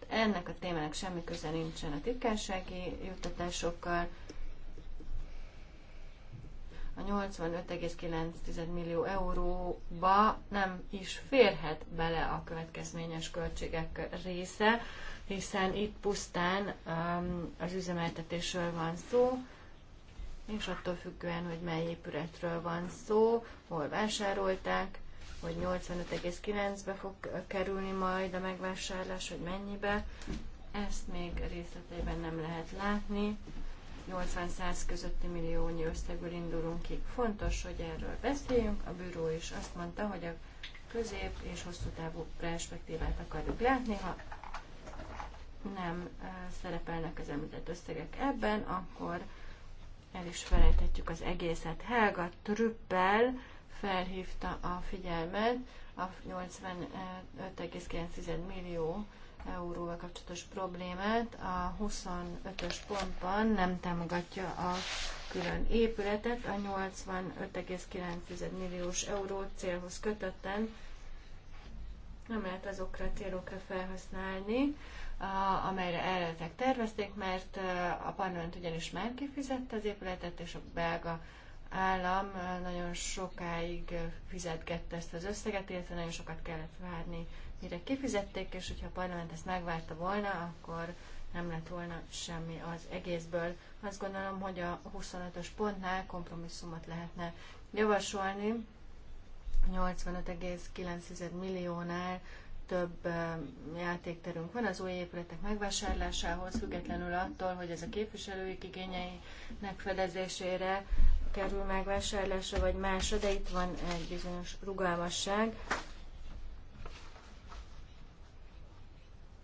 Ennek a témának semmi köze nincsen a titkársági juttatásokkal, a 85,9 millió euróba nem is férhet bele a következményes költségek része, hiszen itt pusztán um, az üzemeltetésről van szó, és attól függően, hogy mely épületről van szó, hol vásárolták, hogy 85,9-be fog kerülni majd a megvásárlás, hogy mennyibe, ezt még részletében nem lehet látni. 80-100 közötti milliónyi összegből indulunk ki. Fontos, hogy erről beszéljünk. A bűró is azt mondta, hogy a közép és hosszú távú perspektívát akarjuk látni. Ha nem szerepelnek az említett összegek ebben, akkor el is felejthetjük az egészet. Helga Trüppel felhívta a figyelmet a 85,9 millió euróval kapcsolatos problémát. A 25-ös pontban nem támogatja a külön épületet, a 85,9 milliós euró célhoz kötötten nem lehet azokra a célokra felhasználni, amelyre eredetileg tervezték, mert a parlament ugyanis már kifizette az épületet, és a belga állam nagyon sokáig fizetgette ezt az összeget, illetve nagyon sokat kellett várni, mire kifizették, és hogyha a parlament ezt megvárta volna, akkor nem lett volna semmi az egészből. Azt gondolom, hogy a 25-ös pontnál kompromisszumot lehetne javasolni. 85,9 milliónál több játékterünk van az új épületek megvásárlásához, függetlenül attól, hogy ez a képviselői igényeinek fedezésére kerül megvásárlásra, vagy másra, de itt van egy bizonyos rugalmasság.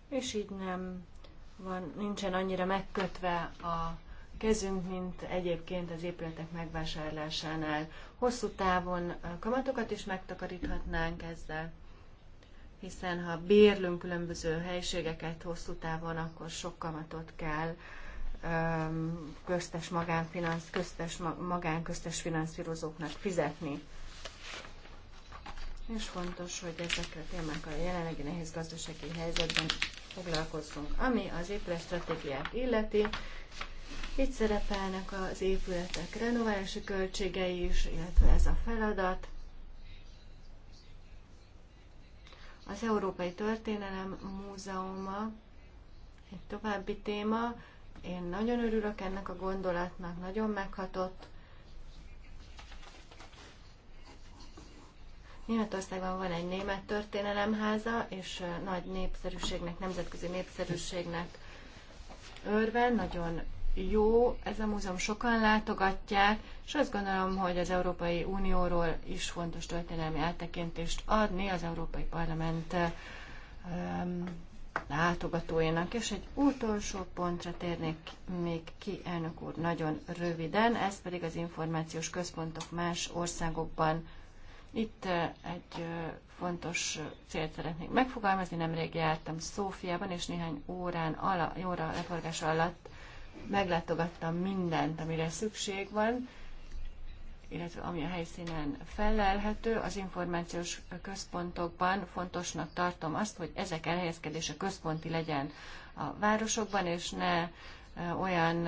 És így nem van, nincsen annyira megkötve a kezünk, mint egyébként az épületek megvásárlásánál. Hosszú távon kamatokat is megtakaríthatnánk ezzel, hiszen ha bérlünk különböző helységeket hosszú távon, akkor sok kamatot kell Um, köztes magánfinansz, köztes köztes finanszírozóknak fizetni. És fontos, hogy ezekre a témákkal a jelenlegi nehéz gazdasági helyzetben foglalkozzunk. Ami az stratégiát illeti, itt szerepelnek az épületek renoválási költségei is, illetve ez a feladat. Az Európai Történelem Múzeuma egy további téma, én nagyon örülök ennek a gondolatnak, nagyon meghatott. Németországban van egy német történelemháza, és nagy népszerűségnek, nemzetközi népszerűségnek örven, nagyon jó, ez a múzeum sokan látogatják, és azt gondolom, hogy az Európai Unióról is fontos történelmi áttekintést adni az Európai Parlament látogatóinak. És egy utolsó pontra térnék még ki, elnök úr, nagyon röviden, ez pedig az információs központok más országokban. Itt egy fontos célt szeretnék megfogalmazni. Nemrég jártam Szófiában, és néhány órán ala, óra leforgás alatt meglátogattam mindent, amire szükség van illetve ami a helyszínen felelhető, az információs központokban fontosnak tartom azt, hogy ezek elhelyezkedése központi legyen a városokban, és ne olyan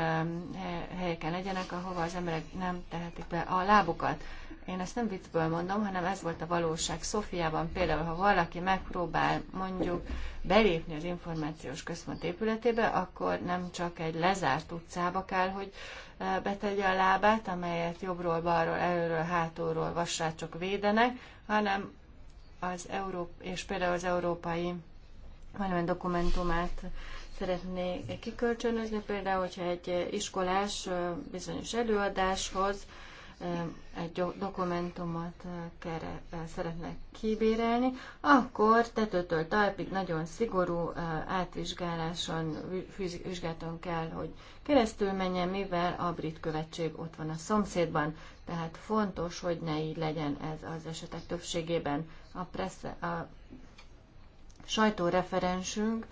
helyeken legyenek, ahova az emberek nem tehetik be a lábukat. Én ezt nem viccből mondom, hanem ez volt a valóság. Szofiában például, ha valaki megpróbál mondjuk belépni az információs központ épületébe, akkor nem csak egy lezárt utcába kell, hogy e, betegye a lábát, amelyet jobbról, balról, előről, hátulról vasrácsok védenek, hanem az Európa, és például az európai valamilyen dokumentumát szeretné kikölcsönözni, például, hogyha egy iskolás e, bizonyos előadáshoz, egy dokumentumot szeretne kibérelni, akkor tetőtől talpig nagyon szigorú átvizsgáláson, vizsgáton kell, hogy keresztül menjen, mivel a brit követség ott van a szomszédban. Tehát fontos, hogy ne így legyen ez az esetek többségében. A, presze, a sajtóreferensünk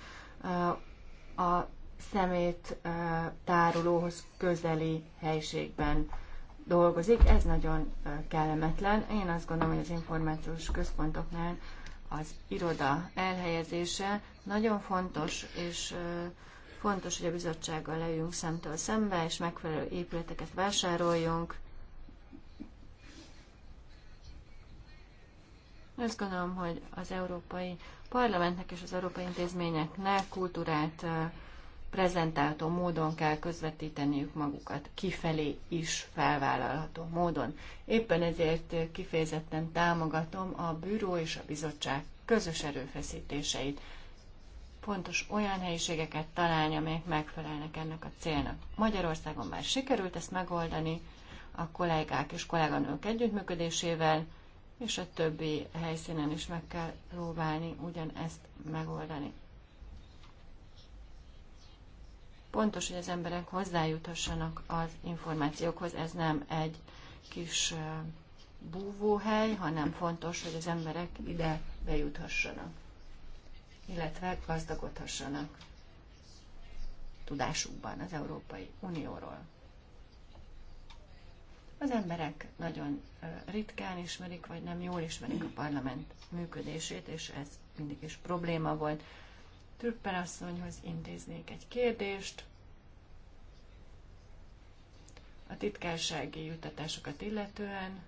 a szemét tárolóhoz közeli helységben dolgozik, ez nagyon kellemetlen. Én azt gondolom, hogy az információs központoknál az iroda elhelyezése nagyon fontos, és fontos, hogy a bizottsággal leüljünk szemtől szembe, és megfelelő épületeket vásároljunk. Azt gondolom, hogy az Európai Parlamentnek és az Európai Intézményeknek kultúrát prezentáltó módon kell közvetíteniük magukat, kifelé is felvállalható módon. Éppen ezért kifejezetten támogatom a bűró és a bizottság közös erőfeszítéseit. Pontos olyan helyiségeket találni, amelyek megfelelnek ennek a célnak. Magyarországon már sikerült ezt megoldani a kollégák és kolléganők együttműködésével, és a többi helyszínen is meg kell próbálni ugyanezt megoldani. Pontos, hogy az emberek hozzájuthassanak az információkhoz. Ez nem egy kis búvóhely, hanem fontos, hogy az emberek ide bejuthassanak, illetve gazdagodhassanak tudásukban az Európai Unióról. Az emberek nagyon ritkán ismerik, vagy nem jól ismerik a parlament működését, és ez mindig is probléma volt. Trüppel asszonyhoz intéznék egy kérdést. A titkársági jutatásokat illetően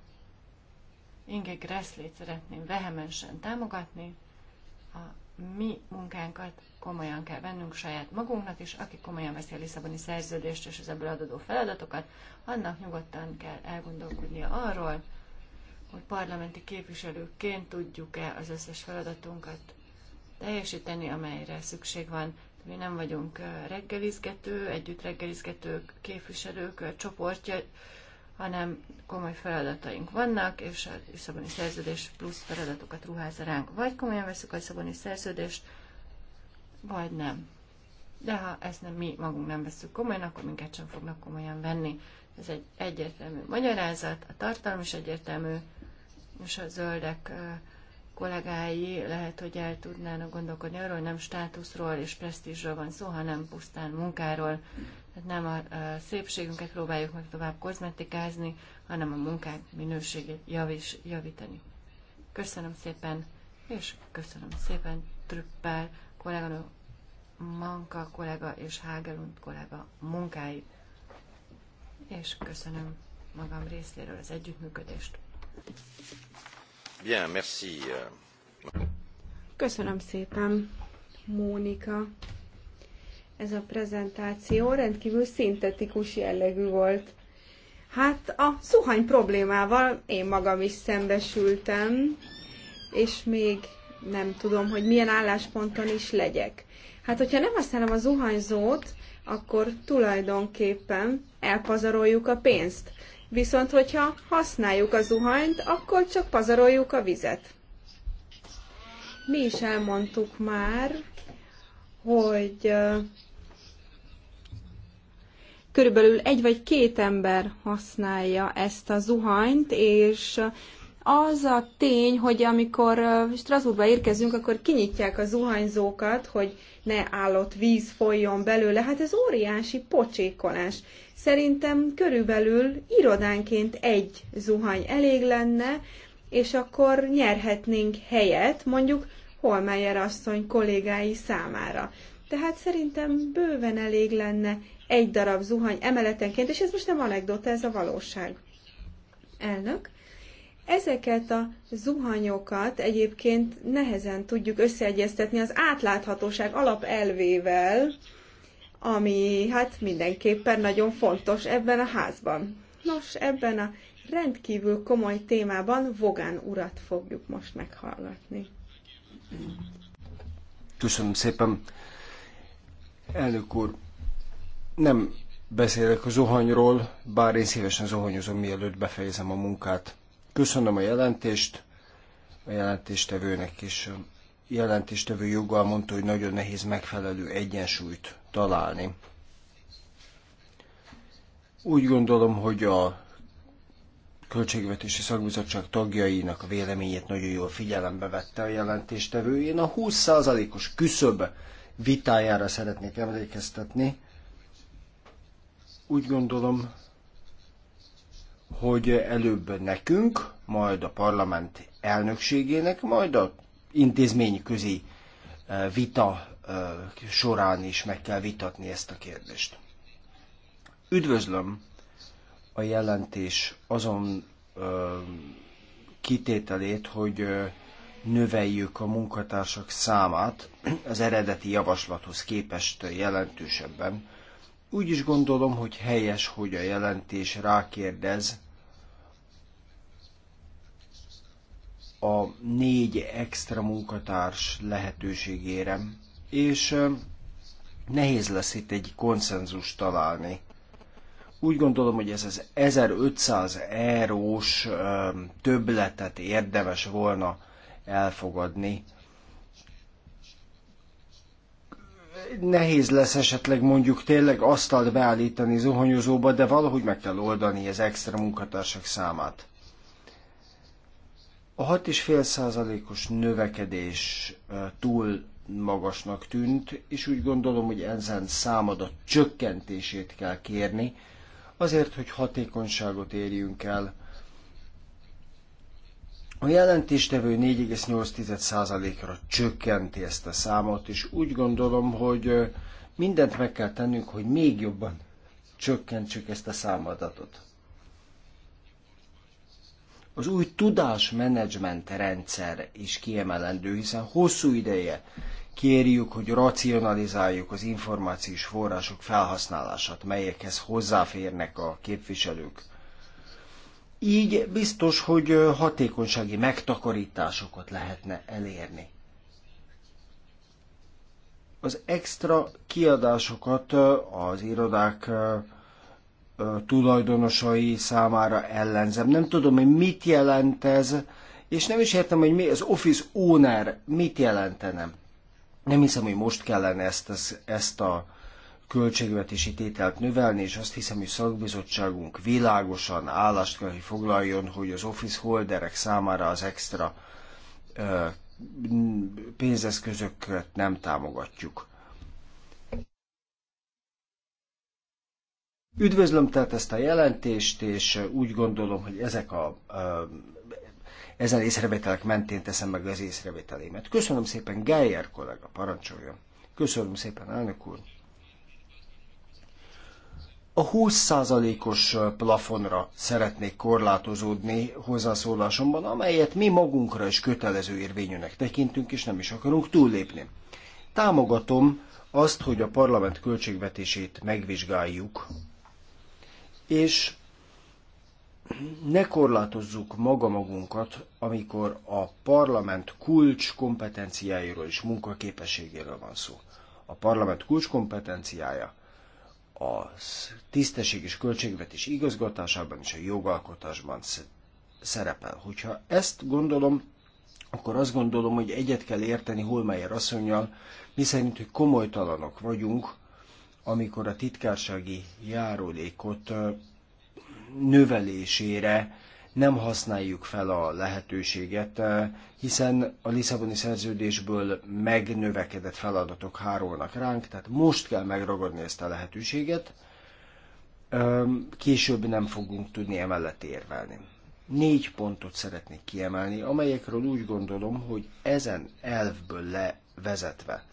Inge Gresslét szeretném vehemensen támogatni. A mi munkánkat komolyan kell vennünk saját magunknak, és aki komolyan veszi a Lisszaboni szerződést és az ebből adódó feladatokat, annak nyugodtan kell elgondolkodnia arról, hogy parlamenti képviselőként tudjuk-e az összes feladatunkat teljesíteni, amelyre szükség van. Mi nem vagyunk reggelizgető, együtt reggelizgető, képviselők csoportja, hanem komoly feladataink vannak, és a Lisszaboni szerződés plusz feladatokat ruház ránk. Vagy komolyan veszük a Lisszaboni szerződést, vagy nem. De ha ezt nem mi magunk nem veszük komolyan, akkor minket sem fognak komolyan venni. Ez egy egyértelmű magyarázat, a tartalom is egyértelmű, és a zöldek uh, kollégái lehet, hogy el tudnának gondolkodni arról, nem státuszról és presztízsről van szó, hanem pusztán munkáról. Tehát nem a, a szépségünket próbáljuk meg tovább kozmetikázni, hanem a munkánk minőségét javis, javítani. Köszönöm szépen, és köszönöm szépen Trüppel, kolléganő Manka kollega és Hágelund kollega munkáit. És köszönöm magam részéről az együttműködést. Bien, merci. Euh. Köszönöm szépen, Mónika. Ez a prezentáció rendkívül szintetikus jellegű volt. Hát a zuhany problémával én magam is szembesültem, és még nem tudom, hogy milyen állásponton is legyek. Hát, hogyha nem használom a zuhanyzót, akkor tulajdonképpen elpazaroljuk a pénzt. Viszont, hogyha használjuk a zuhanyt, akkor csak pazaroljuk a vizet. Mi is elmondtuk már, hogy körülbelül egy vagy két ember használja ezt a zuhanyt, és az a tény, hogy amikor Strasbourgba érkezünk, akkor kinyitják a zuhanyzókat, hogy ne állott víz folyjon belőle. Hát ez óriási pocsékolás. Szerintem körülbelül irodánként egy zuhany elég lenne, és akkor nyerhetnénk helyet mondjuk Holmeyer asszony kollégái számára. Tehát szerintem bőven elég lenne egy darab zuhany emeletenként, és ez most nem anekdota, ez a valóság. Elnök, Ezeket a zuhanyokat egyébként nehezen tudjuk összeegyeztetni az átláthatóság alapelvével, ami hát mindenképpen nagyon fontos ebben a házban. Nos, ebben a rendkívül komoly témában Vogán urat fogjuk most meghallgatni. Köszönöm szépen. Elnök úr, nem beszélek a zuhanyról, bár én szívesen zuhanyozom, mielőtt befejezem a munkát. Köszönöm a jelentést, a jelentéstevőnek is. A jelentéstevő joggal mondta, hogy nagyon nehéz megfelelő egyensúlyt találni. Úgy gondolom, hogy a Költségvetési Szakbizottság tagjainak a véleményét nagyon jól figyelembe vette a jelentéstevő. Én a 20%-os küszöb vitájára szeretnék emlékeztetni. Úgy gondolom, hogy előbb nekünk, majd a parlament elnökségének, majd a intézményi közi eh, vita eh, során is meg kell vitatni ezt a kérdést. Üdvözlöm a jelentés azon eh, kitételét, hogy növeljük a munkatársak számát az eredeti javaslathoz képest jelentősebben, úgy is gondolom, hogy helyes, hogy a jelentés rákérdez a négy extra munkatárs lehetőségére, és nehéz lesz itt egy konszenzus találni. Úgy gondolom, hogy ez az 1500 eurós többletet érdemes volna elfogadni, nehéz lesz esetleg mondjuk tényleg asztalt beállítani zuhanyozóba, de valahogy meg kell oldani az extra munkatársak számát. A 6,5 százalékos növekedés túl magasnak tűnt, és úgy gondolom, hogy ezen számadat csökkentését kell kérni, azért, hogy hatékonyságot érjünk el a jelentéstevő 4,8%-ra csökkenti ezt a számot, és úgy gondolom, hogy mindent meg kell tennünk, hogy még jobban csökkentsük ezt a számadatot. Az új tudásmenedzsment rendszer is kiemelendő, hiszen hosszú ideje kérjük, hogy racionalizáljuk az információs források felhasználását, melyekhez hozzáférnek a képviselők. Így biztos, hogy hatékonysági megtakarításokat lehetne elérni. Az extra kiadásokat az irodák tulajdonosai számára ellenzem. Nem tudom, hogy mit jelent ez, és nem is értem, hogy mi az office owner mit jelentenem. Nem hiszem, hogy most kellene ezt, ezt, ezt a költségvetési tételt növelni, és azt hiszem, hogy szakbizottságunk világosan állást kell, hogy foglaljon, hogy az office holderek számára az extra ö, pénzeszközöket nem támogatjuk. Üdvözlöm tehát ezt a jelentést, és úgy gondolom, hogy ezek a, a ezen észrevételek mentén teszem meg az észrevételémet. Köszönöm szépen, Geyer kollega, parancsoljon. Köszönöm szépen, elnök úr a 20%-os plafonra szeretnék korlátozódni hozzászólásomban, amelyet mi magunkra is kötelező érvényűnek tekintünk, és nem is akarunk túllépni. Támogatom azt, hogy a parlament költségvetését megvizsgáljuk, és ne korlátozzuk maga magunkat, amikor a parlament kulcs kompetenciáiról és munkaképességéről van szó. A parlament kulcs kompetenciája – a tisztességes költségvetés igazgatásában és a jogalkotásban szerepel. Hogyha ezt gondolom, akkor azt gondolom, hogy egyet kell érteni Holmeyer asszonynal, miszerint, hogy komolytalanok vagyunk, amikor a titkársági járólékot növelésére nem használjuk fel a lehetőséget, eh, hiszen a Lisszaboni szerződésből megnövekedett feladatok hárolnak ránk, tehát most kell megragadni ezt a lehetőséget, ehm, később nem fogunk tudni emellett érvelni. Négy pontot szeretnék kiemelni, amelyekről úgy gondolom, hogy ezen elvből levezetve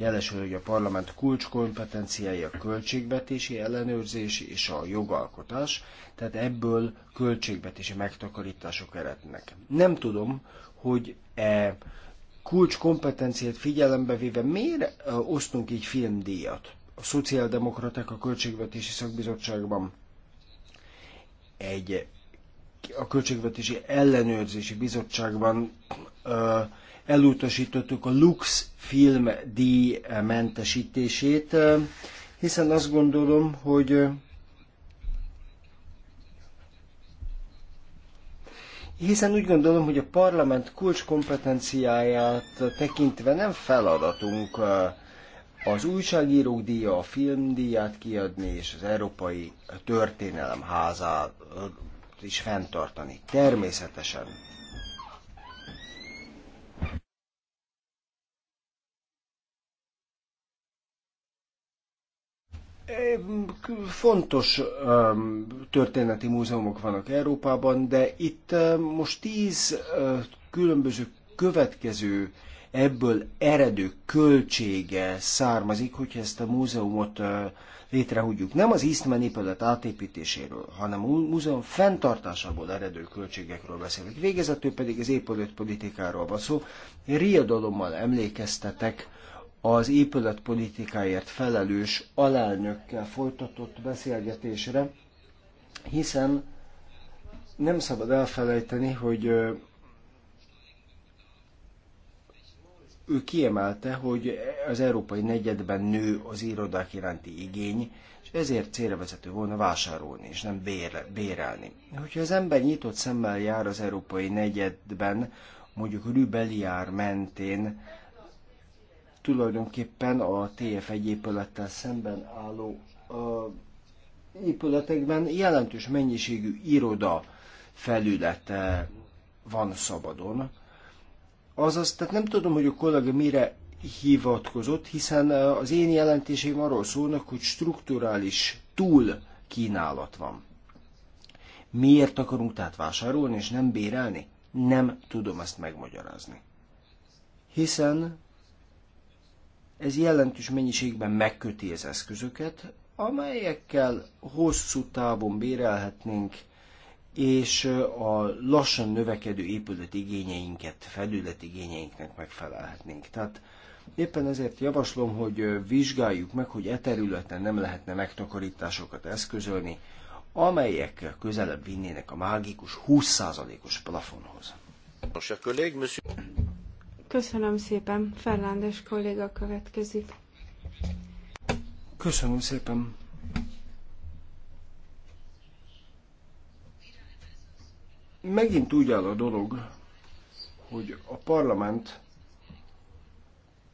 jelesül, hogy a parlament kulcskompetenciája a költségvetési ellenőrzés és a jogalkotás, tehát ebből költségvetési megtakarítások erednek. Nem tudom, hogy e kulcskompetenciát figyelembe véve miért e, osztunk így filmdíjat? A szociáldemokraták a Költségvetési Szakbizottságban egy a Költségvetési Ellenőrzési Bizottságban ö, e, elutasítottuk a Lux film díj mentesítését, hiszen azt gondolom, hogy hiszen úgy gondolom, hogy a parlament kulcskompetenciáját tekintve nem feladatunk eh, az újságírók díja, a filmdíját kiadni, és az Európai Történelem házát is fenntartani. Természetesen Fontos történeti múzeumok vannak Európában, de itt most tíz különböző következő ebből eredő költsége származik, hogyha ezt a múzeumot létrehúgyjuk. Nem az Eastman épület átépítéséről, hanem a múzeum fenntartásából eredő költségekről beszélek. Végezetül pedig az épület politikáról van szó. riadalommal emlékeztetek az épületpolitikáért felelős alelnökkel folytatott beszélgetésre, hiszen nem szabad elfelejteni, hogy ő kiemelte, hogy az európai negyedben nő az irodák iránti igény, és ezért célra volna vásárolni, és nem bére, bérelni. Hogyha az ember nyitott szemmel jár az európai negyedben, mondjuk Rübeliár mentén, tulajdonképpen a TF1 épülettel szemben álló uh, épületekben jelentős mennyiségű iroda felülete van szabadon. Azaz, tehát nem tudom, hogy a kollega mire hivatkozott, hiszen az én jelentéseim arról szólnak, hogy strukturális túl kínálat van. Miért akarunk tehát vásárolni és nem bérelni? Nem tudom ezt megmagyarázni. Hiszen ez jelentős mennyiségben megköti az eszközöket, amelyekkel hosszú távon bérelhetnénk, és a lassan növekedő épület igényeinket, felület igényeinknek megfelelhetnénk. Tehát éppen ezért javaslom, hogy vizsgáljuk meg, hogy e területen nem lehetne megtakarításokat eszközölni, amelyek közelebb vinnének a mágikus 20%-os plafonhoz. Köszönöm szépen. Fernándes kolléga következik. Köszönöm szépen. Megint úgy áll a dolog, hogy a parlament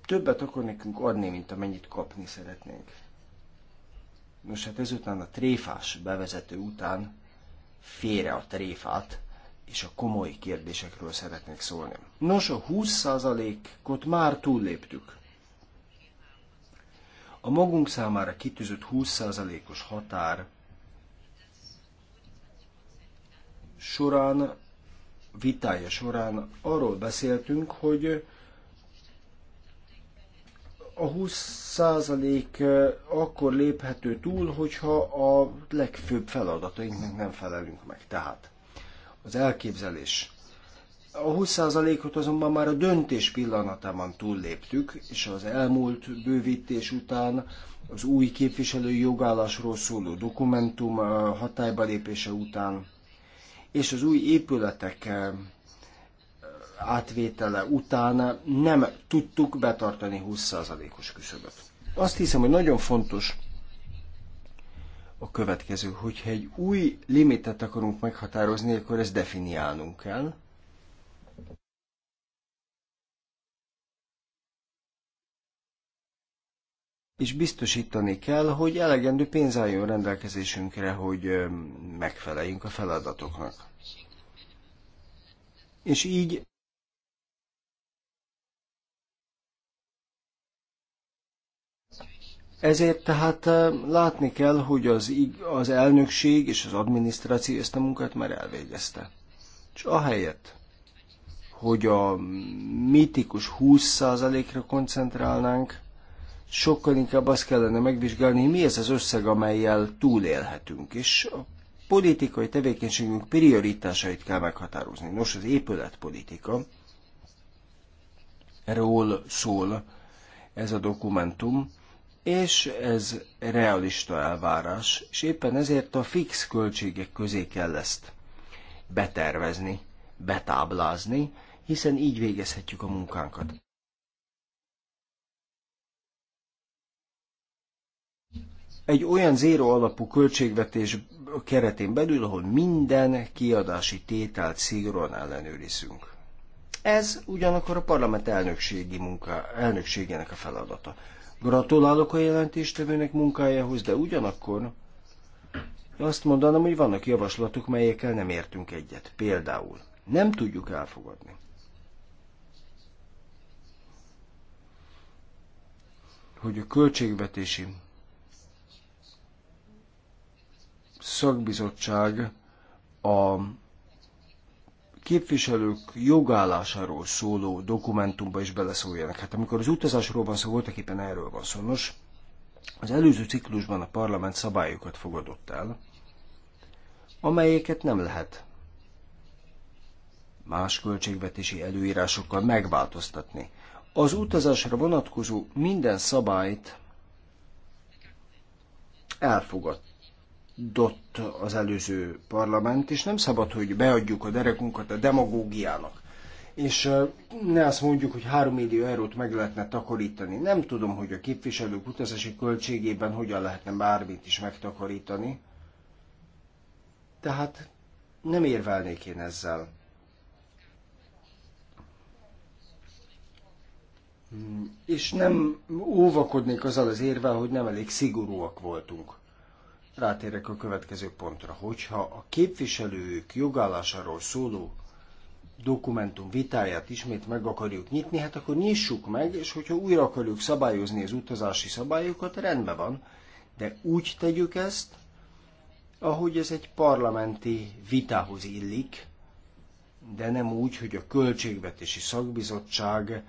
többet akar nekünk adni, mint amennyit kapni szeretnénk. Nos, hát ezután a tréfás bevezető után félre a tréfát, és a komoly kérdésekről szeretnék szólni. Nos, a 20%-ot már túlléptük. A magunk számára kitűzött 20%-os határ során, vitája során arról beszéltünk, hogy a 20% akkor léphető túl, hogyha a legfőbb feladatainknak nem felelünk meg. Tehát az elképzelés. A 20%-ot azonban már a döntés pillanatában túlléptük, és az elmúlt bővítés után az új képviselői jogállásról szóló dokumentum hatályba lépése után, és az új épületek e, átvétele után nem tudtuk betartani 20%-os küszöböt. Azt hiszem, hogy nagyon fontos, a következő, hogyha egy új limitet akarunk meghatározni, akkor ezt definiálnunk kell. És biztosítani kell, hogy elegendő pénz álljon rendelkezésünkre, hogy megfeleljünk a feladatoknak. És így Ezért tehát látni kell, hogy az, az elnökség és az adminisztráció ezt a munkát már elvégezte. És ahelyett, hogy a mítikus 20%-ra koncentrálnánk, sokkal inkább azt kellene megvizsgálni, mi ez az összeg, amelyel túlélhetünk, és a politikai tevékenységünk prioritásait kell meghatározni. Nos, az épületpolitika, erről szól ez a dokumentum, és ez realista elvárás, és éppen ezért a fix költségek közé kell ezt betervezni, betáblázni, hiszen így végezhetjük a munkánkat. Egy olyan zéro alapú költségvetés keretén belül, ahol minden kiadási tételt szigorúan ellenőrizünk. Ez ugyanakkor a parlament elnökségi munka, elnökségének a feladata. Gratulálok a jelentéstevőnek munkájához, de ugyanakkor azt mondanám, hogy vannak javaslatok, melyekkel nem értünk egyet. Például nem tudjuk elfogadni. hogy a költségvetési szakbizottság a képviselők jogállásáról szóló dokumentumba is beleszóljanak. Hát amikor az utazásról van szó, voltak éppen erről van szó. Nos, az előző ciklusban a parlament szabályokat fogadott el, amelyeket nem lehet más költségvetési előírásokkal megváltoztatni. Az utazásra vonatkozó minden szabályt elfogadt, dott az előző parlament, és nem szabad, hogy beadjuk a derekunkat a demagógiának. És ne azt mondjuk, hogy 3 millió eurót meg lehetne takarítani. Nem tudom, hogy a képviselők utazási költségében hogyan lehetne bármit is megtakarítani. Tehát nem érvelnék én ezzel. Hmm, és nem óvakodnék azzal az érvel, hogy nem elég szigorúak voltunk rátérek a következő pontra, hogyha a képviselők jogállásáról szóló dokumentum vitáját ismét meg akarjuk nyitni, hát akkor nyissuk meg, és hogyha újra akarjuk szabályozni az utazási szabályokat, rendben van, de úgy tegyük ezt, ahogy ez egy parlamenti vitához illik, de nem úgy, hogy a Költségvetési Szakbizottság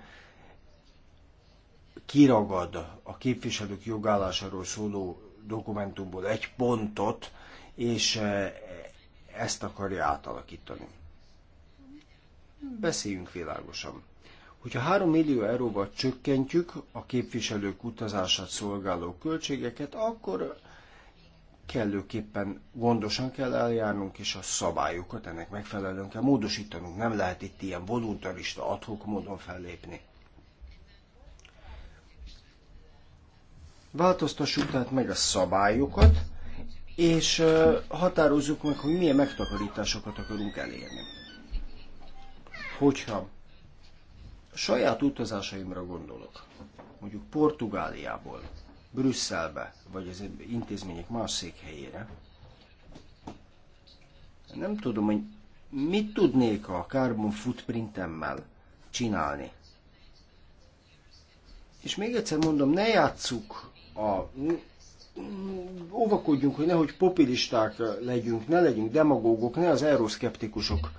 kiragad a képviselők jogállásáról szóló dokumentumból egy pontot, és e, ezt akarja átalakítani. Beszéljünk világosan. Hogyha 3 millió euróval csökkentjük a képviselők utazását szolgáló költségeket, akkor kellőképpen gondosan kell eljárnunk, és a szabályokat ennek megfelelően kell módosítanunk. Nem lehet itt ilyen voluntarista adhok módon fellépni. Változtassuk tehát meg a szabályokat, és határozzuk meg, hogy milyen megtakarításokat akarunk elérni. Hogyha saját utazásaimra gondolok, mondjuk Portugáliából, Brüsszelbe, vagy az intézmények más székhelyére, nem tudom, hogy mit tudnék a carbon footprintemmel csinálni. És még egyszer mondom, ne játsszuk a óvakodjunk, hogy nehogy populisták legyünk, ne legyünk demagógok, ne az euroszkeptikusok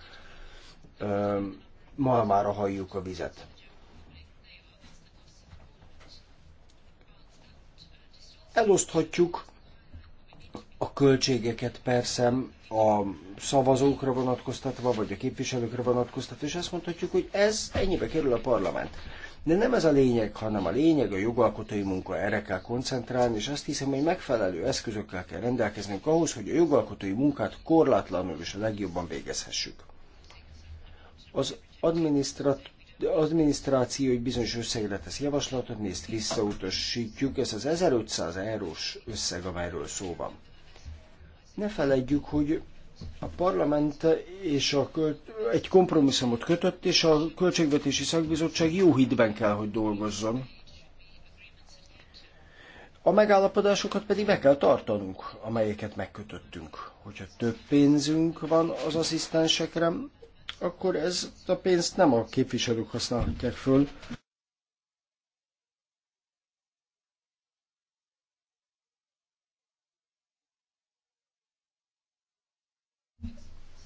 malmára halljuk a vizet. Eloszthatjuk a költségeket persze a szavazókra vonatkoztatva, vagy a képviselőkre vonatkoztatva, és azt mondhatjuk, hogy ez ennyibe kerül a parlament. De nem ez a lényeg, hanem a lényeg a jogalkotói munka, erre kell koncentrálni, és azt hiszem, hogy megfelelő eszközökkel kell rendelkeznünk ahhoz, hogy a jogalkotói munkát korlátlanul és a legjobban végezhessük. Az adminisztrat adminisztráció egy bizonyos összegre tesz javaslatot, nézt visszautasítjuk, ez az 1500 eurós összeg, amelyről szó van. Ne feledjük, hogy a parlament és a, egy kompromisszumot kötött, és a Költségvetési Szakbizottság jó hitben kell, hogy dolgozzon. A megállapodásokat pedig meg kell tartanunk, amelyeket megkötöttünk. Hogyha több pénzünk van az asszisztensekre, akkor ez a pénzt nem a képviselők használhatják föl,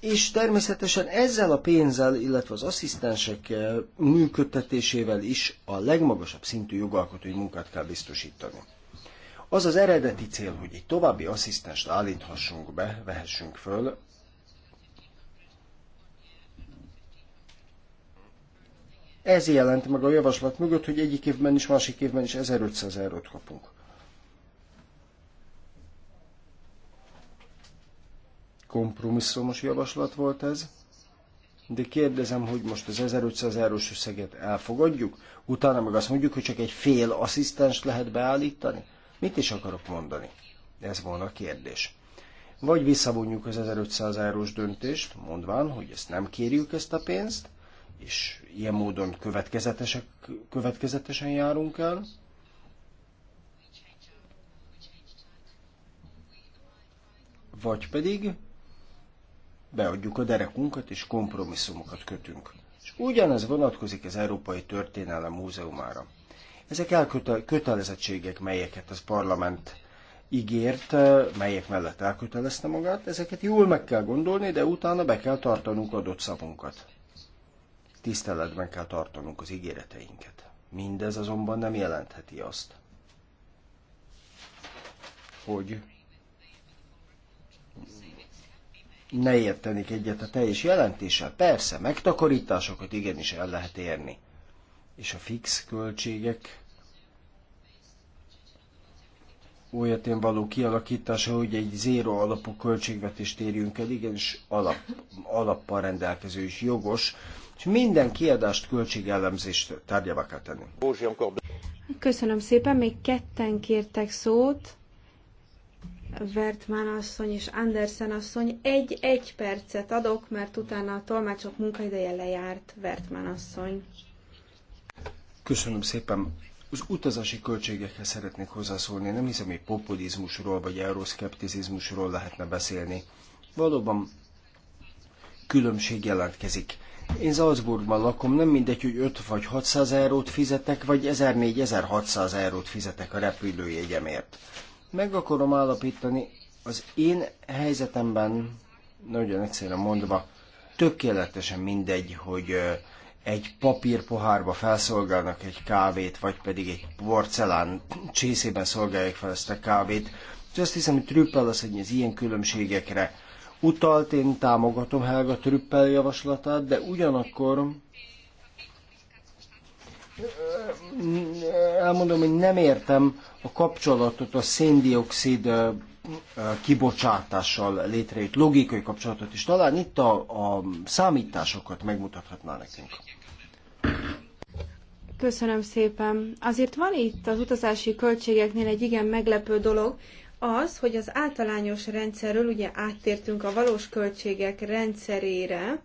és természetesen ezzel a pénzzel, illetve az asszisztensek eh, működtetésével is a legmagasabb szintű jogalkotói munkát kell biztosítani. Az az eredeti cél, hogy egy további asszisztenst állíthassunk be, vehessünk föl, Ez jelent meg a javaslat mögött, hogy egyik évben is, másik évben is 1500 eurót kapunk. kompromisszumos javaslat volt ez, de kérdezem, hogy most az 1500 eurós összeget elfogadjuk, utána meg azt mondjuk, hogy csak egy fél asszisztens lehet beállítani? Mit is akarok mondani? Ez volna a kérdés. Vagy visszavonjuk az 1500 eurós döntést, mondván, hogy ezt nem kérjük ezt a pénzt, és ilyen módon következetesek, következetesen járunk el, vagy pedig beadjuk a derekunkat, és kompromisszumokat kötünk. És ugyanez vonatkozik az Európai Történelem Múzeumára. Ezek elkötelezettségek, melyeket az parlament ígért, melyek mellett elkötelezte magát, ezeket jól meg kell gondolni, de utána be kell tartanunk adott szavunkat. Tiszteletben kell tartanunk az ígéreteinket. Mindez azonban nem jelentheti azt, hogy ne értenik egyet a teljes jelentéssel. Persze, megtakarításokat igenis el lehet érni. És a fix költségek olyatén való kialakítása, hogy egy zéro alapú költségvetést érjünk el, igenis alap, alappal rendelkező is jogos, és minden kiadást költségelemzést tárgyába kell tenni. Köszönöm szépen, még ketten kértek szót. Wertmann asszony és Andersen asszony. Egy-egy percet adok, mert utána a tolmácsok munkaideje lejárt Wertmann asszony. Köszönöm szépen. Az utazási költségekhez szeretnék hozzászólni. Nem hiszem, hogy populizmusról vagy euroszkepticizmusról lehetne beszélni. Valóban különbség jelentkezik. Én Salzburgban lakom, nem mindegy, hogy 5 vagy 600 eurót fizetek, vagy 1400-1600 eurót fizetek a repülőjegyemért meg akarom állapítani, az én helyzetemben, nagyon egyszerűen mondva, tökéletesen mindegy, hogy egy papír pohárba felszolgálnak egy kávét, vagy pedig egy porcelán csészében szolgálják fel ezt a kávét. És azt hiszem, hogy Trüppel az, hogy az ilyen különbségekre utalt, én támogatom Helga Trüppel javaslatát, de ugyanakkor elmondom, hogy nem értem a kapcsolatot a széndiokszid kibocsátással létrejött logikai kapcsolatot is. Talán itt a, a számításokat megmutathatná nekünk. Köszönöm szépen. Azért van itt az utazási költségeknél egy igen meglepő dolog, az, hogy az általányos rendszerről ugye áttértünk a valós költségek rendszerére,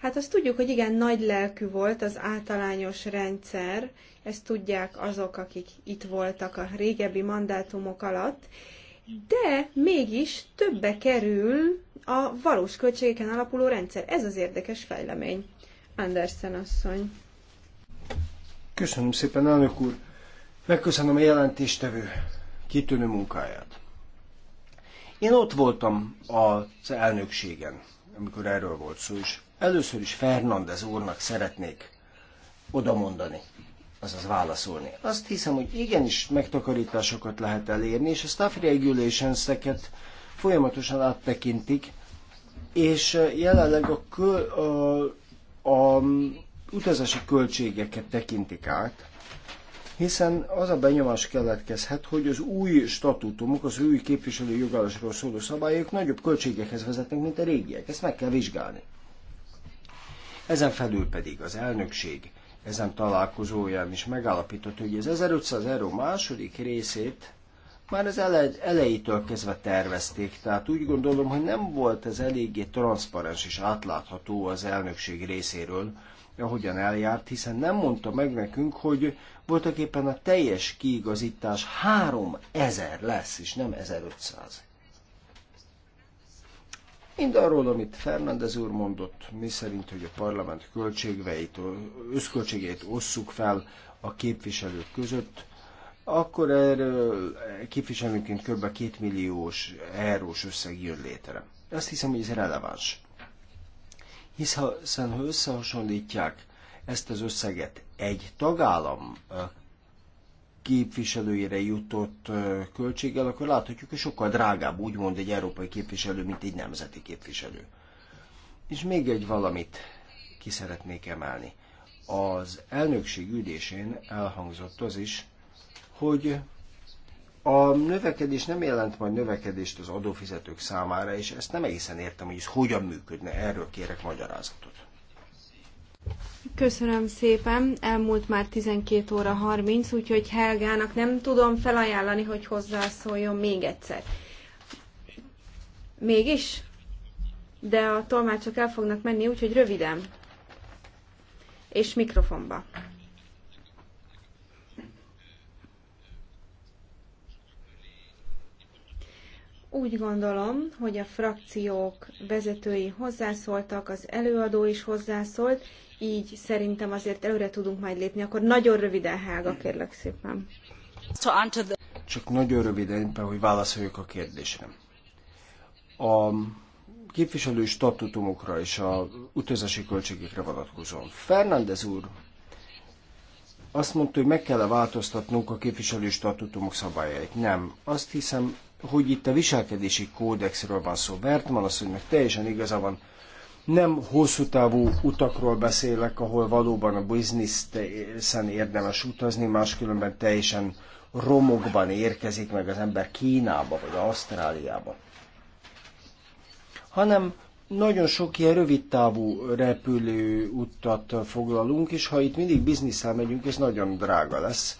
hát azt tudjuk, hogy igen, nagy lelkű volt az általányos rendszer, ezt tudják azok, akik itt voltak a régebbi mandátumok alatt, de mégis többe kerül a valós költségeken alapuló rendszer. Ez az érdekes fejlemény. Andersen asszony. Köszönöm szépen, elnök úr. Megköszönöm a jelentéstevő kitűnő munkáját. Én ott voltam az elnökségen, amikor erről volt szó és Először is Fernandez úrnak szeretnék oda mondani, azaz válaszolni. Azt hiszem, hogy igenis megtakarításokat lehet elérni, és a staff regulations-eket folyamatosan áttekintik, és eh, jelenleg a, kö, a, a mm, utazási költségeket tekintik át, hiszen az a benyomás keletkezhet, hogy az új statutumok, az új képviselő jogállásról szóló szabályok nagyobb költségekhez vezetnek, mint a régiek. Ezt meg kell vizsgálni. Ezen felül pedig az elnökség ezen találkozóján is megállapított, hogy az 1500 euró második részét már az elej, elejétől kezdve tervezték, tehát úgy gondolom, hogy nem volt ez eléggé transzparens és átlátható az elnökség részéről, ahogyan eljárt, hiszen nem mondta meg nekünk, hogy voltak éppen a teljes kiigazítás 3000 lesz, és nem 1500. Mind arról, amit Fernández úr mondott, mi szerint, hogy a parlament költségveit, összköltségeit osszuk fel a képviselők között, akkor erről képviselőként kb. 2 milliós eurós összeg jön létre. Azt hiszem, hogy ez releváns. Hiszen ha összehasonlítják ezt az összeget egy tagállam képviselőjére jutott költséggel, akkor láthatjuk, hogy sokkal drágább úgymond egy európai képviselő, mint egy nemzeti képviselő. És még egy valamit ki szeretnék emelni. Az elnökség ülésén elhangzott az is, hogy a növekedés nem jelent majd növekedést az adófizetők számára, és ezt nem egészen értem, hogy ez hogyan működne, erről kérek magyarázatot. Köszönöm szépen. Elmúlt már 12 óra 30, úgyhogy Helgának nem tudom felajánlani, hogy hozzászóljon még egyszer. Mégis? De a tolmácsok el fognak menni, úgyhogy röviden. És mikrofonba. Úgy gondolom, hogy a frakciók vezetői hozzászóltak, az előadó is hozzászólt, így szerintem azért előre tudunk majd lépni. Akkor nagyon röviden, Hága, kérlek szépen. Csak nagyon röviden, hogy válaszoljuk a kérdésre. A képviselői statutumokra és a utazási költségekre vonatkozóan. Fernández úr azt mondta, hogy meg kell -e változtatnunk a képviselői statutumok szabályait. Nem. Azt hiszem, hogy itt a viselkedési kódexről van szó. Bertman azt, hogy teljesen igaza van, nem hosszú távú utakról beszélek, ahol valóban a bizniszen érdemes utazni, máskülönben teljesen romokban érkezik meg az ember Kínába vagy Ausztráliába. Hanem nagyon sok ilyen rövid távú repülőutat foglalunk, és ha itt mindig bizniszel megyünk, ez nagyon drága lesz.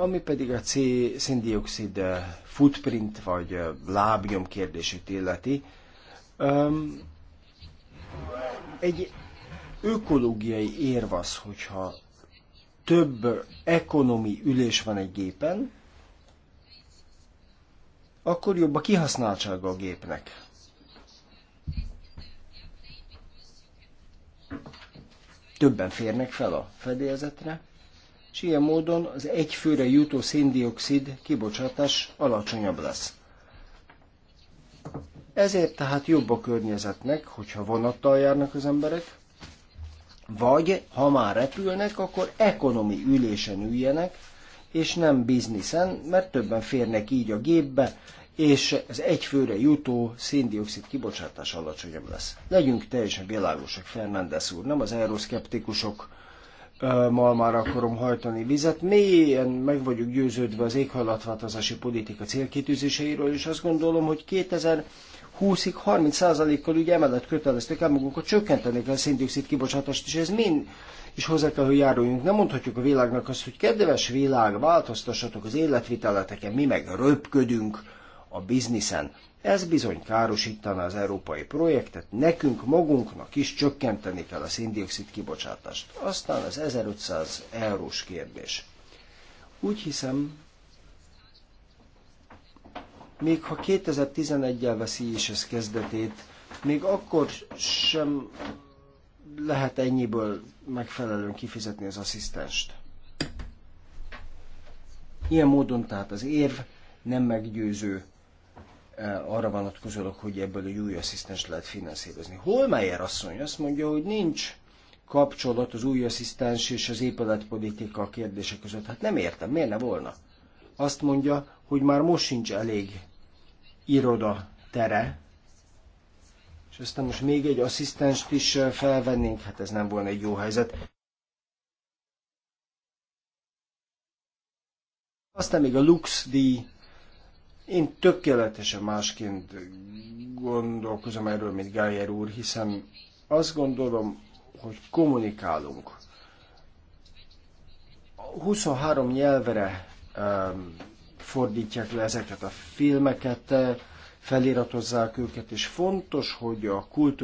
Ami pedig a C széndiokszid footprint vagy lábnyom kérdését illeti, egy ökológiai érv az, hogyha több ekonomi ülés van egy gépen, akkor jobb a kihasználtsága a gépnek. Többen férnek fel a fedélzetre, és ilyen módon az egyfőre jutó széndiokszid kibocsátás alacsonyabb lesz. Ezért tehát jobb a környezetnek, hogyha vonattal járnak az emberek, vagy ha már repülnek, akkor ekonomi ülésen üljenek, és nem bizniszen, mert többen férnek így a gépbe, és az egyfőre jutó széndiokszid kibocsátás alacsonyabb lesz. Legyünk teljesen világosak, Fernández úr, nem az euroszkeptikusok malmára akarom hajtani vizet. Mélyen meg vagyok győződve az éghajlatváltozási politika célkitűzéseiről, és azt gondolom, hogy 2020-ig 30%-kal ugye emellett kötelezték el magunkat, csökkenteni kell a széndiokszid kibocsátást, és ez mind is hozzá kell, hogy járuljunk. Nem mondhatjuk a világnak azt, hogy kedves világ, változtassatok az életviteleteken, mi meg röpködünk a bizniszen. Ez bizony károsítana az európai projektet, nekünk magunknak is csökkenteni kell a széndiokszid kibocsátást. Aztán az 1500 eurós kérdés. Úgy hiszem, még ha 2011-el veszi is ez kezdetét, még akkor sem lehet ennyiből megfelelően kifizetni az asszisztenst. Ilyen módon tehát az érv nem meggyőző Eh, arra vonatkozólag, hogy ebből egy új asszisztens lehet finanszírozni. Holmeyer asszony azt mondja, hogy nincs kapcsolat az új asszisztens és az épületpolitika kérdése között. Hát nem értem, miért ne volna? Azt mondja, hogy már most sincs elég iroda tere, és aztán most még egy asszisztenst is eh, felvennénk, hát ez nem volna egy jó helyzet. Aztán még a Lux díj én tökéletesen másként gondolkozom erről, mint Gájer úr, hiszen azt gondolom, hogy kommunikálunk. 23 nyelvre um, fordítják le ezeket a filmeket, eh, feliratozzák őket, és fontos, hogy a kultúra